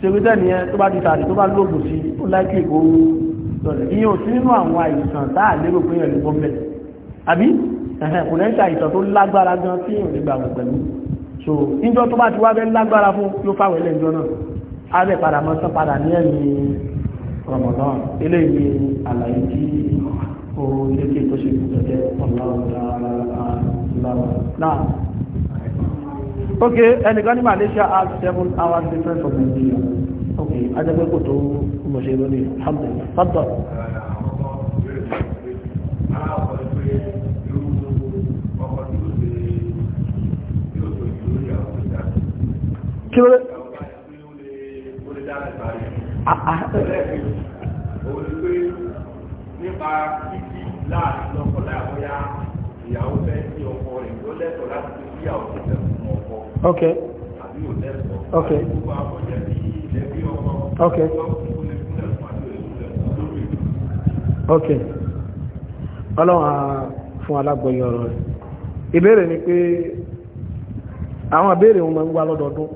A: ṣèwédẹ́ nìyẹn tó bá ti tààdì tó bá lóògùn sí ó láìpẹ́ ìgbó lọ́lẹ̀ ìyẹn ò sí nínú àwọn àìsàn tá à lérò pé ìyẹn lè bọ́ mẹ́ àbí kò lẹ́yìn àìsàn tó lágbára gan tí ìyẹn ò lè gbà wọ̀ pẹ̀lú so níjọ́ tó bá ti wá fẹ́ lágbára fún yóò fáwọn ẹlẹ́jọ́ náà á bẹ̀ padà mọ́ sán padà ní ẹ̀yìn Ramadan eléyìí àlàyé tí ó lékè tó ṣe kú jẹjẹ ọ̀làwọ̀ náà. ok ẹnìkan ní Malaysia has seven hours different from Nigeria Okay, ajẹ́pẹ́ kò tó mo ṣe lónìí alhamdulilayi fàtọ̀. kí ló dé. Ah, ah. òun ni pé nípa títí láàrin lọ́kọ̀ọ́lá àbúyá ìyàwó fẹ́ sí ọkọ rẹ̀ ló lẹ́tọ̀ọ́ láti fi
B: ìyàwó tó fẹ́ fún ọkọ. ok àbí ò lẹ́tọ̀ọ́. ok àbí gbogbo àwọn jẹ́ bí ilẹ̀ bí
A: ọkọ. ok ok ọlọ́run á fún alágbọ̀yọ̀ ọ̀rọ̀ rẹ̀ ìbéèrè ni pé àwọn ìbéèrè wọn máa ń wá lọ́dọọdún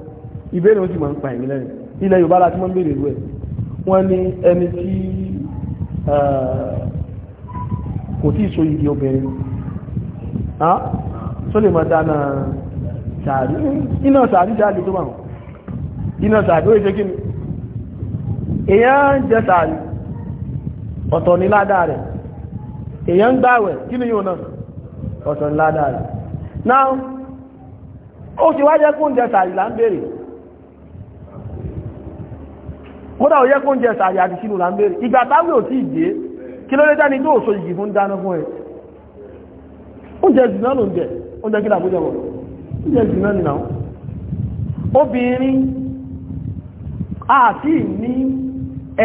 A: ìbéèrè wọn sì máa ń pa ìmílẹ̀ ilẹ̀ Yorùbá la ti ń béèrè rú ẹ̀ wọ́n ní ẹni tí kò tí ìso ìdí obìnrin tó lè máa dáná sàárì iná sàárì jáde tó báwọn iná sàárì ó ìṣe ni èyàn jẹ sàárì ọ̀tọ̀ ní ládàá rẹ̀ èyàn gbáwẹ̀ kí ni yóò náà ọ̀tọ̀ ní ládàá rẹ̀ náà ó kódà ó yẹ kó ń jẹ sàárì àti sínú là ń bèèrè ìgbà táwí ò tí ìdé kí ló lé dání tó òṣò yìí fún dáná fún ẹ oúnjẹ jùlọ ló ń jẹ oúnjẹ kí làbújọ bọ oúnjẹ jùlọ nìna obìnrin àti ní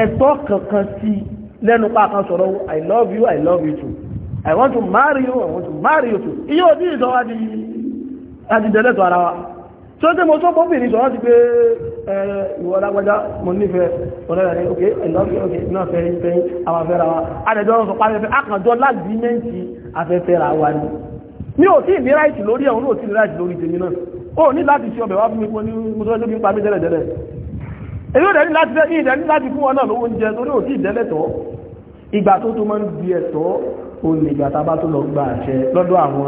A: ẹ̀tọ́ kankan sí lẹ́nu pàkan sọ̀rọ̀ i love you i love you too i want to marry you i want to marry you too iye òbí ìsọwádìí adìdẹ́lẹ́tọ̀ ara wa tí ó tẹ́ mo tó bóbìnrin sọ̀rọ̀ ti pé ìwọ̀ alágbájá mo nífẹ̀ẹ́ ọ̀rẹ́ rẹ̀ ok ẹ̀lọ́fẹ́ ok náà fẹ́ fẹ́ àwọn afẹ́ra wa adẹ̀jọ́ ń sọ pàdé fẹ́ àkànjọ lágbìmẹ́ntì afẹ́fẹ́ra wa ni mi ò tí ìlera ìtì lórí ẹ̀hún ò tí ìlera ìtì lórí tèmi náà ó ní láti ṣe ọbẹ̀ wá fún mi pé ní mo tó ń pa mí tẹ́lẹ̀ tẹ́lẹ̀ èyí ò dẹ̀ni láti ní ìdẹ̀ni láti fún wọn náà lówó oúnjẹ torí ò tí ìdẹ́lẹ̀tọ́ ìgbà tó tó máa ń di ẹ̀tọ́ olè ìgbà tá a bá tó lọ gba àṣẹ lọ́dọ̀ àwọn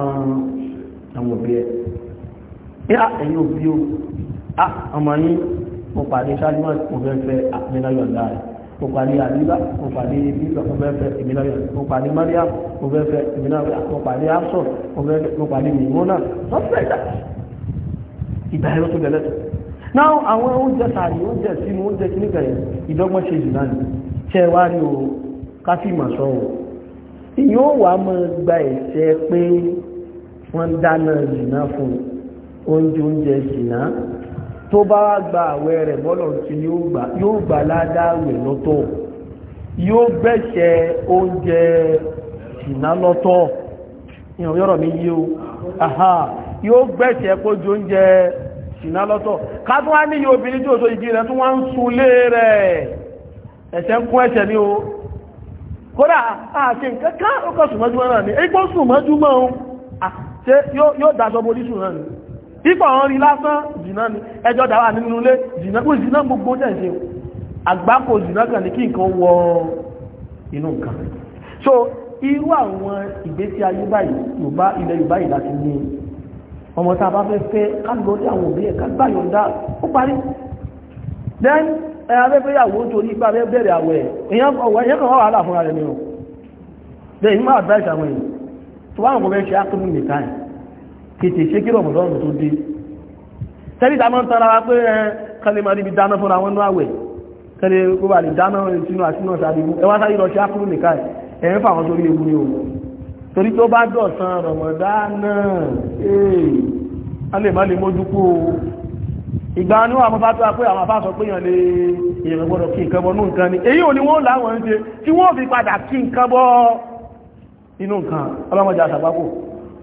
A: àwọn òbí ẹ̀ pé ah, ẹ̀yìn òbí o a ah, ọmọ yín mo pàdé ṣáájúmọ́ mo fẹ́ fẹ́ àmìnáyọ̀ dáa mo pàdé àdúgbà mo pàdé bíbà mo fẹ́ fẹ́ ìmìnáyọ̀ mo pàdé maria mo fẹ́ fẹ́ ìmìnáyọ̀ mo pàdé afsọ mo fẹ́ fẹ́ mo pàdé mìíràn sọ́fẹ̀dà ìgbà ẹ̀rọ tó bẹ̀rẹ̀ náà àwọn oúnjẹ sàárì oúnjẹ sínú oúnjẹ kíníkẹ̀ẹ́ ìdọ́gbọ́n ṣe jù náà ni tẹ́ wá rí o káfíìmọ̀ sọ o ìyẹn ó wàá mọ gba ẹ̀ṣẹ̀ pé wọ́n dáná jù náà fún un oúnjẹ oúnjẹ ìsìnà tó bá gba àwẹ̀ rẹ̀ bọ́lọ̀ tí yóò gbà ládáwẹ̀ lọ́tọ̀ yóò bẹ̀ṣẹ̀ oúnjẹ ìsìnà lọ́tọ̀ yọ́rọ̀ mi yóò bẹ̀ṣẹ̀ kójú oúnjẹ ìsìnà lọ́tọ̀ ní yóò ìdí rẹ̀ wọ́n ń rẹ̀ ń kún ẹ̀ṣẹ̀ o kódà àti nǹkan ká pípọ̀ àwọn rí lásán jìnnà ni ẹjọ́ dáwà nínú ilé jìnnà kó jìnnà gbogbo tẹ̀sí àgbákò jìnnà kan ní kí nǹkan wọ inú nǹkan so irú àwọn ìgbésí ayé báyìí yorùbá ilẹ̀ yorùbá yìí láti ní ọmọ tá a bá fẹ́ fẹ́ ká lọ sí àwọn òbí ẹ̀ ká gbà yọ̀ǹda ó parí then ẹ afẹ́fẹ́yàwó torí ipá fẹ́ bẹ̀rẹ̀ àwẹ̀ èèyàn kan wà wàhálà fúnra rẹ̀ nínú bẹ́ẹ̀ ní máa advice àwọn èèyàn tó wà wọn kò fẹ́ ṣe ákúrú nìkan yìí kéte ṣé kí rọ̀mùdọ́nù tó dé tẹ́lí ta máa ń tara wa pé ẹ kẹ́lẹ́ máa ríbi dáná fúnra wọn náà wẹ̀ kẹ́lẹ́ kó bá lè dáná sínú àti náà sáré ibú ẹ wá sáré lọ sí ákúrú nìkan ẹ̀ ń fà wọn sórí ewu ni o torí tó bá dọ̀sán rọ̀mọ̀dánà ee eh, a lè má lè mójú kú o ìgbà ní àwọn afá tó wá pé àwọn afá sọ pé yàn lè èèyàn gbọ́dọ̀ kí nǹkan bọ́ ní nǹkan ni èyí ò ní wọ́n láwọn ń ṣe tí wọ́n fi padà kí nǹkan bọ́ inú nǹkan ọlọ́mọdé àṣàgbákò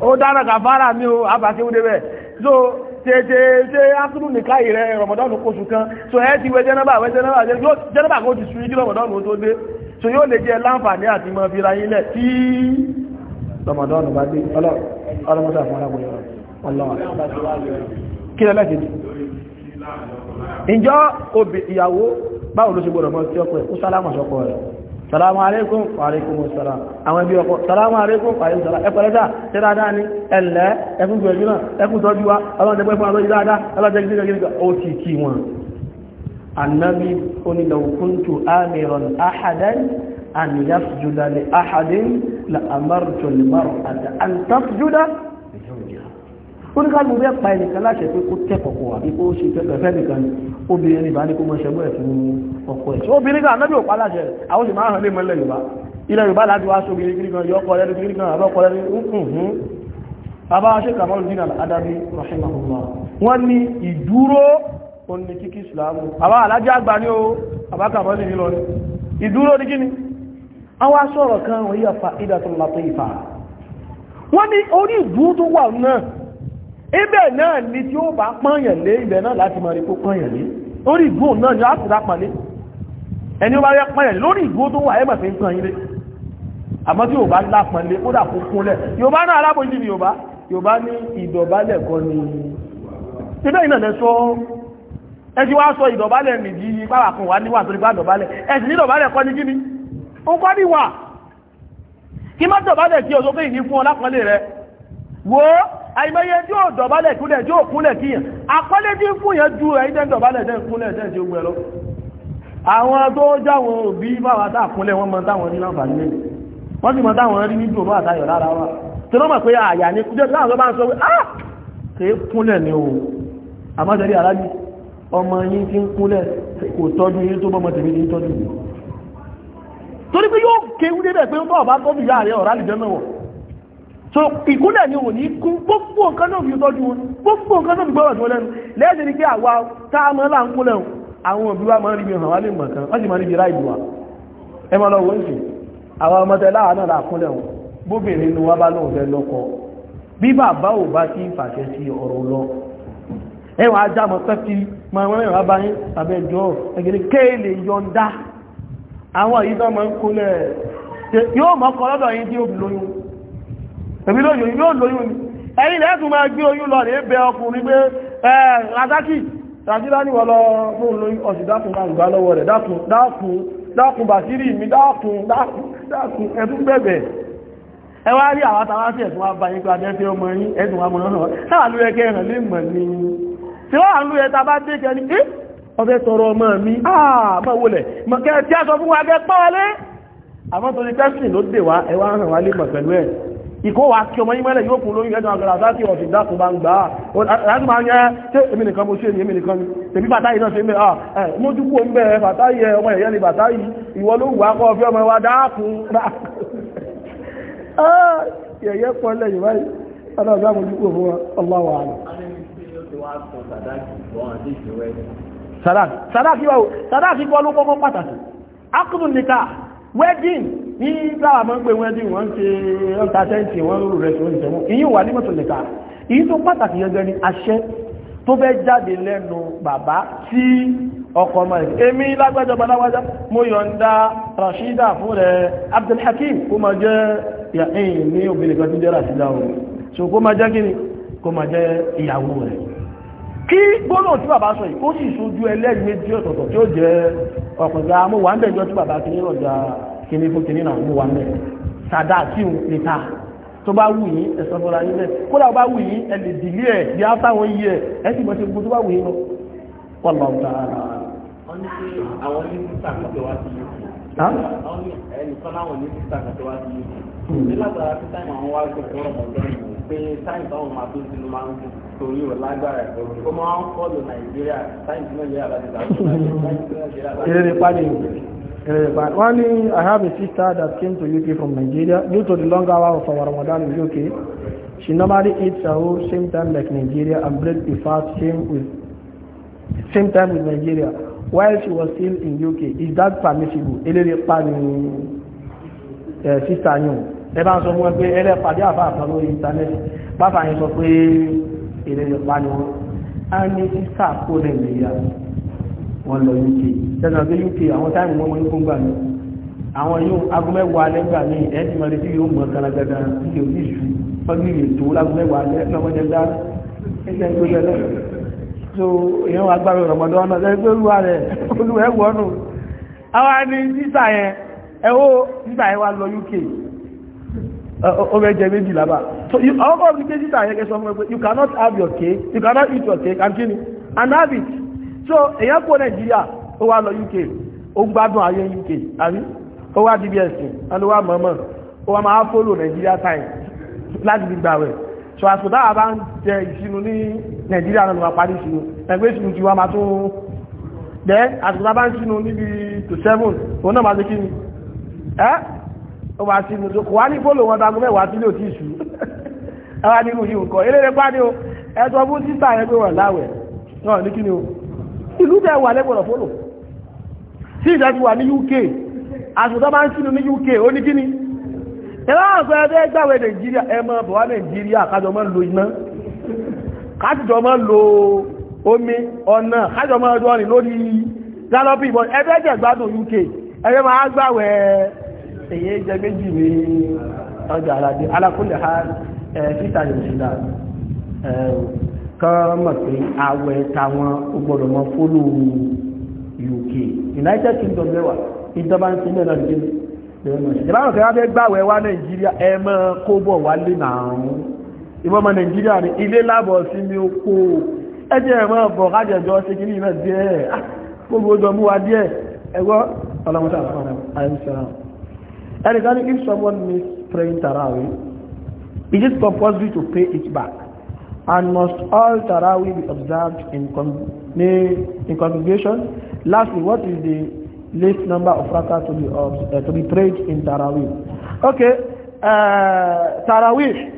A: ó dára kàfàrà mi o àbàtí ó débẹ̀ so tètè ṣe ásùlù nìka ìrẹ rọmọdọ́nù kóṣù kan so ẹ ti wẹ jẹnẹbà wẹ jẹnẹbà jẹnẹbà kó ti sun rọmọdọ́nù tó dé so yóò lè jẹ láǹfààní àti mọ fira yín lẹ tí rọmọdọ́nù bá dé ọlọ́mọdọ́ àfọwọ́n àgbọ̀n yọrọ ọlọ́wà kí lọ lẹ́kẹ̀ẹ́ ìjọ ìyàwó báwo ló ṣe gbọdọ̀ salamu alaikum wa alaikum salam àwọn ẹbí ọkọ salamu alaikum wa alaikum salam ẹkọ lẹ́dà ṣe dáadáa ni ẹlẹ́ ẹkùn gbẹ̀jú náà ẹkùn tọ́jú wa ọlọ́dẹ̀gbẹ́ fún alójú dáadáa ọlọ́dẹ̀ gíga gíga ó ti kí wọn annabi oni law kuntu amiran ahadan an yasjuda li ahadin la amartu obìnrin ìbá ní kó mọ́ ṣẹgbọ́ ẹ̀ fún ọkọ̀ ẹ̀ tí obìnrin kan anábì òpá láṣẹ àwọn sì máa hàn lè mọ́lẹ̀ Yorùbá ilẹ̀ Yorùbá láti wá sóbi kiri kan yọkọ̀ rẹ̀ kiri kan àbọ̀kọ̀ rẹ̀ ńkùnkùn bàbá ṣe kàmọ́lù dínà adábí rahimahullah wọ́n ní ìdúró oní kíkí islamu àbá alájá àgbà ní o àbá kàmọ́lù ní lọ́rẹ̀ ìdúró ní kíni àwọn aṣọ́rọ̀ kan wọ́n yí àfà ìdàtọ̀ làtọ̀ ìfà wọ́n ní orí ìdúró tó wà náà ibẹ̀ náà ni tí ó bá pọ́nyàn lé ibẹ̀ náà láti máa rí kó pọ́nyàn lé lórí ìgbó náà ni láti rápàlé ẹni ó bá rẹ pọ́nyàn lé lórí ìgbó tó wà ẹmọ̀ fi ń pọ́n ilé àmọ́ tí ó bá lápọ̀lé ó dà kún kúnlẹ̀ Yorùbá náà alábòjì ni Yorùbá Yorùbá ní ìdọ̀bálẹ̀ kọ́ ni ibẹ̀ iná lẹ sọ ẹ ti wá sọ ìdọ̀bálẹ̀ nìdí pàwàkùn wá níwà torí bá dọ̀bálẹ̀ ẹ sì ní ìdọ̀bálẹ̀ kọ́ ni kíni ó kọ́ níwà kí má dọ̀bálẹ̀ kí ọ ìní fún ọ rẹ̀ wo àìmọye tí ó dọ̀bálẹ̀ kúnlẹ̀ tí ó kúnlẹ̀ kíyàn àkọlé tí fún yẹn ju ẹ̀yìn tẹ́ dọ̀bálẹ̀ tẹ́ kúnlẹ̀ tẹ́ tí ó gbẹ̀ lọ àwọn tó jáwọn òbí báwa tá kúnlẹ̀ wọ́n mọ̀ táwọn ní láǹfààní lẹ́nu wọ́n sì mọ̀ táwọn rí ní dùnú àtayọ̀ lára wa tí wọ́n mọ̀ pé àyà ní kújẹ́ tí láwọn bá ń sọ pé ah kì í kúnlẹ̀ ni o àmọ́ sẹ́rí alájú ọmọ yín ti ń kúnlẹ̀ kò tọ́jú yín tó bọ́mọ tèmi ti ń tọ́jú torí pé yóò kéwú débẹ̀ pé ń bọ̀ bá tọ́jú yáà rẹ̀ ọ̀rá lìjọ́ náà wọ̀ so ìkúnlẹ̀ ni òní kú gbogbo nǹkan náà fi tọ́jú wọn gbogbo nǹkan náà fi gbọ́rọ̀ tí wọ́n lẹ́nu lẹ́ẹ̀sẹ̀ ni pé àwa táàmọ́ là ń kú lẹ́hùn àwọn òbí wa máa ń ríbi hàn wá lè mọ̀ kan wọ́n sì máa ń ríbi ráìdù wa ẹ máa lọ wọ́n sì àwa ọmọ tẹ láwa náà là kún lẹ́hùn bóbìnrin ni wọ́n bá lóun fẹ́ lọ́kọ bí bàbá ò bá ti fàṣẹ sí ọ̀rọ̀ lọ ẹ èmi lóyún yóò lóyún ni ẹ̀yìn lẹ́tùn máa gbé oyún lọ rẹ̀ bẹ ọkùnrin pé ẹ̀ẹ́dákì tàbílání wọ́n lọ fún olóyún ọ̀sì dákùn máa gbà lọ́wọ́ rẹ̀ dákùn dákùn dákùn bàtírí mi dákùn dákùn ẹ̀tún bẹ̀bẹ̀ ẹ wá rí àwọn tàwá sí ẹ̀tún wá bá yín pé adẹ́fẹ́ ọmọ yín ẹ̀tún wá mọ̀ náà sáà ló ẹkẹ́ ẹ̀ràn lè mọ̀ ni tí wọ́n à ń lo ẹta bá dé kẹni ẹ́ ọfẹ́ tọrọ ọmọ mi àà mọ̀ wọlẹ̀ mọ̀kẹ́ tí a sọ fún wa gẹ́ pọ́ọ̀lẹ́ àmọ́ torí pẹ́sìn ló dè wá ẹ wá hàn wá lè ẹ̀ ìkó wa kí ọmọ ìmọ̀lẹ̀ yóò fún lórí ẹjọ́ agbára láti ọ̀sìn ìdákùn bá ń gbà á láti máa ń yẹ́ ṣé èmi nìkan mo ṣe ní èmi nìkan ni tèmi bàtáyì náà ṣe mẹ́ra mójúkú ń bẹ bàtáyì ẹ ọmọ ẹ̀yẹ́ ni bàtáyì ìwọ ló wù akọ́ ọ̀fẹ́ ọmọ wa dákùn ah, yẹ̀yẹ́ pọ̀ lẹ̀ yìí báyìí ọlọ́ọ̀gá mójúkú fún wa ọlọ́wà àlọ́ sàdáàkì wà ó sàdáàkì kọ́ ló kọ́kọ́ pàtàkì akùnrin nìkan wedding ní láwà mọ́ pé wedding wọ́n ṣe ọta tẹ́ǹtì wọ́n rú rẹ̀ tó ń jẹmú ìyí wà ní mọ́tò nìta èyí tó pàtàkì gẹ́gẹ́ ni àṣẹ tó fẹ́ jáde lẹ́nu bàbá tí ọkọ̀ ọmọ rẹ̀ èmi lágbájá baláwájá mo yọ̀ǹda Rashida fún rẹ̀ Abdulhakeem kó máa jẹ́ ìyàwó ní obìnrin kan tó jẹ́ Rashida o so kó máa jẹ́ kí kó máa jẹ́ ìyàwó rẹ̀ kí gbọ́nà tí bàbá sọ yìí ó sì sojú ẹlẹ́rìí méjì ọ̀tọ̀ọ̀tọ̀ tí ó jẹ́ ọ̀pọ̀gbà amúwà ń bẹ̀ jọ tí bàbá kìíní ọ̀jà kìíní fún kìíní náà mú wa ń bẹ̀ sàdá tí ò lè ta tó bá wù yín ẹ̀sọ́ fọ́ra yín bẹ̀ kódà bá wù yín ẹ lè dìlé ẹ̀ bí á sáwọn yí ẹ̀ ẹ sì mọ̀ sí gbogbo tó bá wù yín lọ. wọ́n lọ ta ara. wọ́n ní àwọn ní torí ò lágbára ẹ̀ ó máa ń kọlù nàìjíríà sáyẹ̀nsì nàìjíríà láti dàgbà eré pálí eré pálí wọ́n ní I have a sister that came to UK from Nigeria due to the long hour of our Ramadan in UK she normally eats sahur same time like Nigeria and break the fast same with same time with Nigeria while she was still in UK is that permissible eléré pálí ẹ̀ eh, sister yìí ẹ bá ń sọ fún ẹ pé ẹlẹ́pàdé àbá àtàwọn orí íńtánẹ́ẹ̀tì báfà yẹn sọ pé ìrẹ́lẹ̀ pani wọn a ní sísà kó rẹ̀ nìyà wọn lọ uk sẹ́nà pé uk àwọn táìmù wọn wọ́n ń fún gbà mí àwọn yóò agomẹ́wàá lẹ́gbàá mi ẹ̀ ti mọ̀lẹ́ tí yóò mọ̀ kanagada tí yóò ti sùn fọ́nmí ètò lágomẹ́wàá lẹ́gbàá dá ẹgbẹ́ tó lẹ́lẹ́ so èèyàn wà gbàgbé ọ̀rọ̀mọdé ọ̀nà ẹgbẹ́ olúwa rẹ̀ olúwa ẹ̀ wọ́nù àwọn ní sísà yẹn ẹ̀wọ́ sísà yẹn wà lọ uk ọbẹ̀ jẹ méjì lába so you all communicate ta yẹ kẹ sọ fún mi pé you cannot have your cake you cannot eat your cake and kini and have it so èyàn kó nàìjíríà ó wá lọ uk ó gbádùn ayé uk àbí ó wá dbs and ó wá mọ̀ọ́mọ̀ ó wá máa fọ́lò nàìjíríà time láti fi gbà wẹ̀ so àsùdá àbá ń jẹ ìsinú ní nàìjíríà náà ló wà parí ìsinú ẹgbẹ́ ìsinú ti wá máa tún dẹ́ àsùdá bá ń sinú níbi to seven òun náà máa ṣe kí ni ẹ́ ó bá sínú tó kò wá ní fóònù wọn tagun mẹ́wàá sílé ò tí ì sú ẹwà nínú yìí nǹkan eléré pa ni o ẹsọ fún sísà yẹn pé wọn láwẹ̀ náà ní kí ni o ìlú bẹ́ẹ̀ wà lẹ́gbọ̀dọ̀ fóònù sí ìjà ti wà ní UK àṣùtọ́ bá ń sínú ní UK ó ní kí ni ẹwà àgbẹ̀ ẹgbẹ́ gbàwẹ̀ Nàìjíríà ẹ mọ bọ̀ Nàìjíríà kájọ mọ́ lo iná kájọ mọ́ lo omi ọ̀nà kájọ mọ́ ọdún ọ̀rìn lórí lálọ́pì ìbọn ẹgbẹ́ èyí jẹ méjì ní ọjà aládé alákùnlé ha títà lè ṣe dáa kan mọ̀ pé awẹ táwọn gbọ́dọ̀ mọ fóló UK United Kingdom lẹ́wà ìjọba ń sinmi náà nìyí ìjọba àwọn kẹwàá fẹ́ gbàwẹ̀ wá Nàìjíríà ẹ mọ́ kó bọ̀ wálé náà ìwọ́n ọmọ Nàìjíríà ní ilé lábọ̀ sí mi ó kó ẹjẹ́ ẹ̀mọ́ bọ̀ kájẹ̀jọ́ sí kí ní ìrìnà díẹ̀ ah, gbogbo ọjọ́ mú wa díẹ̀ ẹgbọ́ ọlọ́mọ́sá àfọ́nà àìsàn And regarding if someone missed praying Taraweeh, it compulsory to pay it back. And must all Taraweeh be observed in, con in congregation? Lastly, what is the least number of rakah to be, obs uh, to be prayed in Taraweeh? Okay, uh, Taraweeh,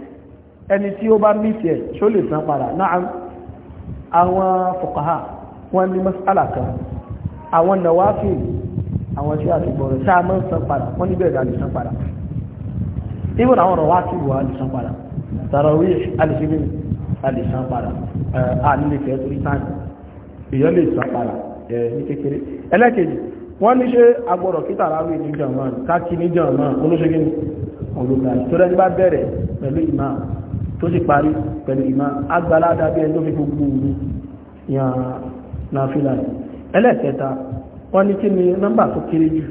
A: ẹni tí ó bá mísì ẹ̀ ṣó lè san padà náà àwọn fuqaha wọ́n ní mas'ala kan àwọn nawafil àwọn tí a ti gbọ́rọ̀ ṣáà mọ́ ń san padà wọ́n níbẹ̀ rẹ̀ alìsan padà even àwọn ọ̀rọ̀ wá sí ìwọ̀ alìsan padà tàràwí alìsinmi alìsan padà ànílẹ̀fẹ́ torí táàkì èèyàn lè san padà ní kékeré ẹlẹ́kejì wọ́n ní ṣe agbọ́rọ̀ kí tàràwí ní jọ̀mọ́ káàkiri ní jọ̀mọ́ olóṣègbè olùgbàlì tó rẹ́ni bá bẹ̀rẹ̀ pẹ̀lú ìmá tó sì parí pẹ̀lú ìmá agbáládá bí ẹni tó fi gbogbo ìyàn náà fílà ẹlẹ́kẹta wọ́n ní kí ni nọ́mbà tó kéré jù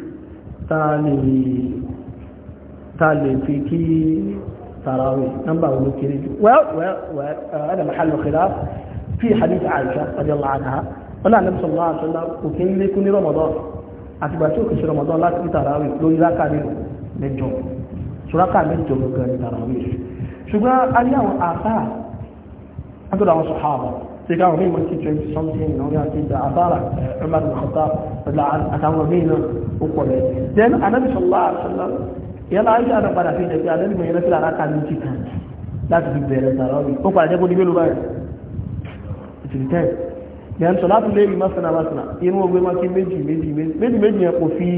A: ta lè fi kí tàràwì nọ́mbà wọn ló kéré jù wẹ́ẹ̀wẹ́ẹ̀wẹ́ẹ̀wẹ́ẹ̀wẹ́ẹ̀wẹ́ في حديث عائشة رضي الله عنها ولا النبي صلى الله عليه وسلم وكين لي كوني رمضان اتباتو كش رمضان لا تي تراوي لو يلا كاري مجو سورا كا مجو كان تراوي شغا عليا وافا عبد الله الصحابه sígá orí mọ̀ sí twenty something ní orí àti ìdá àbára Umar al-Khattab pẹ̀lú àtàwọn then anabi sallallahu alaihi wasallam yálà ayé àdá padà fi jẹ̀bi alẹ́ nìmọ̀ yẹn fi ara ká ní ti kàn láti fi bẹ̀rẹ̀ sàrọ̀ mi ó padà jẹ́ kó ní mélòó báyìí ìtìrì tẹ́ yẹn sọ láti lé ìmọ̀ sẹ́nà lásìnà inú ogbe máa ti méjì méjì méjì méjì yẹn kò fi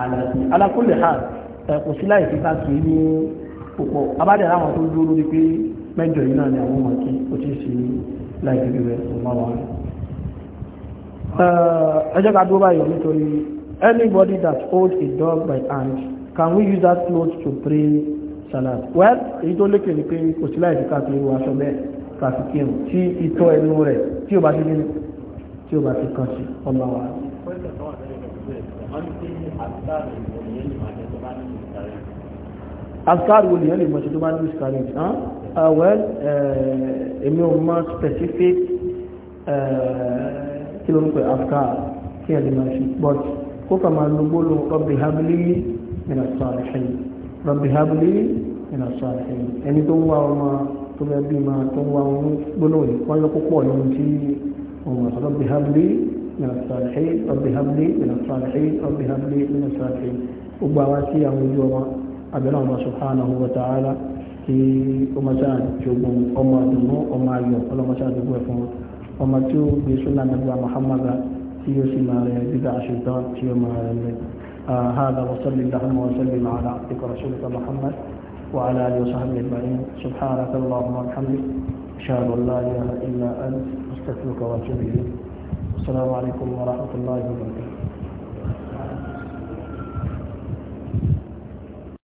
A: àlàsì alákólè ha kò sí láì fi ká kì í ní púpọ̀ abájáde àwọn tó dúró lórí pé mẹ́jọ yìí náà ni àwọn ọmọ kí ó láìsí bíbẹ̀ ọmọ wọn. ẹ jẹ́ ká dúró báyìí nítorí anybody that holds a dog by hand can we use that cloth to pray salat well èyí tó lékè ni pé kò sí láìsí káàkiri wọ aṣọ bẹ́ẹ̀ káàkiri kírun tí ìtọ́ ẹnu rẹ̀ tí ò bá ti nínú tí ò bá ti kàn sí ọmọ wa. askar wo lèyàn lè mọ̀ ṣe tó bá ní miscarriage. اول آه، انه ما سبيسيفيك آه، كيلو نقول افكار هي اللي ماشي بس كوكا ما نقول رب هب لي من الصالحين رب هب لي من الصالحين يعني تو ما تو ما بما تو ما بنوي كل كوكو نمشي رب هب لي من الصالحين رب هب لي من الصالحين رب هب لي من الصالحين وبواسي يا مجوما أبي الله سبحانه وتعالى kí ọmọọṣẹ́ àjogún ọmọ àdùnnú ọmọ ayọ̀ ọlọmọṣẹ́ àjogún ẹ̀fọn ọmọ tí ó gbé sọ́lá nàbíwá muhammadu tí ó sì máa rẹ̀ bídà àṣetán tí ó máa rẹ̀ lẹ̀ هذا وصل اللهم وسلم على عبدك ورسولك محمد وعلى اله وصحبه اجمعين سبحانك اللهم وبحمدك اشهد ان لا اله الا انت استغفرك واتوب اليك السلام عليكم ورحمه الله
B: وبركاته